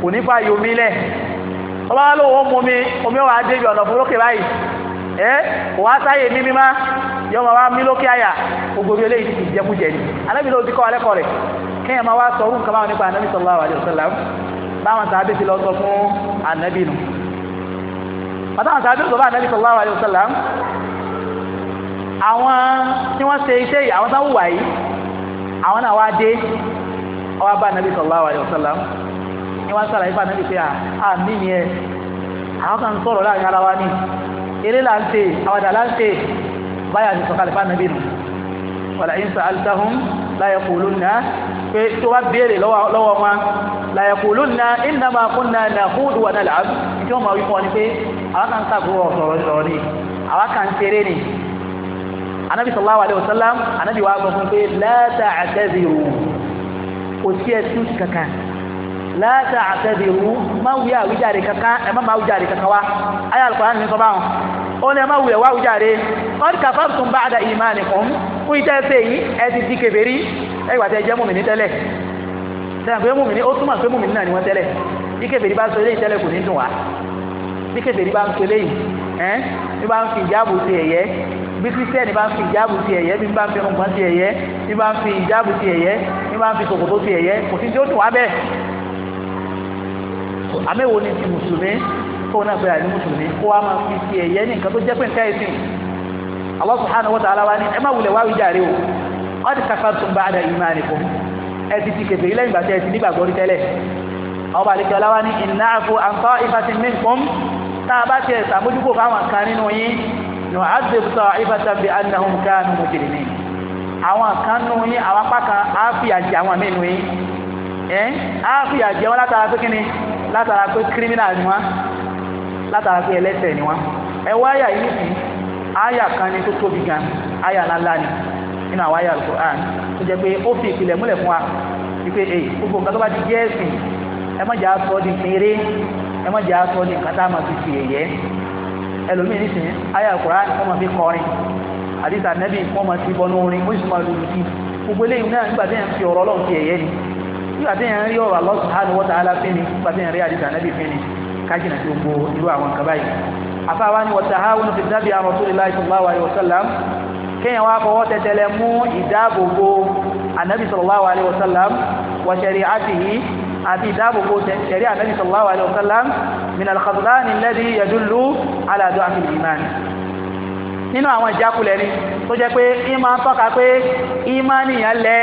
kò ní fààyè omi lẹ̀ ọlọ́wọ́ lòun ó mumi omi ó wà á débi fún lókè báyìí ẹ eh, kò wá sáyè ní mímá yọ ma wá mí lókè àyà ògbòrò eléyìí ti jẹkújẹ ni anábì ló kọ́ alẹ́kọ̀ọ́ rẹ̀ kéèyàn ma wá sọ orú báwọn nípa anábì sallallahu alaihi wasallam báwọn sàábé ti lọ sọ fún anábì nù bàtàwọn sàábé sọ fún anábì àwọn tí wọ́n ṣe iṣẹ́ yìí àwọn àwọn náà wá dé ọwọ́ bá anábì ni wọ́n eré là ń ṣe àwàdà là ń ṣe báyà ti sọ̀kalẹ̀ fún anabi nù wàlà in sa'altahum la yaqulunna pé tó bá béèrè lọ́wọ́ wọn la yaqulunna innama kunna nakhudu wa nal'ab kí wọ́n máa wí fún ọ ni pé àwọn kan ń sàkóso sọ̀rọ̀ sọ̀rọ̀ ni àwọn kan ń ni anabi sallallahu alayhi wa sallam anabi wa sọ fún pé la ta'taziru kò sí ẹtú kankan láti àtẹ́bìrú má wí àwíjàre kankan ẹ má má wíjàre kankan wá ayé alukóra ní sọ báwọn ó ní ẹ má wulẹ̀ wá wíjàre wọn kàfá tún bá àdá ìmánì kún fún ìtẹ́ ẹsẹ̀ yìí ẹ ti di kèfèrí ẹ gbà tẹ jẹ́ mùmìnì tẹ́lẹ̀ sẹ́yìn pé mùmìnì ó túmọ̀ pé mùmìnì náà ni wọ́n tẹ́lẹ̀ bí kèfèrí bá sọ eléyìí tẹ́lẹ̀ kò ní dùn wá bí kèfèrí bá ń sọ eléyìí ẹ́ bí bá ń fi ìjáàbò ti kristiani bá ń fi ìjáàbù ti ẹ̀yẹ bí bá ń fi ọmọ ti ẹ̀yẹ bí bá ń fi ìjáàbù ti ẹ̀yẹ bí bá ń fi ṣòkòtò ti ẹ̀yẹ kò sí tí ó tún wá bẹ́ẹ̀ àmẹ́wò ni ti mùsùlùmí kóun náà gbéra ní mùsùlùmí kó wa máa fi ti ẹ̀yẹ ní nǹkan tó jẹ́ pé nǹkan ẹ̀sìn Allah subhanahu wa ta'ala wa ni ẹ má wulẹ̀ wá wíjà o wọ́n ti kàkà tó ń bá àdá ìmọ̀ àníkó ẹ ti ti kẹfẹ́ ilé ìgbà tẹ ẹ ti nígbàgbọ́ rí tẹ́lẹ̀ àwọn bàálí kí ọláwá ní inna afu an ta'ifatin minkum tá a bá ti sàmójúkò fáwọn kan nínú yín nu'adhib ta'ifatan bi annahum kanu mujrimin àwọn kan nù yín àwọn apá kan á fìyà jẹ àwọn mí nù yín ẹ á fìyà jẹ wọn látara pé kí látara pé kírímínà ni wọ́n látara pé ẹlẹ́ṣẹ̀ ni àyà yìí sí àyà kan ni gan àyà ńláńlá ni nínú àwọn àyà Al-Qur'an tó jẹ́ pé ó fi ìpìlẹ̀ múlẹ̀ fún wa wípé èyí gbogbo nǹkan di kéré ẹ má sọ di nǹkan tá a máa fi fi àyà máa fi kọrin àdìsá nẹ́bì ti bọ́ orin nígbà tí yẹn rí ọ̀rọ̀ Allah subhanahu wa ta'ala fún mi nígbà tí yẹn rí àdìsá nábì fún mi kájìnà tí ó gbó irú àwọn nǹkan báyìí afáwa ni watahawunu fi dábìá Rasulillahi sallallahu alaihi wasallam kéèyàn wá fọwọ́ tẹ̀tẹ̀lẹ̀ mú ìdáàbòbò ànábì sallallahu alaihi wasallam wa shari'atihi àti ìdáàbòbò ṣẹ̀rí ànábì sallallahu alaihi wasallam min al-khadlan alladhi yadullu ala du'afil iman nínú àwọn ìjákulẹ̀ ni tó jẹ́ pé ìmá tọ́ka pé ìmá nìyàn lẹ́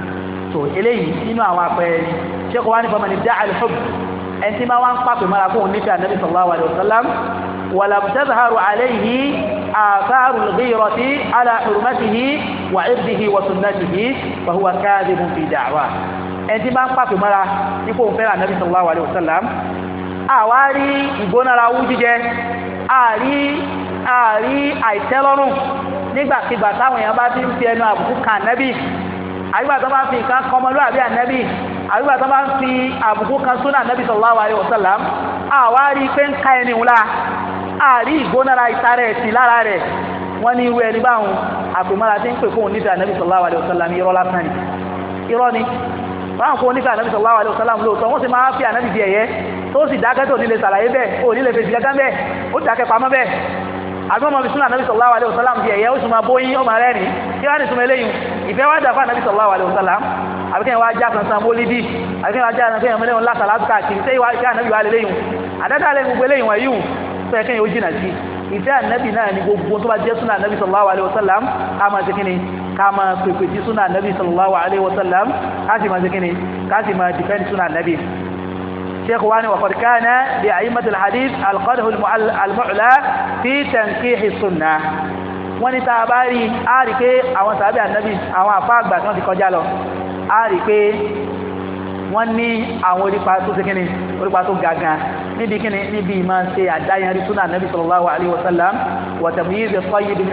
tó eléyìí nínú àwọn àpẹẹrẹ ni ṣékò wá ní fọmọ ní dá alhub ẹni tí máa wá ń pàpè mọ́ra kó ní fẹ́ anabi sallallahu alayhi wa sallam wàlàm tazharu alayhi àtàrù lghirati ala hurmatihi wa irdihi wa sunnatihi fa huwa kadhibun fi da'wa ẹni tí máa ń pàpè mọ́ra ní kó fẹ́ràn anabi àyíká tó bá fi nǹkan kọ́ ọmọlúwàbí ànábì àyíká tó bá ń fi àbùkù kan súnà ànábì sallallahu alaihi wasallam àwa rí i pé ń ka ẹni ńlá àrí ìgbónára ìtara ẹ̀sì lára rẹ̀ wọ́n ní irú ẹni báwọn àpèmọ́ra tí ń pè fóun níta ànábì sallallahu alaihi wasallam irọ́ lásán ni irọ́ ni báwọn kò níta ànábì sallallahu alaihi wasallam lóòótọ́ wọ́n sì máa fi ànábì di ẹ̀yẹ tó sì dákẹ́ tó nílé sàlàyé bẹ́ẹ̀ ò nílé fèsì gángan bẹ́ẹ̀ ó dákẹ́ pamọ́ bẹ́ẹ̀ àbí ọmọ bisimilá anabi sallallahu alayhi wa sallam di ẹ̀yẹ oṣù máa bóyin ọmọ rẹ ni kí wàá nìtúmọ̀ eléyìí ìfẹ́ wá dàfà anabi sallallahu alayhi wa sallam àbí kẹ́hìn wá já kankan mólídì àbí kẹ́hìn wá já kankan mẹ́lẹ́ wọn lásàlá káàkiri sẹ́yìn wá kí anabi wá léyìn àdáda alẹ́ gbogbo eléyìí wọ̀nyí wù sọ ẹ̀kẹ́ yóò jìnà sí ìfẹ́ ànábì náà ni gbogbo tó bá jẹ́ súnà ànábì sallallahu alayhi wa sallam ká máa شيخ واني وقد كان لأئمة الحديث القده المعلى في تنكيح السنة wọ́n ní tá a bá rí a rí pé àwọn sàbí ànábì àwọn àfa àgbà tí wọ́n ti kọjá lọ a rí pé wọ́n ní àwọn orípa tó ṣe kíni orípa tó ga níbi kíni níbi ìmọ̀ ṣe àdáyanrí súnà ànábì sallallahu alaihi wasallam wa tamyiz al-tayyib min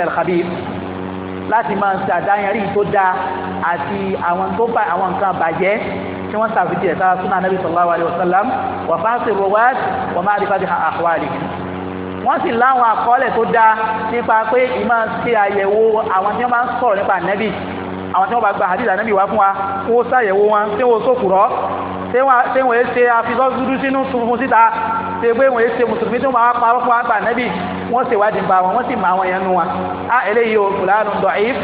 láti máa ṣe àdáyẹrí tó dáa àti àwọn tó bá àwọn nǹkan bàjẹ́ tí wọ́n ṣàfihàn ẹ̀ sára súnà nàbì sallallahu alaihi wasallam wà bá ṣe rọwẹ́t wà má rífàdì àkọwàlì wọ́n sì láwọn àkọọ́lẹ̀ tó dáa nípa pé ìmáa ṣe àyẹ̀wò àwọn tí wọ́n máa ń sọ̀rọ̀ nípa nẹ́bì àwọn tí wọ́n bá gba hadith ànábì wá fún wa wọ́n ṣàyẹ̀wò wọn tí wọ́n sòkùrọ́ tí wọ́n yé ṣe àfihàn dúdú sínú funfun síta ṣe pé wọ́n yé ṣe mùsùlùmí tí wọ́n máa parọ́ fún wa gba ànábì wọ́n ṣe wádìí ba wọn wọ́n sì máa wọn yẹn nu wọn. a eléyìí o fulanun da'if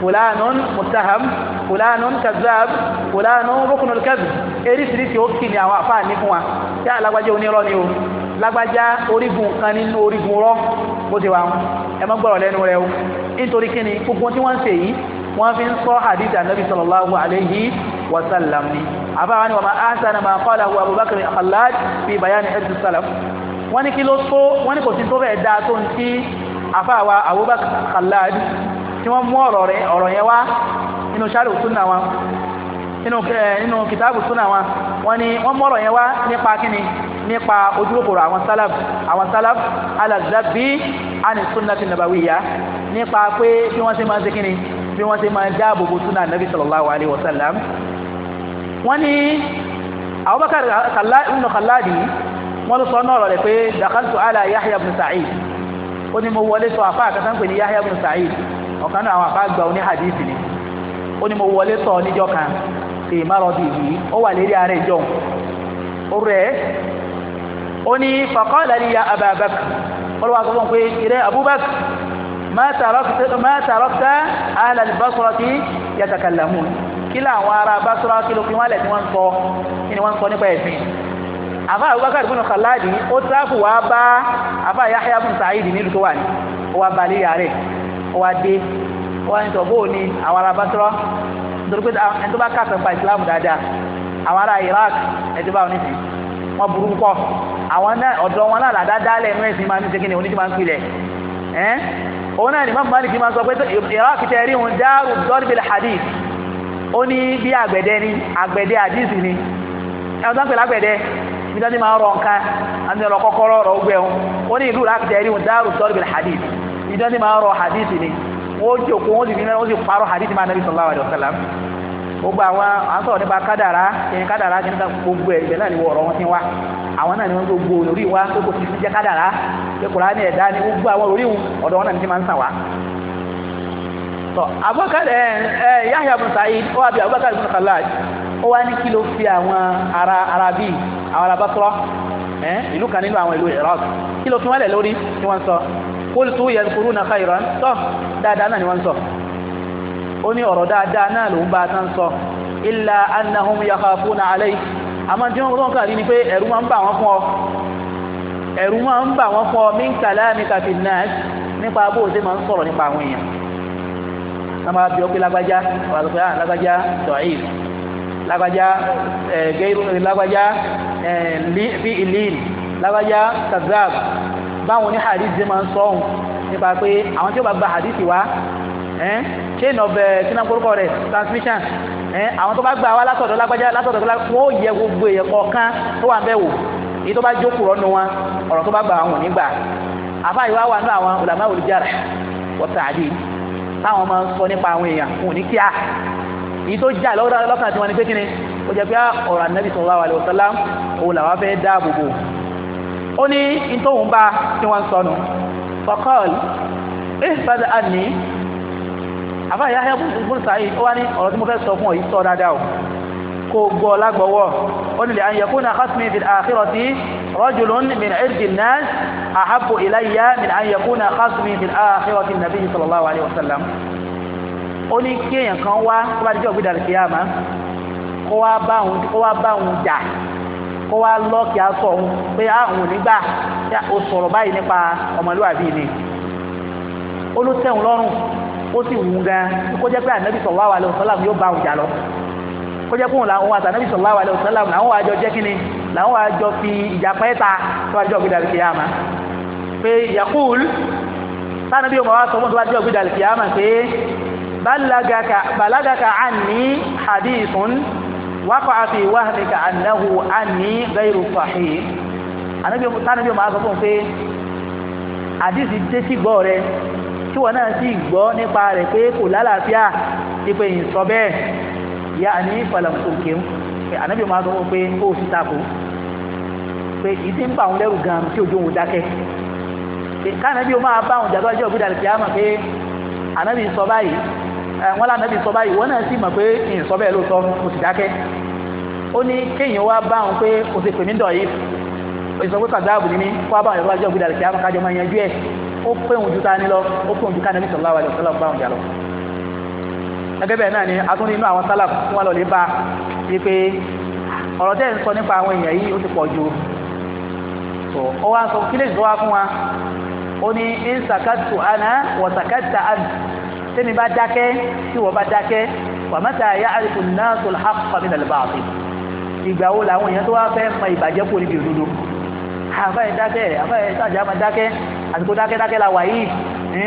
fulanun mutaham fulanun kazab fulanun rukunul kadhb eríṣiríṣi ó kì ní àwọn àfáà ní fún wa tí alágbájá onírọ́ ni o lágbájá orígun kan nínú orígun rọ́ bó ti wà wọn ẹ má gbọ́rọ̀ lẹ́nu rẹ o nítorí kíni gbogbo tí wọ́n ń ṣe yìí wọ́n fi ń sọ hadith anabi sallallahu alayhi wa sallam ni àbáwá ni wọ́n máa ahsana ma qalahu abubakar al-khallad fi bayani ẹ̀sìn salaf wọ́n ní kí ló tó wọ́n ní kò sí tó bẹ́ẹ̀ dáa tó ń tí àfáàwà abubakar al tí wọ́n mú ọ̀rọ̀ yẹn wá nínú sáré òtún náà wọn nínú eh, kìtàbù súnà wọn wọn ni wọ́n mọ̀rọ̀ yẹn wá nípa kíni nípa ojúkòkòrò àwọn sálàf àwọn sálàf alàzàbí àni sunnati nàbàwíyà nípa pé bí wọ́n ṣe máa ń ṣe kíni bí wọ́n ṣe máa dáàbò bo súnà nàbí sallallahu alaihi wasallam wọ́n ní Abubakar ibn Khaladi wọ́n ló sọ náà rẹ̀ pé dakhaltu ala Yahya ibn Sa'id ó ní mo wọlé sọ àfáà kan sáńpẹ̀ ní Yahya ibn Sa'id ọ̀kan náà àwọn àfáà gbà ó ní hadith ni ó ní mo wọlé sọ níjọ́ kan fi márọ̀dì yìí ó wà lérí ààrẹ ìjọ ó rẹ̀ ó ní faqala li ya Aba Bakr olùwà sọ fún pé ìrẹ́ Abubakar ma tarakta ala al-Basrati yatakallamun kí làwọn ará Basra kí ló fi wọ́n lẹ̀ tí wọ́n ń sọ kí ni wọ́n ń sọ nípa ẹ̀sìn àfa Abubakar ibn Khaladi ó tráfù wá bá àfa Yahya ibn Sa'id nílùú tó wà ní ó wá balẹ̀ yàrá ó wá dé ó wá ní sọ bóò ni àwọn ará Basra nítorí pé ẹni tó bá kàtàn pa ìsìlámù dáadáa àwọn ará Iraq ẹtí bá wọn ní sí wọn burú pọ̀ àwọn náà ọ̀dọ́ wọn náà làdá dálẹ̀ inú ẹ̀sìn máa ń ṣe kí ni oníṣẹ máa ń pilẹ̀ ẹ òun náà ní mọ mọlì kí máa sọ pé Iraq tẹ rí òun dáàrú dọ́rìbìlì hadith ó ní bí àgbẹ̀dẹ ni àgbẹ̀dẹ hadith ni ẹ̀ ọ̀dọ́ ń pè lágbẹ̀dẹ ibi tó ní máa ń rọ nǹkan àti ọ̀rọ̀ kọ́kọ́rọ́ ọ̀rọ̀ ogbẹ́ òun ó ní ìlú Iraq tẹ rí òun dáàrú dọ́rìbìlì hadith ibi tó ní máa ń rọ hadith ni wọ́n jòkó wọ́n sì fi náà wọ́n sì parọ́ hadith máa nàbí sallallahu alaihi wasallam gbogbo àwọn àǹsọ̀ nípa kádàrá kìnnì kádàrá kìnnì kan gbogbo ẹ̀ ibẹ̀ náà ni wọ́n ọ̀rọ̀ wọn ti wá àwọn náà ni wọ́n gbogbo lórí wa pé kò sì fi jẹ́ kádàrá pé Kùránì ẹ̀dá ni gbogbo àwọn orí ọ̀dọ̀ wọn náà ni Abubakar Yahya bin Sa'id ó wà Abubakar bin ó ní kí ló fi àwọn ara Arabi àwọn ìlú kan nínú àwọn ìlú Iraq kí ló fi sọ qultu yadhkuruna khayran tọ́ dáadáa náà ni wọ́n sọ ó ní ọ̀rọ̀ dáadáa náà ló ń bá tán sọ illa annahum yakhafuna alayhi àmọ́ tí wọ́n rán kàrí ni pé ẹ̀rù máa ń bà wọ́n fún ọ ẹ̀rù máa ń bà wọ́n fún ọ min kalamika fin nas nípa bó o ṣe máa ń sọ̀rọ̀ nípa àwọn èèyàn nàmà bí ọ pé lágbájá wàlúùfẹ́ ah, lágbájá da'if lágbájá eh, gẹ́rù eh, lágbájá eh, fi ìlín lágbájá kazab báwọn ní hadith ṣe máa ń sọ ohun nípa pé àwọn tí ó bá gba hadith wá chain of kínà kórókọ rẹ̀ transmission àwọn tó bá gba wá látọ̀dọ̀ lágbájá látọ̀dọ̀ wọn ó yẹ gbogbo èèyàn kọ̀ọ̀kan tó wà ń bẹ̀ wò èyí tó bá jókòó rọ́nu wọn ọ̀rọ̀ tó bá gba àwọn òní gbà àfa ìwà wà nínú àwọn ulama al-jarh wa ta'dil táwọn máa ń sọ nípa àwọn èèyàn wọn ò ní kíá èyí tó jà lọ́kàn tí wọ́n ní pé kíni ó jẹ́ pé ah, ọ̀rọ̀ ànábì sallallahu alaihi wasallam òun làwọn fẹ́ dáàbò bò ó ní ìtòhùn bá tí wọ́n ń sọnù fọkọ́ọ̀lù ẹ̀ eh, fàdà àní àbá ìyá ẹ̀ bùn sáyé ó wá ní ọ̀rọ̀ tí mo fẹ́ sọ fún ọ yìí sọ dáadáa o kò gbọ́ lágbọ́wọ́ ó nílẹ̀ àyẹ̀ kó na kásìmì fi àkírọ̀ sí rọ́jùlún min ẹ̀dì náà àhábò ìláyà min àyẹ̀ kó na kásìmì fi àkírọ̀ sí nàbí sallallahu alaihi wasallam ó ní kí kan wá tó bá dijọ́ gbé dàrí kìyàmá kó wá bá jà kó wá lọ́ọ̀kì aṣọ òun pé àwọn ah, onígbà ó sọ̀rọ̀ báyìí nípa ọmọlúwàbí ni olùtẹ̀hún lọ́rùn ó sì wù gan kó jẹ́ pé ànábì sallallahu alaihi wasallam yóò bá òun jà lọ kó jẹ́ kóun làwọn àti ànábì sallallahu alaihi wasallam làwọn wàá jọ jẹ́ kínni làwọn wàá jọ fi ìjà pẹ́ ta tó wàá jọ gbéra lè kíyàmá pé yakul sanabi ọmọ wa sọ fún tó wàá jọ lè kíyàmá pé balagaka balagaka anni hadithun waqa'a fi wahmika annahu anni ghayru sahih tánàbí ọmọ asọ fún un pé àdìsí dé sí gbọ́ rẹ tí wọ́n náà sì gbọ́ nípa rẹ̀ pé kò lálàáfíà ìpè yìí sọ bẹ́ẹ̀ ya ní falamtòkè ànábì ọmọ asọ fún un pé ó sì takò pé ìdí ń bà wọn lẹ́rù gan tí ojú òun dákẹ́ kánàbí ọmọ abá òun jàdó ajé òbí dàlùkì àmọ̀ pé ànábì sọ báyìí wọn lànàbì sọ báyìí wọn náà sì mọ̀ pé ìsọ bẹ́ẹ̀ lóòótọ́ mo sì dákẹ́ ó ní kéèyàn wá bá òun pé kò sì pè mí dọ̀ yìí ó sì sọ pé kàdáàbù ní mí kó wá bá òun yẹn lọ́jọ́ ògbìdàlẹ̀ kí á máa kájọ máa yanjú ẹ̀ ó pé òun ju ta ni lọ ó pé òun ju kánẹ́bí sọ̀rọ̀ láwàlẹ̀ ọ̀sẹ̀ lọ́gbà òun jà lọ. gẹ́gẹ́ bẹ́ẹ̀ náà ni a tún ní inú àwọn sálàf tí wọ́n lọ lè bá i pé ọ̀rọ̀ tẹ́ ń sọ nípa àwọn èèyàn yìí ó ti pọ̀ ju ó wá sọ kílẹ̀ ìdọ́wà fún wa ó ní ìsàkàtù àná wọ̀sàkàtà àná tẹ́mi bá dákẹ́ tí wọ́n bá dákẹ́ wàmátà yá àríkù náà tó lè hàpàmì nàlẹ́ bá àfihàn ìgbà wo làwọn èèyàn tó wá fẹ́ mọ ìbàjẹ́ kò níbi òdodo àfáì dákẹ́ àfáì sàjà máa dákẹ́ àsìkò dákẹ́dákẹ́ la wà yìí ní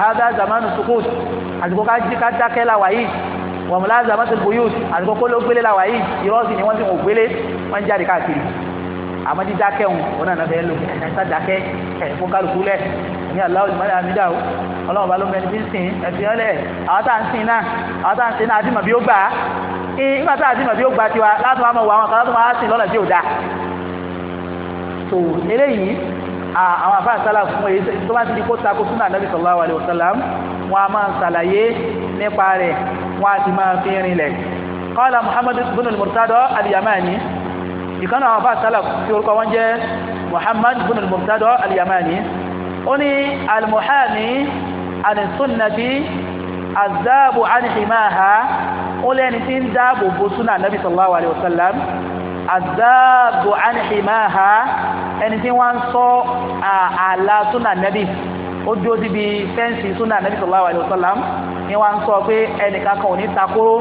haza zamanu sukut àsìkò ká dákẹ́ la wà yìí wàmúlá zamanu buyut àsìkò kó ló gbélé la wà yìí ìrọ́sì ni wọ́n ti wọ́n gbélé wọ́n jáde káàkiri àmọ́ dídákẹ́ òun òun náà fẹ́ lò ẹ̀ẹ́sà dákẹ́ ẹ̀ fún kálukú lẹ̀ ní aláwọ̀ ìmọ̀lẹ́ àmìdá o ọlọ́run bá ló mẹ́ni bí ń sìn ẹ̀sìn ọlẹ̀ àwọn tá à ń sìn náà àwọn tá à ń sìn náà àti màbí ó gbà á nígbà tá àti màbí ó gba tiwa láti máa wọ àwọn kan láti máa sìn lọ́nà tí ò dáa tó eléyìí àwọn àfáà sálà fún èyí tó bá ti di kó tako súnà nàbì sallallahu alaihi wasallam wọn a máa ṣàlàyé nípa rẹ̀ wọn a ti máa fi rinlẹ̀ qala Muhammad bin al-Murtada al-Yamani ìkànnì àwọn àfáà sálà fi orúkọ wọn jẹ́ Muhammad bin al Aliyamani, al-Yamani ó ní al-muhami azáàbò anihimaha ó lẹ́ni tí ń dáàbò bo nabi sallallahu alayhi wa sallam azáàbò anihimaha ẹni tí wọ́n ń sọ ààlà súnà nabi ó dúró síbi fẹ́ǹsì súnà nabi sallallahu alayhi ni wọ́n so pe eni ẹnìkan kan ò takoro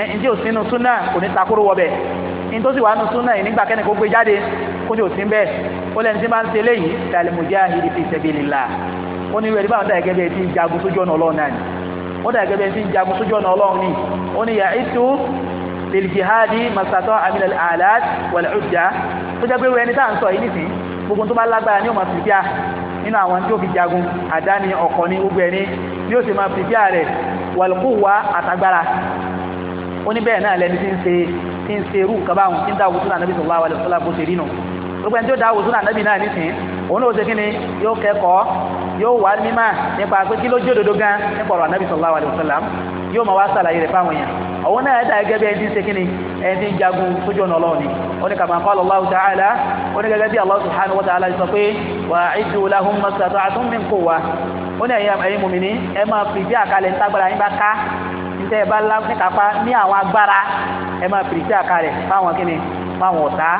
ẹni tí ò sínú súnà kò takoro wọbẹ̀ ní tó sì wà nù súnà yìí nígbà ó dà gẹ́gẹ́ bí ń jagun sójú ọ̀nà ọlọ́run ni ó ní yà ìtú lèlìjìhádì masatọ́ àmìlẹ̀ àlàt wàlẹ̀ ọjà tó jẹ́ pé wẹ́n ní tá à ń sọ yìí nìsín gbogbo tó bá lágbára ní ó máa pìpíà nínú àwọn tí ó fi jagun àdá ni ọ̀kọ̀ ni gbogbo ẹni bí ó sì gbogbo ẹni tó da wòsàn ànábì náà nísìn òun náà ó ṣe kí ni yóò kẹ́kọ̀ọ́ yóò wá mímà nípa pé kí ló jẹ́ òdodo gan nípa ọ̀rọ̀ ànábì sallallahu alaihi wasallam yóò máa wá sàlàyé rẹ̀ fáwọn èèyàn òun náà dà gẹ́gẹ́ bí ẹni tí ń ṣe kí ni ẹni tí ń jagun sójú ọ̀nà ọlọ́run ni ó ní kàmá qala Allahu ta'ala ó Allah subhanahu wa ta'ala sọ min quwwa ó ní ẹ̀yin mùmíní ẹ máa fi bí àkàlẹ̀ ń tágbára yín bá ká níta ẹ bá lápá ní àwọn agbára ẹ máa fi bí fáwọn kí fáwọn ọ̀tá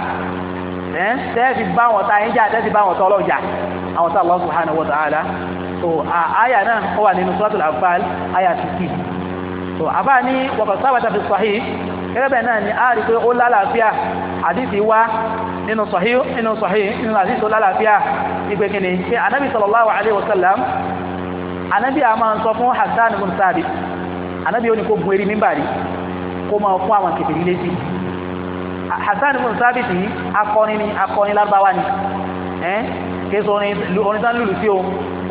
ẹ tẹ́ẹ̀fì bá wọn ta ẹ̀ńjà tẹ́ẹ̀fì bá wọn tọ́ ọlọ́jà àwọn tá Allah subhanahu wa ta'ala so àyà náà ó wà nínú suratul Anfal àyà sixty so àbá ní wọ̀kọ̀ sábàtà fi sahih gẹ́gẹ́ bẹ́ẹ̀ náà ni a rí pé ó lálàáfíà àdìsí wá nínú sahih nínú sahih nínú àdìsí tó lálàáfíà ìgbé kìíní pé anábì sallallahu alaihi wa sallam anábì a máa ń sọ fún Hassan ibn Thabit anábì ó ní kó gun eri mímbàrí kó máa fún àwọn kìfìrí létí Hasan ibn Sabit yìí akọni ni akọni lárúbáwá ni ẹ́ késo orin tán lùlù sí o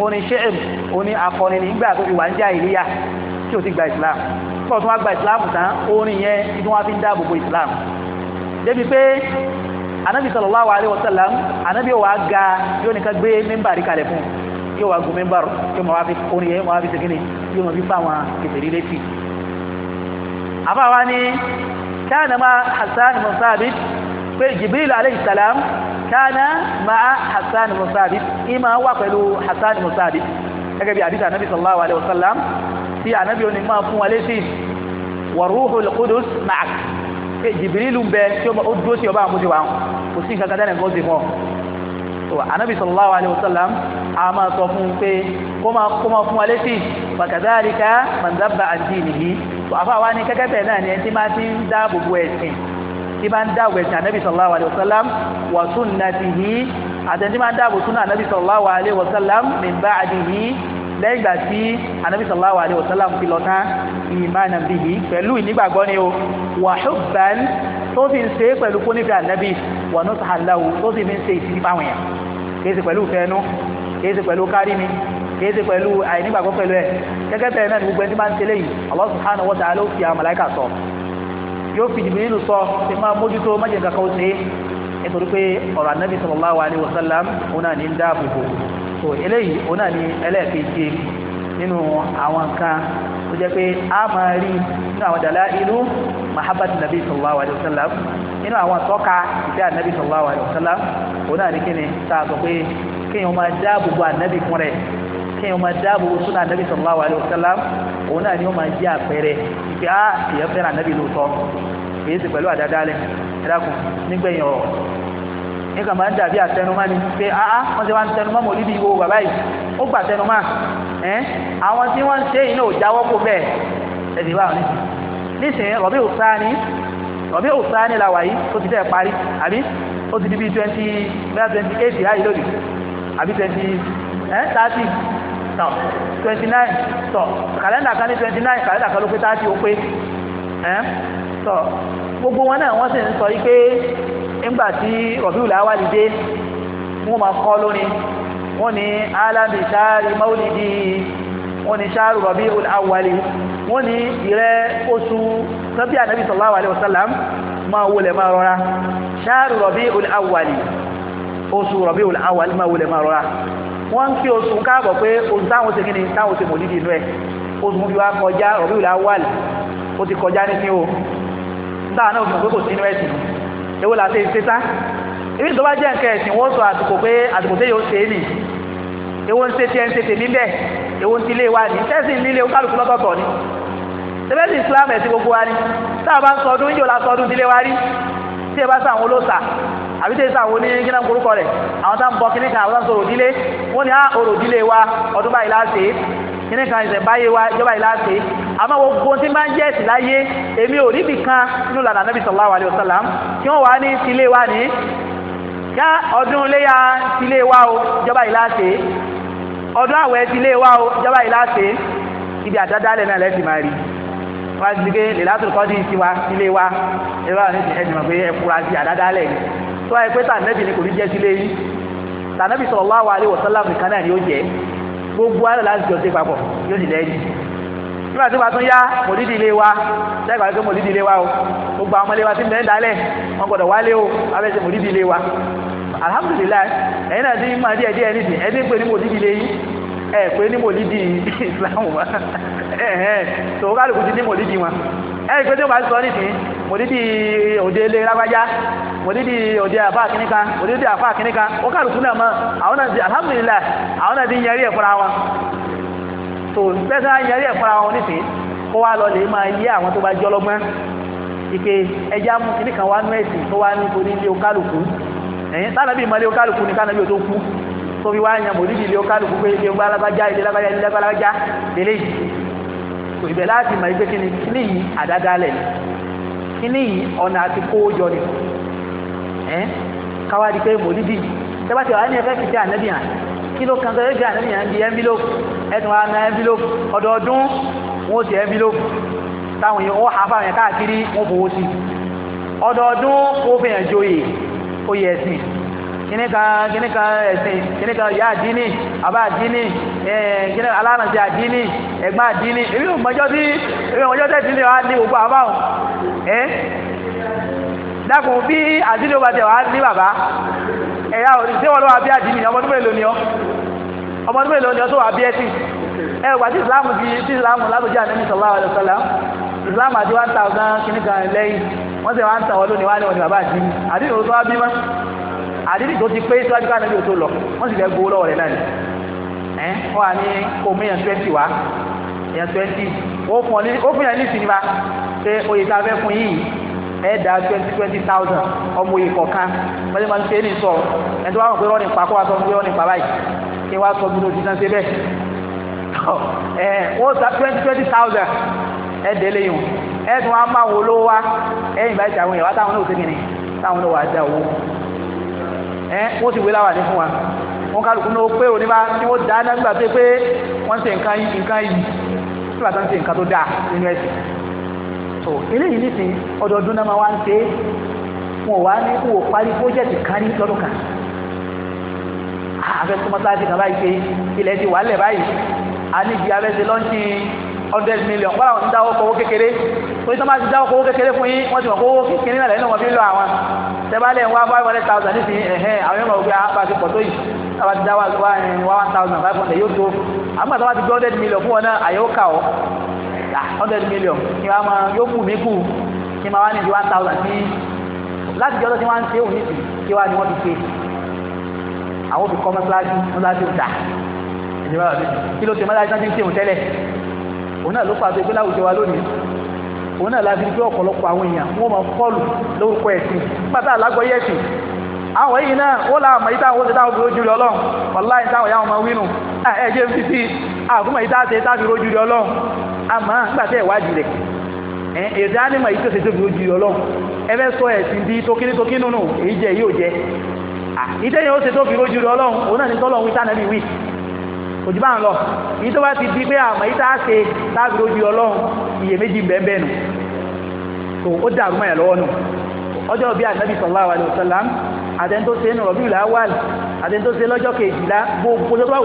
orin ṣẹ́ẹ̀m orin akọni ni nígbà tó fi wà ní jàhílíyà tí o ti gba Islam tó tún wá gba Islam tán orin yẹn tí wọ́n fi ń dáàbò bo Islam débi pé anabi sallallahu alayhi wa sallam anabi wa ga yóò ní ká gbé mímbàrí kalẹ̀ fún yóò wá gun mímbàrú yóò máa fi orin yẹn máa fi segin ni yóò máa fi fáwọn kẹsìrì létí àbáwá ni kana ma Hassan ibn Thabit pé Jibril alayhi salam kana ma Hassan ibn Thabit ìmọ̀ wà pẹ̀lú Hassan ibn Thabit gẹ́gẹ́ bí àdìsá anabi sallallahu alayhi wa sallam tí anabi oní máa fún wa létí wa ruhul qudus ma'ak pé Jibril ń bẹ tí ó dúró sí ọba àmúṣe wa kò sí nǹkan kan dáná nǹkan ó ti mọ́ so anabi sallallahu alayhi wa sallam a máa sọ fún un pé kó máa fún wa létí bàkàdáríkà mọ̀nzábà àti nìyí so àfa wa ni kẹ́kẹ́ bẹ́ẹ̀ náà ni ẹni tí máa ti ń dáàbò bo ẹ̀sìn tí máa ń dáàbò ẹ̀sìn anabi sallallahu alayhi wa sallam wa sunnatihi àtẹ̀ntí máa ń dáàbò sunna anabi sallallahu alayhi wa sallam min ba'dihi lẹ́yìn ìgbà tí anabi sallallahu alayhi wa sallam fi lọ tán ìmáàna bíyì pẹ̀lú ìnígbàgbọ́ ni o wa hubban tó fi ń ṣe pẹ̀lú kónífẹ́ anabi wọnú sàláwù tó sì fi ń ṣe ìsinmi fáwọn èèyàn kìí ṣe pẹ̀lú fẹ́ẹ́nú kìí ṣe pẹ̀lú kárí mi kìí ṣe pẹ̀lú àìnígbàgbọ́ pẹ̀lú ẹ̀ gẹ́gẹ́ bẹ́ẹ̀ náà ni gbogbo ẹni bá ń tẹ́lẹ̀ yìí Allah subhanahu wa ta'ala fi àwọn màláìkà sọ yóò fi Jibrilu sọ ṣe máa mójútó májè nǹkan kan ó ṣe nítorí pé ọ̀rọ̀ anábì sallallahu alaihi wasallam òun náà ní ń dáàbò nínú àwọn nǹkan tó jẹ́ pé a máa rí nínú àwọn dàlá ìlú mahabbati nabi sallallahu Alaihi Wasallam. sallam nínú àwọn tọ́ka ìfẹ́ ànábì sallallahu Alaihi Wasallam? sallam òun náà ní kíni tá a sọ pé kéèyàn máa dáàbò bo ànábì fún rẹ̀ kéèyàn máa dáàbò bo súnà ànábì sallallahu Alaihi Wasallam. sallam òun náà ni ó máa jẹ́ àpẹẹrẹ ìfẹ́ á ìyẹn fẹ́ràn ànábì lóòótọ́ kì í nǹkan máa ń dàbí àtẹnumá ni pé áá wọ́n ti wá ń tẹnumá mọ̀lídìí wo bàbá yìí ó gbà tẹnumá ẹ́ àwọn tí wọ́n ń ṣe yìí náà ò jáwọ́ kó bẹ́ẹ̀ ẹ̀sìn wà nísìn nísìn rọ̀bí òsáni rọ̀bí òsáni la wà yìí ó ti fẹ́ parí àbí ó ti di bíi twenty bẹ́ẹ̀ twenty eight láyé lónìí àbí twenty ẹ́ thirty tọ̀ twenty nine tọ̀ kàlẹ́ndà kan ní twenty nine kàlẹ́ndà kan ló pé thirty ó pé ẹ́ tọ́ gbogbo wọn náà wọ́n sì ń sọ wípé nígbà tí rọ̀bíù láwálì dé wọ́n máa kọ́ lórin wọ́n ni alábi sáárì máwùlìdì wọ́n ní sáárù rọ̀bíù láwálì wọ́n ní ìrẹ́ oṣù tọ́bí ànábì sallallahu alaihi wasallam máa wọlé máa rọra sáárù rọ̀bíù láwálì oṣù rọ̀bíù láwálì máa wọlé máa rọra wọ́n ń kí oṣù káàbọ̀ pé oṣù táwọn ṣe kí ni táwọn ṣe mòlídìí inú ẹ̀ oṣù mú fi wá kọjá ọ̀bí ìlà wàlì ó ti kọjá ní sí o táà náà fi mọ̀ pé kò sínú ẹ̀sìn ewu la ṣe tá ibi tó bá jẹ́ nǹkan ẹ̀sìn wọ́n sọ àsìkò pé àsìkò tẹ́yẹ ó ṣe é nì ewu ń ṣe tiẹ̀ ń ṣe tèmi bẹ́ẹ̀ ewu ń ti lé wa ní sẹ́sìn líle kálukú lọ́tọ̀ọ̀tọ̀ ni sẹ́fẹ́sì Islam ẹ̀sìn gbogbo wa ni táà bá ń sọdún yíyọ la sọdún ti lé wa rí tí ẹ bá sáwọn olóòsà àbí tẹ́ sáwọn ní gíná korúkọ rẹ̀ àwọn tá ń bọ kíníkà àwọn tá ń sọ òròdílé wọ́n ní á ah, òròdílé wa ọdún báyìí láti kíní kan ìṣẹ̀ báyé wa ìjọba yìí láti àmọ́ gbogbo tí máa ń jẹ́ ẹ̀sìn láyé èmi ò níbi kan nínú lànà nàbì sallallahu alaihi wasallam tí wọ́n wà ní tilé wa ní ká ọdún léyà tilé wa o ìjọba yìí láti ọdún àwẹ̀ tilé wa o ìjọba yìí láti ibi àdádálẹ̀ náà lẹ́sìn máa rí wá sí pé lèlátò kọ́dí tiwa tilé wa ẹ̀rọ ní ẹ̀sìn mọ̀ pé ẹ̀kúra sí àdádálẹ̀ tó ẹ pé tànẹ́bì ni kò ní jẹ́ tilé yìí tànẹ́bì sallallahu alaihi wasallam nìkan náà ni ó jẹ́ gbogbo alẹ́ láti jọ ṣe papọ̀ yóò sì lẹ́yìn nígbà tó bá tún yá mòdìdí ilé wa lẹ́gbàá tó mòdìdí ilé wa o gbogbo àwọn ọmọlé wa ti ń bẹ́ẹ̀ dálẹ̀ wọn gbọ́dọ̀ wálé o abẹ́ ṣe mòdìdí ilé wa alhamdulilayi ẹ̀yin náà ti máa díẹ̀ nídìí ẹ̀ ẹ pé ní mòlídì islam wa ẹ ẹ tòun kálukú ti ní mòlídì wọn ẹ rí pé tí wọn bá sọ nísìnyí mòlídì òde ilé lágbájá mòlídì òde àfa àkíníkà mòlídì àfa àkíníkà ó kálukú náà mọ àwọn náà ti alhamdulillah àwọn náà ti yẹrí ẹ fúnra wọn tó sẹ́sẹ́ yẹrí ẹ fúnra wọn nísìnyí kó wá lọ lè máa yé àwọn tó bá jọ lọ́gbọ́n ike ẹja mú kíníkan wá nú ẹ̀sìn tó wá nítorí ilé okálukú ẹ̀yìn tánàbí ìmọ̀lé okálukú ni tánàbí ò tó kú tó fi wá yan mòlídìí ilé kálukú pé ilé ọgbà alágbájá ilé alágbájá ilé alágbájá lélẹ̀ yìí kò ìbẹ̀ láti mọ̀ pé kíni kíní yìí àdádálẹ̀ kíní yìí ọ̀nà àti kówó jọ ni ẹ̀ káwá di pé mòlídìí tẹ́bàtì ọ̀hán ni ẹ fẹ́ fi tẹ́ ànábì hàn kí ló kan sọ́yẹ́ fi ànábì hàn di envelope ẹ̀tùn wa na envelope ọdọọdún wọn ó ti envelope táwọn èèyàn ó hàfà yẹn káàkiri wọn fowó sí ọdọọdún ó fi joyè ó yẹ kíníkà kíníkà ẹ̀sìn kíníkà ìyá àdínì àbá àdínì kíníkà alárànṣẹ́ àdínì ẹ̀gbọ́n àdínì èmi ò mọjọ́ tí èmi ò mọjọ́ tẹ̀sí ni wàá ní gbogbo àbá òun ẹ́ dákun bí àdínì ọba tẹ̀ wàá ní bàbá ẹ̀yà òní ṣé wọ́n lọ́wọ́ abí àdínì ọmọ ọdún mélòó ni ọ́ ọmọ ọdún mélòó ni ọ́ tó wàá bí ẹ̀sìn ẹ̀ wà tí ìsìlámù ti tí ìsìlámù lábòjá àdínì sallallahu alaihi wasallam ìsìlámù àti one thousand kíníkà lẹ́yìn wọ́n sì wá ń tàwọn lónìí wá ní wọn ni bàbá àdínì àdínì òun tó wá bí mọ́ àdídì tó ti pé síwájú ká nàbí òtó lọ wọ́n sì fẹ́ gbowó lọ́wọ́ rẹ̀ náà ni ẹ̀ wọ́n wà ní omi èèyàn twenty wá èèyàn twenty ó fún ọ ní ó fún yẹn ní ìsinmi pé oyè tá a fẹ́ fún yìí ẹ̀ dá twenty twenty thousand ọmọ oyè kọ̀ọ̀kan wọ́n ti máa ń ṣe é ní sọ ẹ̀ tó bá wọn pé rọ́ọ̀nì pa kó wa sọ pé rọ́ọ̀nì pa báyìí kí wọ́n á sọ bí lójú náà ṣe bẹ́ẹ̀ ẹ̀ wọ́n sá twenty twenty thousand ẹ̀ délé yìí ẹ̀ tún wá máa wò lówó wa ẹ̀ ìbáyìí tàwọn èèyàn wá táwọn náà ò ẹ wọ́n sì wé láwà ní fún wa wọ́n kálukú ní ó pé òní bá tí wọ́n dá nígbà tó pé wọ́n ṣe nǹkan yìí nǹkan yìí nígbà tó ń ṣe nǹkan tó dáa nínú ẹ̀sìn so eléyìí nísìn ọdọọdún náà máa wá ń ṣe wọn wá ní kó o parí pójẹ́tì kan ní lọ́dún kan àfẹ́sọ́mọ́sáàtì kan báyìí pé ilẹ̀ ti wà lẹ̀ báyìí a níbi abẹ́sẹ̀ lọ́ńṣin hundred million kọ́lá wọn ti dáwọ́ kọ́wọ́ kékeré oye tó máa ti dáwọ́ kọ́wọ́ kékeré fún yín wọ́n ti mọ̀ kọ́wọ́ kékeré náà lẹ́nu wọn fi lọ àwọn tẹ́bálẹ̀ wá five hundred thousand nísìn ẹ̀hẹ́n àwọn yóò mọ̀ wípé apàṣẹ ah, pọ̀ tó yìí táwa ti dáwọ́ wá eh, one thousand five hundred yóò tó àmọ́ àtàwọn ti gbé hundred million fún wọn náà àyẹ̀wò kà ọ́ hundred million kí wọ́n máa yóò mú mi kù kí wọ́n wá ní one thousand ní láti jọ́ tí ni wọ́n ti ṣe àwọn òbí kọ́ mọ́ṣáláṣí mọ́ṣáláṣí ò dà ìjọba kí ló ṣe mọ́ṣáláṣí náà ń ṣe òun òun náà ló fà á pé láwùjọ wa lónìí òun náà láti gbé ọ̀pọ̀lọpọ̀ àwọn èèyàn wọ́n máa fọ́ọ̀lù lórúkọ ẹ̀sìn pátá alágbọ́yé ẹ̀sìn àwọn èyí náà wọ́n là mọ̀ ìta àwọn òṣèlú ojú rẹ̀ ọlọ́run wàlá ìta àwọn ìyáwọn ọmọ wínú ẹ̀jẹ̀ fi sí àkúmọ̀ ìta àti ìta fi rojú rẹ̀ ọlọ́run àmọ́ nígbà tẹ́ ìwádìí rẹ̀ èdè ánìmọ̀ yìí tó ṣe tóbi ojú rẹ̀ ọlọ́run ẹ fẹ́ òjú bá ń lọ èyí tó bá ti di pé àmọ́ yìí tá a ṣe láti lójú ọlọ́run iyèméjì bẹ́ẹ̀ nù tó ó dàrú mọ́ ẹ̀ lọ́wọ́ nù ọjọ́ bíi ànábì sallallahu alaihi wasallam àtẹni tó nù rọ̀bí ìlà wà àtẹni lọ́jọ́ kejìlá gbogbo tó bá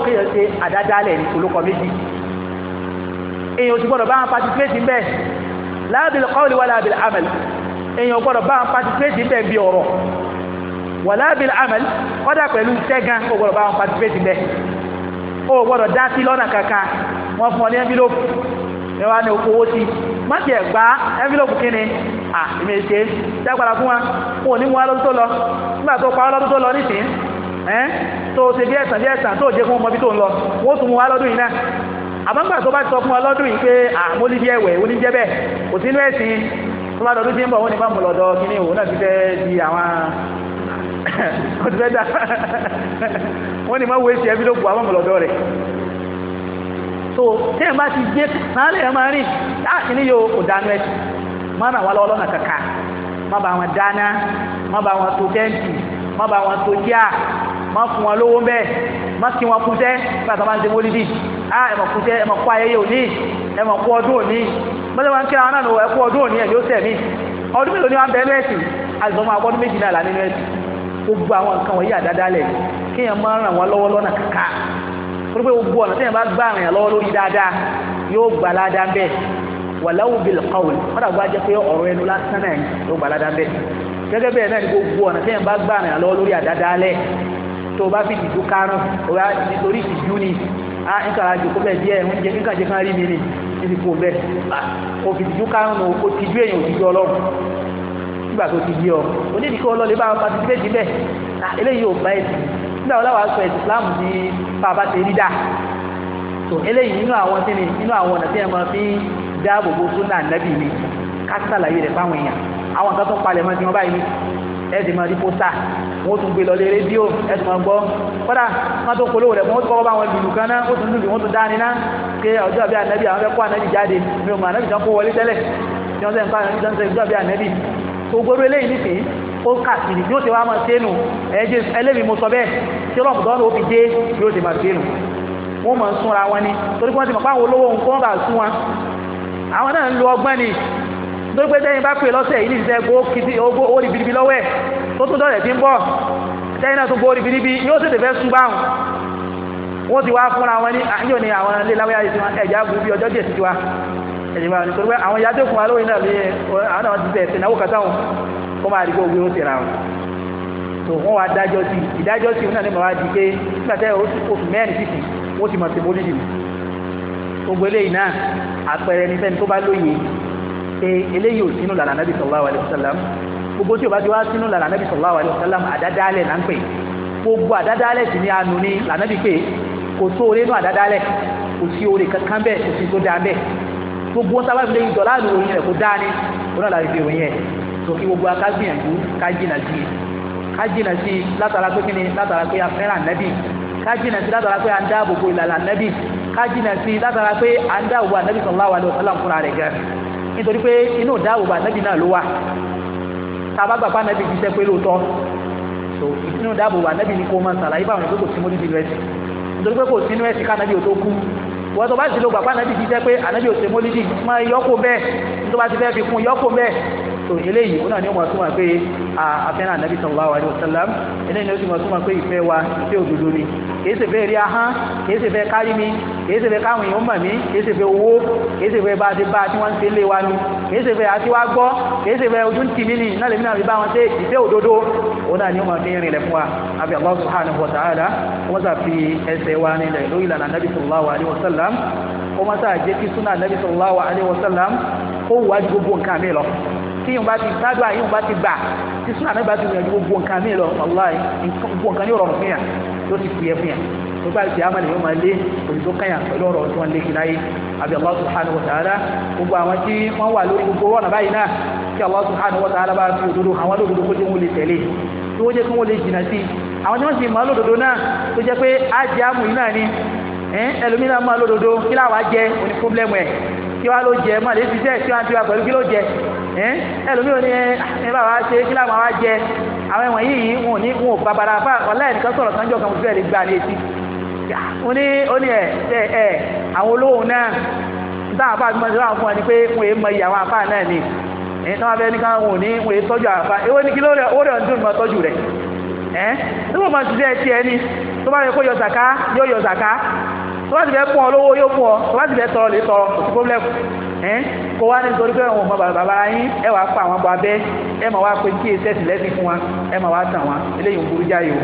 wù o gbọ́dọ̀ dá sí lọ́nà kankan wọ́n fún ọ ní ẹ́ńfílópù ẹ ní owó sí má ẹ̀ gbá ẹ́ńfílópù kí ni à èmi fún wa kò ní wọn lọ́dún tó lọ nígbà tó pa lọ́dún tó lọ nísìn ẹ́ tó ṣe bí ẹ̀sán bí ẹ̀sán tó jẹ́ fún ọmọ bí tó ń lọ wọ́n tún mú lọ́dún yìí náà àbámgbà tó bá ti sọ fún wa lọ́dún yìí pé àmọ́ níbi ẹ̀wẹ̀ wọ́n ní máa wo èsì ẹbí ló bu àwọn rẹ̀ so téèyàn bá ti gbé náà lè máa rìn láàkì ní yóò kò dáná ẹ̀sìn má ràn wá lọ́wọ́ lọ́nà kàkà má bá wọn dáná má bá wọn tó tẹ́ǹtì má bá wọn tó díà má fún wọn lówó bẹ́ẹ̀ má kí wọn kúnṣẹ́ pàtó máa ń ṣe mólídì á ẹ̀mọ̀ kúnṣẹ́ ẹ̀mọ̀ kú ayẹyẹ òní ẹ̀mọ̀ kú ọdún òní mọ́tò máa kíra wọn náà ẹ̀kú ọdún òní ẹ̀ yóò tẹ̀mí ọdún mélòó ni wọ́n bẹ̀rẹ̀ ẹ̀sìn àìsàn máa gbọ́dún méjì náà là nínú ẹ̀sìn gbogbo àwọn nǹkan wọ̀nyí àdádálẹ̀ yìí kéèyàn máa ràn wọ́n lọ́wọ́ lọ́nà kàkà torí pé gbogbo ọ̀nà téèyàn bá gbà ràn yàn lọ́wọ́ lórí dáadáa yóò gbà ládàá ń bẹ̀ wàláwù bil qawl wọ́n dàgbà jẹ́ pé ọ̀rọ̀ ẹnu lásán náà yóò gbà ládàá ń bẹ̀ gẹ́gẹ́ bẹ́ẹ̀ náà ni gbogbo ọ̀nà téèyàn bá gbà ràn yàn lọ́wọ́ lórí àdáadáa lẹ̀ tó o bá fi ìdìjú kárùn o bá nítorí ìdìjú ni a ń kàrà jù kó bẹ́ẹ̀ díẹ̀ oúnjẹ nígbà jẹ́ kán rí mi ni níbi kò bẹ́ẹ̀ ah, o fi ìdìjú kárùn o kò tìjú èèyàn òtìjú ọlọ́run nígbà tó ti di ọ onídìí ọlọ́lẹ̀ bá participate bẹ́ẹ̀ ah, eléyìí ò bá ẹ̀sìn nígbà wọn láwàá sọ islam ní bàbá ṣe rí dà tó eléyìí nínú àwọn tí ni nínú àwọn ọ̀nà tí ẹ máa fi dáàbò bo súnà nàbì ni ká sàlàyé rẹ̀ fáwọn èèyàn àwọn kan tó ń palẹ̀ mọ́ ti wọn báyìí ẹ̀sìn máa di pósítà wọ́n tún gbé lọlé rédíò ẹ̀sùn máa gbọ́ kọ́dà wọ́n tó polówó rẹ̀ wọ́n tó kọ́kọ́ bá wọn lùlù kan náà ó tún lùlù wọ́n tún dání náà pé ọjọ́ àbí ànẹ́bí àwọn fẹ́ kó ànẹ́bí jáde mi ò mọ ànẹ́bí kan kó wọlé tẹ́lẹ̀ tí wọ́n sẹ́ ń pa ànẹ́bí tó sẹ́ ìjọ́ àbí ànẹ́bí tó gbóró eléyìí nìsín ó kàkiri yóò ṣe wá máa ṣe nù ẹ̀jẹ̀ mo sọ bẹ́ẹ̀ tí ọlọ́mùdọ́nù ó fi dé yóò ṣe máa ṣe wọ́n máa súnra wọn ni torí pé wọ́n ti mọ̀ pé àwọn olówó nǹkan wọn bá sún wọn àwọn náà ń lo ọgbọ́n ni torí pé tẹ́yìn bá pè lọ́sẹ̀ yìí nìṣẹ́ gbó biribi lọ́wọ́ ẹ̀ tó tún dọ̀rẹ̀ tí ń bọ̀ tẹ́yìn náà tún gbó rí biribi yóò sún báwọn wọ́n ti ah, ẹ̀dìmọ̀ àti torí pé àwọn ìyá tó fún wa lóyún náà bí àwọn náà ti tẹ̀sẹ̀ náwó kàtà wọn kó máa rí pé òwe ó ti ra wọn tó wọn wá dájọ́ sí ìdájọ́ sí náà ní màá di pé nígbà tẹ́ oṣù mẹ́rin títì wọ́n ti mọ̀ sí polisi gbogbo eléyìí náà àpẹẹrẹ ní fẹ́ni tó bá lóye pé eléyìí ò sínú lànà nàbì sallallahu alaihi wasallam gbogbo tí o bá ti wá sínú lànà nàbì sallallahu alaihi wasallam àdádálẹ̀ là ń pè gbogbo àdádálẹ̀ sì ni àánú ní lànà bí pé kò sóore nú àdádálẹ̀ kò sí oore kankan bẹ́ẹ̀ kò sí tó dáa bẹ́ẹ̀ gbogbo wọn sábà lè dọ̀lá àlù òyìn rẹ̀ kó dání ó náà láti fi òyìn ẹ̀ tó kí gbogbo akágbìyànjú ká jìnà sí i ká jìnà sí i látara pé kíni látara pé afẹ́ràn nẹ́bì ká jìnà sí látara pé à ń dáàbò bo ìlànà nẹ́bì ká jìnà sí látara pé à ń dáàbò bo ànẹ́bì sallallahu alaihi wasallam fúnra rẹ̀ gẹ̀ nítorí pé inú dáàbò bo ànẹ́bì náà ló wà tàbá gbàgbá ànẹ́bì jíṣẹ́ pé lóòótọ́ so inú dáàbò bo ànẹ́bì ni kó máa sàlàyé báwọn ìgbésòsí mọ́ nítorí pé kò sínú ẹ̀sìn ká ànẹ́bì ò tó kú wọ́n tó bá sì lo gbàgbá ànábì jíjẹ́ pé ànábì ò ṣe mólídì máa yọ́kù bẹ́ẹ̀ tó bá ti fẹ́ fi kún yọ́kù bẹ́ẹ̀ so eléyìí ó náà ní ó máa túmọ̀ pé àfẹ́ràn ànábì sallallahu alaihi wasallam eléyìí ni ó sì máa túmọ̀ pé ìfẹ́ wa ìfẹ́ òdodo ni kìí ṣe fẹ́ rí ahán kìí ṣe fẹ́ kárí mi kìí ṣe fẹ́ káwọn èèyàn mọ̀ mí kìí ṣe fẹ́ owó kìí ṣe fẹ́ bá a ti bá a tí wọ́n ń ṣe lé wa nu kìí ṣe fẹ́ àti wá gbọ́ kìí ṣe fẹ́ ojú ń tì mí ni náà lèmi náà fi bá wọn ṣe ìfẹ́ òdodo òun náà ni ó máa fi rìnlẹ̀ fún wa àbí Allah subhanahu wa ta'ala wọ́n sà fi ẹsẹ̀ wa nílẹ̀ lórí ìlànà nàbì sallallahu alaihi wasallam wọ́n sà jẹ́ kí súnà nàbì sallallahu alaihi wasallam ó wà ju gbogbo nǹkan mi lọ tí yóò bá ti gbádùá yóò bá ti gbà tí súnà náà bá ti gbìyànjú gbogbo nǹkan mi lọ wàláì gbogbo nǹkan yóò rọrùn fún yà ló ti fìyẹ fún yà tó bá ti àmàlẹ̀ yóò máa lé òṣìṣẹ́ kányà pẹ̀lú ọ̀rọ̀ tí wọ́n lé kí láyé àbí Allah subhanahu wa ta'ala gbogbo àwọn tí wọ́n wà lórí gbogbo ọ̀nà báyìí náà tí Allah subhanahu wa ta'ala bá fi òdodo àwọn olódodo kó jẹ́ wọn lè tẹ̀lé tí wọ́n jẹ́ kí wọ́n E ò ní ẹ wa ṣe kí láwọn wa jẹ àwọn ẹ̀wọ̀n yìí wọn ò ní wọn ò bàbàrà fà ọ̀lẹ́ nìkan sọ̀rọ̀ kan jọ kan fún ní etí wọn ní ó ní ẹ ẹ ẹ àwọn olóhùn náà àti wà fún ni pé wọn èé mọ iye àwọn náà ni náà ní ká wọn ò ní wọn èé ewé ní kí tọ́lá ti fẹ́ fún ọ lówó yóò fún ọ tọ́lá ti fẹ́ tọrọ lè tọrọ kò sí pọ́blẹ́mù ẹ́n kó wá ní nítorí pé àwọn ọmọ bàbá yín ẹ wàá fa àwọn ọmọ abẹ́ ẹ mà wá pe kí èsì ẹ̀sìn lẹ́sìn fún wa ẹ mà wá tàn wá eléyìí ń burú jáyò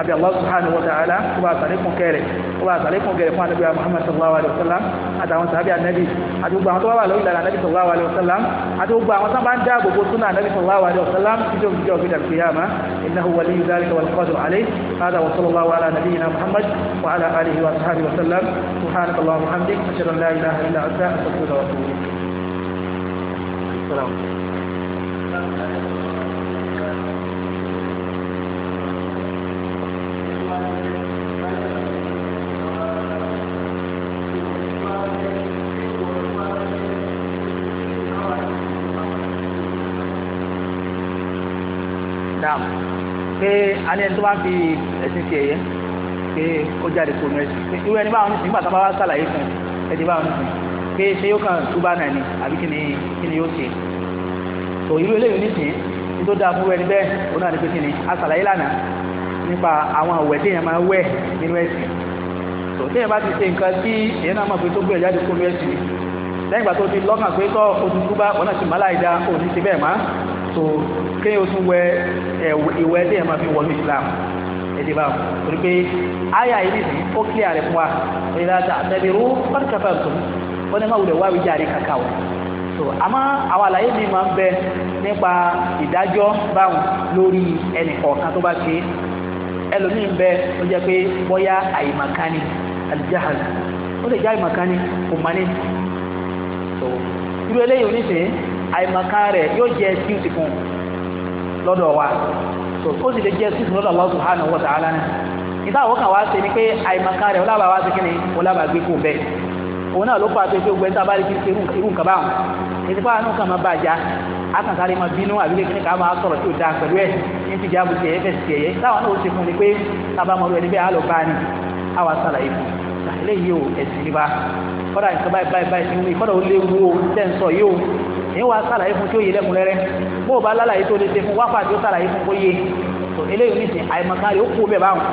àbí Allah subhanahu wa ta'ala kó bá sàlékún kẹrẹ kó bá sàlékún kẹrẹ fún anabi Muhammad sallallahu alayhi wa sallam àtàwọn sàbí anabi àti gbogbo àwọn tó wà lórí ìlànà anabi sallallahu alayhi wa sallam àti gbogbo àwọn sábà ń dá gbogbo súnà anabi sallallahu alayhi wa sallam títí òfin jẹ́ òfin al-qiyama innahu waliyyu dhalika wal qadiru alayhi hada wa sallallahu ala nabiyyina Muhammad wa ala alihi wa sahbihi wa a ní ẹni tó bá fi ẹ̀sìn ti ẹ̀yẹ pé ó jáde kó nù ẹ̀sìn irú ẹni báwọn nísìnyí nígbà tó bá wá sàlàyé fún ẹni báwọn nísìnyí pé ṣé yóò kàn túbà náà ni àbí kí ni kí ni yóò ṣe tó irú eléyìí nísìnyí ní tó dáa fún ẹni bẹ́ẹ̀ òun náà ni pé kí ni a sàlàyé lánàá nípa àwọn àwẹ̀ téèyàn máa wẹ̀ nínú ẹ̀sìn tó téèyàn bá ti ṣe nǹkan tí èèyàn náà mọ̀ pé tó gbé ẹ̀ jáde kó lẹ́yìn ìgbà tó ti lọ́kàn pé tọ́ oṣù túbà òun náà ti mọ́ láì dá òun ti bẹ́ẹ̀ máa so kéèyàn tún wẹ ìwẹ̀ tí èèyàn máa fi wọnú islam ẹ̀dẹ̀ bá wọn pé àyà yìí nìyí ó kílẹ̀ rẹ̀ fún wa ìlà àtẹ̀bẹ̀rù pàṣípàṣípà tó wọn ní máa wulẹ̀ wá wíjà rí kàkà wọn so àmọ́ àwọn àlàyé mi máa ń bẹ nípa ìdájọ́ báwọn lórí ẹnì kọ̀ọ̀kan tó bá ṣe ẹlòmíì ń bẹ ó jẹ́ pé bọ́yá àyèmàkánì àlìjáhàn ó lè jẹ́ àyèmàkánì kò mání so irú eléyìí oníṣẹ́ àìmọ̀ká rẹ̀ yóò jẹ́ excuse fún lọ́dọ̀ wa ó sì lè jẹ́ excuse lọ́dọ̀ Allah subhanahu wa ta'ala náà ìta àwọn kan wá ṣe ni pé àìmọ̀ká rẹ̀ ọlábà wá sí kíni ọlábà gbé kó bẹ́ẹ̀ òun náà ló fà pé pé gbẹ́ntà bá rí kí irú nǹkan báwọn ìtìpá àánú kan máa bá a já akàkàrí máa bínú àbílẹ̀ kí ni ká máa sọ̀rọ̀ tí ò dáa pẹ̀lú ẹ̀ ní ti jáàbù tiẹ̀ ẹ̀fẹ̀ tiẹ̀ yẹ táwọn náà ó ṣe fún ni pé tábàmọ́rú ẹni bẹ́ẹ̀ á lọ bá a ní àwa sàlàyé fún un eléyìí o ẹ̀sìn ní bá kọ́dà nǹkan báyìí báyìí báyìí ní kọ́dà ó léwu o tẹ́ ń sọ yìí o ní wàá sàlàyé fún tí ó yé lẹ́kùnrẹ́rẹ́ bó o bá lálàyé tó lè ṣe fún wáfà tí ó sàlàyé fún kó yé tó eléyìí nísìn àìmọ̀kárì ó kú bẹ́ẹ̀ báwọn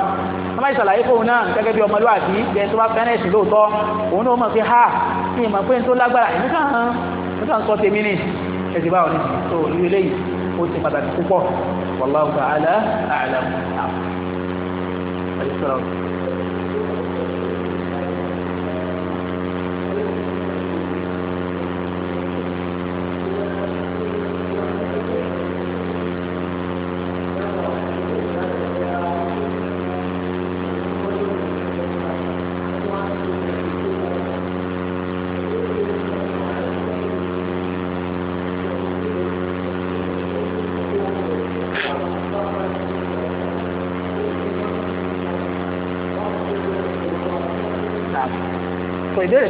wọ́n máa ṣàlàyé fóun náà gẹ́gẹ́ bí ọmọlúwàbí bẹ́ẹ̀ tó bá fẹ́ràn ẹ̀sìn lóòótọ́ òun náà mọ̀ pé ha ní ìmọ̀ pé n tó lágbára èmi kàn án mo kàn sọ tèmi ni ẹ̀sìn báwọn ni tó irú eléyìí ó ti pàtàkì púpọ̀ wallahu ta'ala a'lam.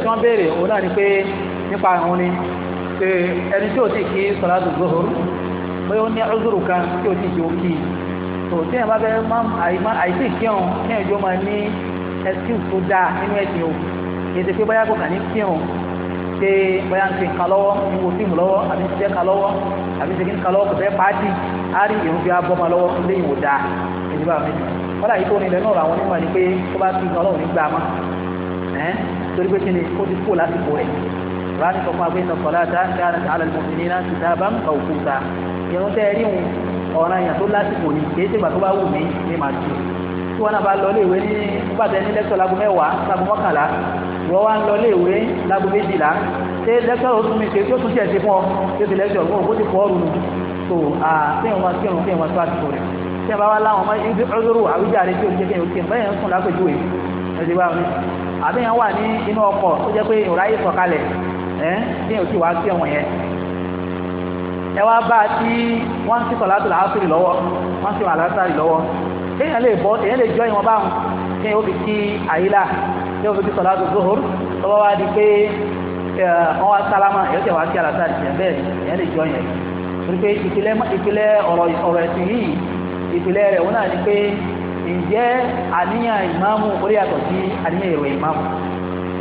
tó ń béèrè òun náà ni pé nípa àwọn ni pé ẹni tí ò sì kí sọ̀rọ̀ zuhur pé ó ní ọ̀zọ̀rù kan tí ò sì kí ó kí tó tí ẹ̀ bá fẹ́ àìsí kírun kí ẹ̀jọ́ máa ní excuse tó dáa nínú ẹ̀sìn o kì í ṣe pé bóyá kò kà ní kírun pé bóyá ń fi nǹkan lọ́wọ́ ń wo fíìmù lọ́wọ́ àbí ń ṣiṣẹ́ kan lọ́wọ́ àbí ń ṣe kí nǹkan lọ́wọ́ kò fẹ́ pàtì á rí ìrùn bí abọ́mọ lọ́wọ́ lé ìwò dáa ìdíbà mi kọ́lá yìí tó ní ilẹ̀ náà làwọn onímọ̀ ni pé tó bá fi nǹkan nígbà máa torí pé kí ni ó ti kó lásìkò rẹ̀ ránì sọ fún wa pé inna salata kanat ala al-mu'minina kitaban mawquta irun tẹ́ rí òun ọ̀ràn èèyàn tó lásìkò ni kì í ṣègbà tó bá wù mí ní màá tù tí wọn náà bá lọ léèwé ní nígbàtà ní lẹ́kítọ̀ lágbo mẹ́wàá lágbo mọ́kànlá wọ́n wá ń lọ léèwé lágbo méjìlá ṣé lẹ́kítọ̀ ó tún mi ṣe tí ó tún ṣe ẹ̀sìn fún ọ tí ó ti lẹ́kítọ̀ fún ọ bó ti fọ́ ọ̀rùn tó à kéwọn wá kéwọn kéwọn tó àtìkò rẹ̀ tí bá wá láwọn ọmọ ibi ọdúnrún àwíjàre tí ó ti kéwọn kéwọn bẹ́ẹ̀ ń sùn lápèjúwe ẹ̀ àbí yẹn wà ní inú ọkọ̀ tó jẹ́ pé ìráyè sọ̀kalẹ̀ ẹ̀ bí yẹn ò tí wàá sí ọ̀wọ̀n yẹn ẹ wá bá a tí wọ́n ti sọ̀lá tó làásìrì lọ́wọ́ wọ́n ti wà làásìrì lọ́wọ́ èèyàn lè bọ́ èèyàn lè jọ ìwọ̀n báwọn kí o fi kí àyílà kí o fi kí sọ̀lá tó zohor lọ́wọ́ wá di pé wọ́n wá sálámà èèyàn tẹ̀ wá sí àlàásìrì yẹn bẹ́ẹ̀ èèyàn lè jọ yẹn torí pé ìpìlẹ̀ ọ̀rọ̀ ẹ̀sìn yìí ìpìlẹ̀ rẹ̀ wọn náà ni pé ǹjẹ́ àníyàn ìmáàmù orí yàtọ̀ sí àníyàn èrò ìmáàmù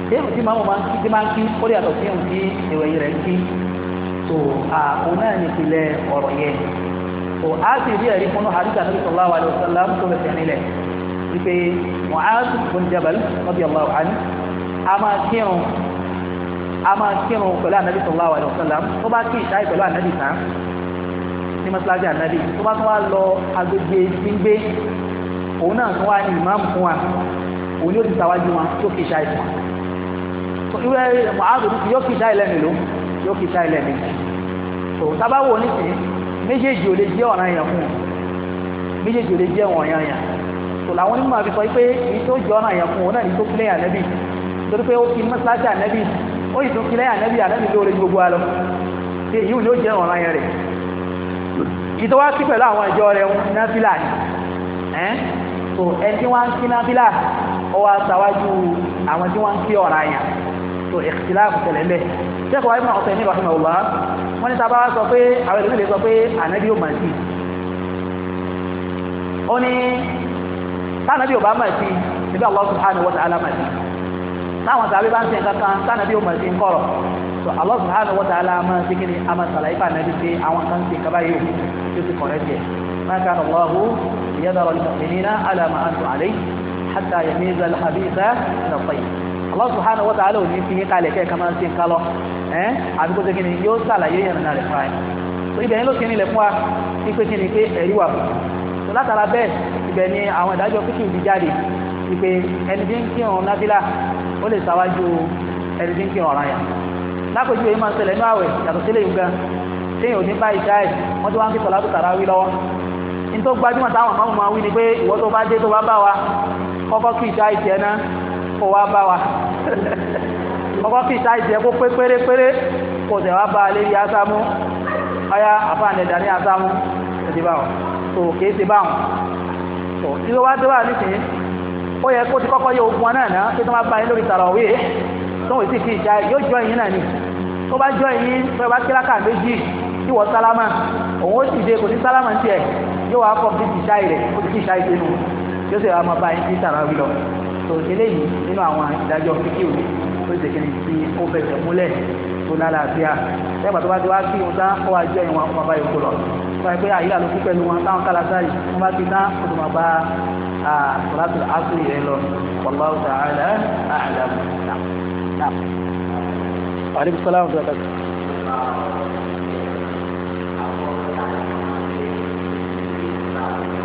téèmù tí máàmù máa ń kí tí máa ń kí orí yàtọ̀ sí ohun tí èrò rẹ̀ ń kí tó àwọn náà ní ìpìlẹ̀ ọ̀rọ̀ yẹn tó a sì rí ẹ̀rí fún hadith anabi sallallahu alayhi wa sallam tó fẹsẹ̀ nílẹ̀ wípé Mu'adh bin Jabal radiyallahu anhu a máa kírun a máa kírun pẹ̀lú anabi sallallahu alayhi wa sallam tó bá kí ìṣáì pẹ̀lú anabi tán ní mọ́sálásí anabi tó bá tún wá lọ agbègbè gbígbé òun náà tún wá ní ìmáàmù fún wa òun yóò ti tàwájú wọn yóò kí ṣáì fún wa irú ẹ mọ̀háàdùn ti yóò kí ṣáì lẹ́nu ló yóò kí ṣáì lẹ́nu tó tábà wò ní sìn méjèèjì ò lè jẹ́ ọ̀ràn yẹn fún un méjèèjì ò lè jẹ́ ọ̀ràn yẹn tó làwọn onímọ̀ àfi sọ pé èyí tó jẹ́ ọ̀ràn yẹn fún òun náà ní tó kílẹ̀ torí pé ó mọ́sálásí so ẹni tí wọ́n ń kí náfìlà ó wá ṣáwájú àwọn tí wọ́n ń kí ọ̀ràn yàn so ìkìláàfù tẹ̀lé ń bẹ̀ ṣẹ́kọ̀ọ́ ibùdó ọ̀sẹ̀ ní ìbáfẹ́ màwùlá wọ́n ní sábà sọ pé àwọn ìlú sọ pé ànábì ò mà sí ó ní tánàbí ò bá mà sí ibi Allah subhanahu wa ta'ala mà sí táwọn sàbí bá ń sìn kankan tánàbí ò mà sí ń so Allah subhanahu wa ta'ala máa ń sí kí ni a máa sàlàyé fún ànábì pé àwọn kan ń sìn kaba ti kọ̀rẹ́ ما كان الله ليذر المؤمنين على ما أنتم عليه حتى يميز الخبيث من الطيب Allah subhanahu wa ta'ala ò ní fi yín kalẹ̀ kẹ́ ẹ̀ kan máa ń sin kálọ̀ ẹ́ àbí kó segin ni yóò ṣàlàyé yẹn nínú rẹ̀ fún ẹ̀ so ibẹ̀ yẹn ló kiri lẹ̀ fún wa ní pé kí ni pé ẹ̀rí wà fún so látara bẹ́ẹ̀ ibẹ̀ ni àwọn ìdájọ́ kìkì ti jáde ìpè ẹni tí ń kí ọ̀run nábìlà ó lè ṣáwájú ẹni tí ń kí ọ̀ràn yà lápòjú èyí máa ń ṣẹlẹ̀ ní àwẹ̀ yàtọ̀ sílẹ̀ yìí gan téèyàn ò ní bá ìṣá ẹ̀ wọ́n ti wá ń kí sọ̀lá tó tàrà wí lọ́wọ́ ní tó gbajúmọ̀ táwọn máa máa wí ni pé ìwọ tó bá dé tó bá bá wa kọ́kọ́ kí ìṣá ìjẹ náà kó wá bá wa kọ́kọ́ kí ìṣá ìjẹ kó pé pérépéré kò tẹ̀ wá bá a lérí asámú ọyá àfààní ẹ̀dá ní asámú ẹ̀dí báwọn tó kìí ti báwọn tó tí ó wá dé wà nísìnyí ó yẹ kó ti kọ́kọ́ yẹ ogun wọn náà náà pé tó máa bá yín lórí tàràwé tó wọ́n sì kí ìṣá yóò jọ ìyín náà ni tó bá jọ ìyín pé ó bá kíláka méjì tí wọ́n sálámà òun ó sì dé kò ní sálámà tiẹ̀ yóò wá kọ́ bíi ìṣá rẹ̀ ó ti kí ìṣá ìṣe nù yóò sì wá máa bá yín sí sàràwí lọ tó eléyìí nínú àwọn ìdájọ́ fíkìú ó ti kìíní tí ó fẹsẹ̀ múlẹ̀ tó lálàáfíà lẹ́gbàá tó bá ti wá kí wọn tán ó wá jẹ́ ìwọ̀n ọmọ bá yòókù lọ wọ́n pẹ́ àyíká ló kú pẹ̀lú wọn táwọn kálá sáré wọ́n bá ti tán ó ti máa bá sọ̀rọ̀tò àkùrì rẹ̀ lọ wallahu ta'ala a'lam. Aleykum salaam wa rahmatulah. Amen.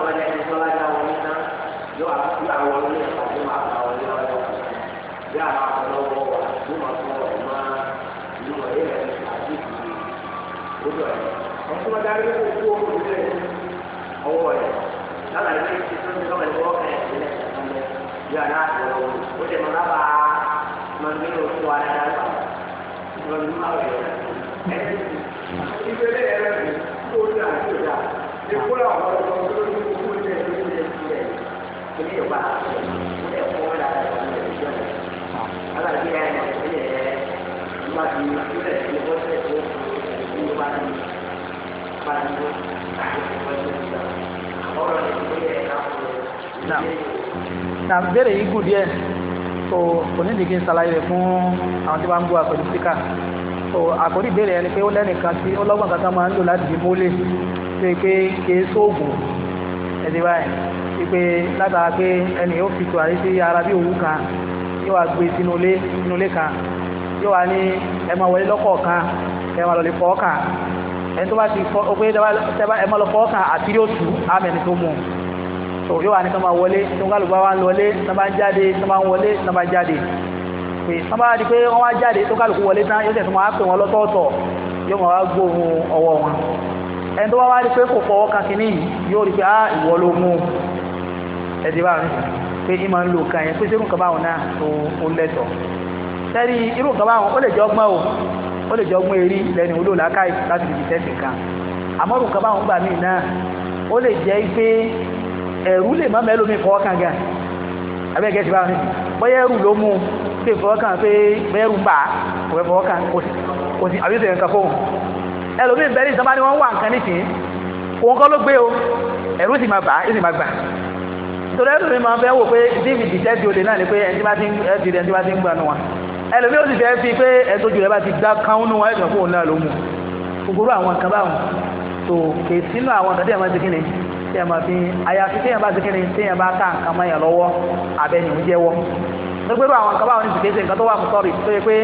àwọn ọmọdé ẹni tó lájà wọn ní ná yóò àwọn ọmọdé ẹni tó máa fà wọn ní ọjọ́ yóò àwọn akọlọ́wọ́ wà yóò máa fọ ọ̀rọ̀ máa yóò máa yẹ ẹni àti ìdílé ó dọ̀ ẹ̀ ọ̀tún ọjà rí owó owó rẹ̀ ọwọ́ rẹ̀ lọ́la ilé ti tó ní kọ́mọ̀ ìwọ́ ẹ̀ ìlẹ̀ yóò àná àtọ̀wọ́ ó dẹ̀ mọ́ lábà máa gbé oṣù wa dáadáa lọ́wọ́ ìgbà ti kúrò àwọn ọmọ tó ní kúkú ní ẹ̀rọ ní ẹ̀rọ ní ẹ̀rọ ní ìwà ẹ̀kọ́ wọn lára ẹ̀rọ ní ẹ̀rọ ní ẹ̀rọ ala ti yà ẹ̀rọ ní ẹ̀rọ ìwà ti ìwà ti ìwà ti ẹ̀kọ́ ní ìwà ti ìwà ti ìwà ti ìwà ti ìwà ọ̀rọ̀ ní ìwé ẹ̀ka na béèrè yìí gùn díẹ̀ tó onídìgí ń ṣàlàyé fún àwọn tí wọ́n ń gbọ́ so àkórí ìbéèrè ẹni pé ó lẹ́nìkan tí ó lọ́gbọ̀n kankan máa ń lò láti di mólè ṣe pé kìí sóògùn ẹ̀dí báyìí wípé látara pé ẹni yóò fi tùwárí sí ara bí òwú kan yóò wá gbé sínú ilé sínú ilé kan yóò wá ní ẹ máa wọlé lọ́kọ̀ọ̀kan ẹ máa lọ lè fọ́ kàn ẹni tó bá ti fọ́ ọ pé ẹ máa lọ fọ́ kàn àti yóò tù ámẹ́ni tó mú un so yóò wá ní sọ máa wọlé tó ń bá wá ń lọlé tó pé wọ́n bá di pé wọ́n wá jáde tó kálukú wọlé tán yóò tẹ̀sán wọn á pè wọn lọ́tọ̀ọ̀tọ̀ yóò mọ̀ wá gbóhùn ọwọ́ wọn ẹni tó wá wá di pé kò fọwọ́ kan kínní yóò rí pé á ah, ìwọ ló mú ẹ̀dí bá rìn pé ìmọ̀ ń lò kan yẹn pé sírù kan báwọn náà ó lẹ́tọ̀ọ́ sẹ́rí irú nǹkan báwọn ó lè jọ ọgbọ́n o ó lè jọ ọgbọ́n eré lẹ́nu olóò lákàì láti ibi tẹ́sí kan àmọ́ irú nǹkan báwọn gbà míì náà ó lè jẹ́ pé ẹ̀rú lè má mẹ́lòmíì fọwọ́ kan gan abẹ́gẹ́ ti báwọn bóyá ẹ̀rù ló mú un ṣe fọwọ́kàn pé bẹ́ẹ̀rù ń bà á kò fẹ́ fọwọ́kàn kò sí àbí ìṣẹ̀yìn kan fóun ẹlòmíì bẹ́ẹ̀rì ìjọba ni wọ́n wà nǹkan nìsín òun kọ́ ló gbé o ẹ̀rù sì máa bà á sì máa gbà torí ẹlòmíì máa fẹ́ wò pé díìbì dìtẹ́ di olè náà ni pé ẹni tí bá ti ń de ẹni tí bá ti ń gbà nù wọn ẹlòmíì ó fi pé ẹ̀tọ́jú rẹ̀ bá ti gbá kánú nù wọn ẹ̀sìn fóun náà ló mú gbogbo àwọn nǹkan báwọn tó kè sínú àwọn nǹkan tí ẹ̀ máa ti ni tí ẹ̀ máa fi àyàfi tí ẹ̀ bá ti ni tí ẹ̀ bá ká nǹkan yẹn lọ́wọ́ abẹ́ni ò jẹ́wọ́ gbẹ́rù àwọn nǹkan báwọn ní ìsìnkèsè nǹkan tó wà fún sọ́ọ̀rì tó yẹ pé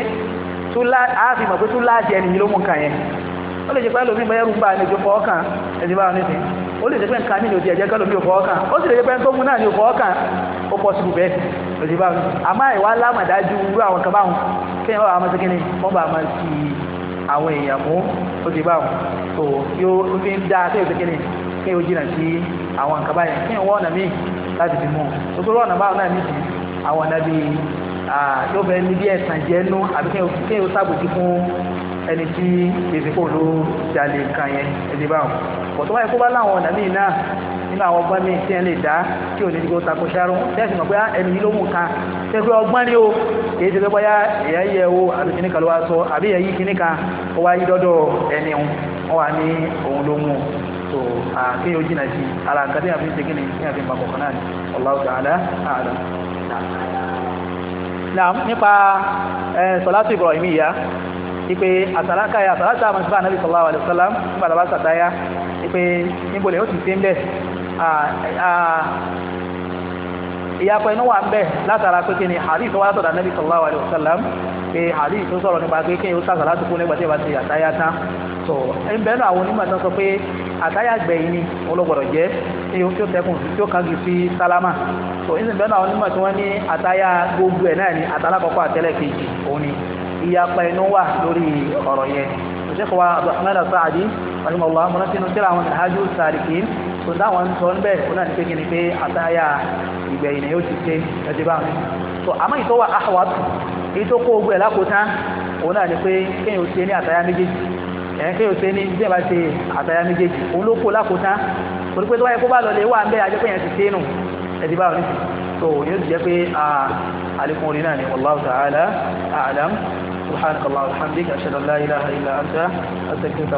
ààfin mọ̀ pé tún láàjì ẹni yìí ló mú nǹkan yẹn ó lè jẹ́ pé ẹlòmíì bẹ́ẹ̀ rúgbà ní ojú fọwọ́ kan ẹ̀sìn báwọn nísìn ó lè jẹ́ pé nǹkan mi ní òdi ẹ̀jẹ̀ kẹ́lòmí ò fọwọ́ kan ó sì lè jẹ́ pé tó mú náà ní òfọwọ́ kan ó pọ̀ síbù bẹ́ẹ̀ ẹ̀sìn báwọn nísìn àmọ́ ìwà lámàdájú irú àwọn kan báwọn kéèyàn wọ́n ọ̀nà míì láti fi mú un tó tó rọ̀ ọ̀nà báwọn náà nísìn àwọn nàbí yóò fẹ́ ní bí ẹ̀sán jẹ́ nú àbí kéèyàn ó sábòjì fún ẹni tí èsì kò ló jalè kan yẹn ẹni báwọn bọ̀tọ̀ wáyé kó bá láwọn ọ̀nà míì náà nínú àwọn ọgbọ́n míì tí ẹ lè dá kí ò ní ní kó tako ṣáró tẹ́sí mọ̀ pé ah, ẹni yìí ló mú kan ṣé pé ọgbọ́n ni o èyí ti lọ́gbọ́yá ẹ̀yà yẹ o àbí kíní kan ló wá sọ àbí ẹ̀yí kíní kan ó wá yí dọ́dọ̀ ẹni wọn wà ní òun ló mú un so àti ah, yóò jìnnà sí ara nǹkan tí a fi ń segin ní kí a fi ń papọ̀ kan náà ni Allahu ta'ala a'lam. naam nípa sọlátù Ibrahimiyya ipe àsàlákà yà àsàlátà àmọ́ síbà nàbì sallallahu alaihi wasallam nígbà tá a bá sàtáyà ipe níbo lè ó ti ṣe ń bẹ̀ ah, ah, ìyapa inú wa ń bẹ látara pé kí ni hadith tó wá látọ̀dọ̀ anabi sallallahu alayhi wa sallam pé hadith tó sọ̀rọ̀ nípa pé kí ni ó sàṣà láti kú nígbà tí àtayá tán so ń bẹ́ẹ̀ náà àwọn onímọ̀ tán sọ pé àtayá gbẹ̀yìn ni olóògbọ̀dọ̀ jẹ́ ní ohun tí ó tẹkùn tí ó kángi sí sálámà so ń bẹ́ẹ̀ náà àwọn onímọ̀ tí wọ́n ní àtayá gbogbo ẹ̀ náà ni àtàlákọ̀kọ́ àtẹ́lẹ̀ kejì ni ìyapa inú wà lórí ọ̀rọ̀ yẹn Sheikh wa Abdulrahman As-Sa'di rahimahullah mọ̀nà sínú tíra àwọn tó táwọn ń sọ níbẹ̀ ó náà ní pé kí ni pé àtàyà ìgbẹ̀yìn ni yóò ti ṣe ẹ̀jẹ̀ bá mi tó àmọ́ ìtọ́wà àwàtù èyí tó kó ogun ẹ̀ lákòótán òun náà ni pé kéèyàn ó ṣe ní àtàyà méjèèjì ẹ̀yìn kéèyàn ó ṣe ní bí ẹ̀ bá ṣe àtàyà méjèèjì òun ló kó lákòótán torí pé tó wáyé kó bá lọlé wà ń bẹ́ ajẹ́ pé yẹn ti ṣe nù ẹ̀dí báwọn nìsí tó yóò ti jẹ́ pé àlékún orin náà ni wallahu ta'ala a'lam subhanakallah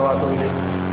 wa atubu ilayk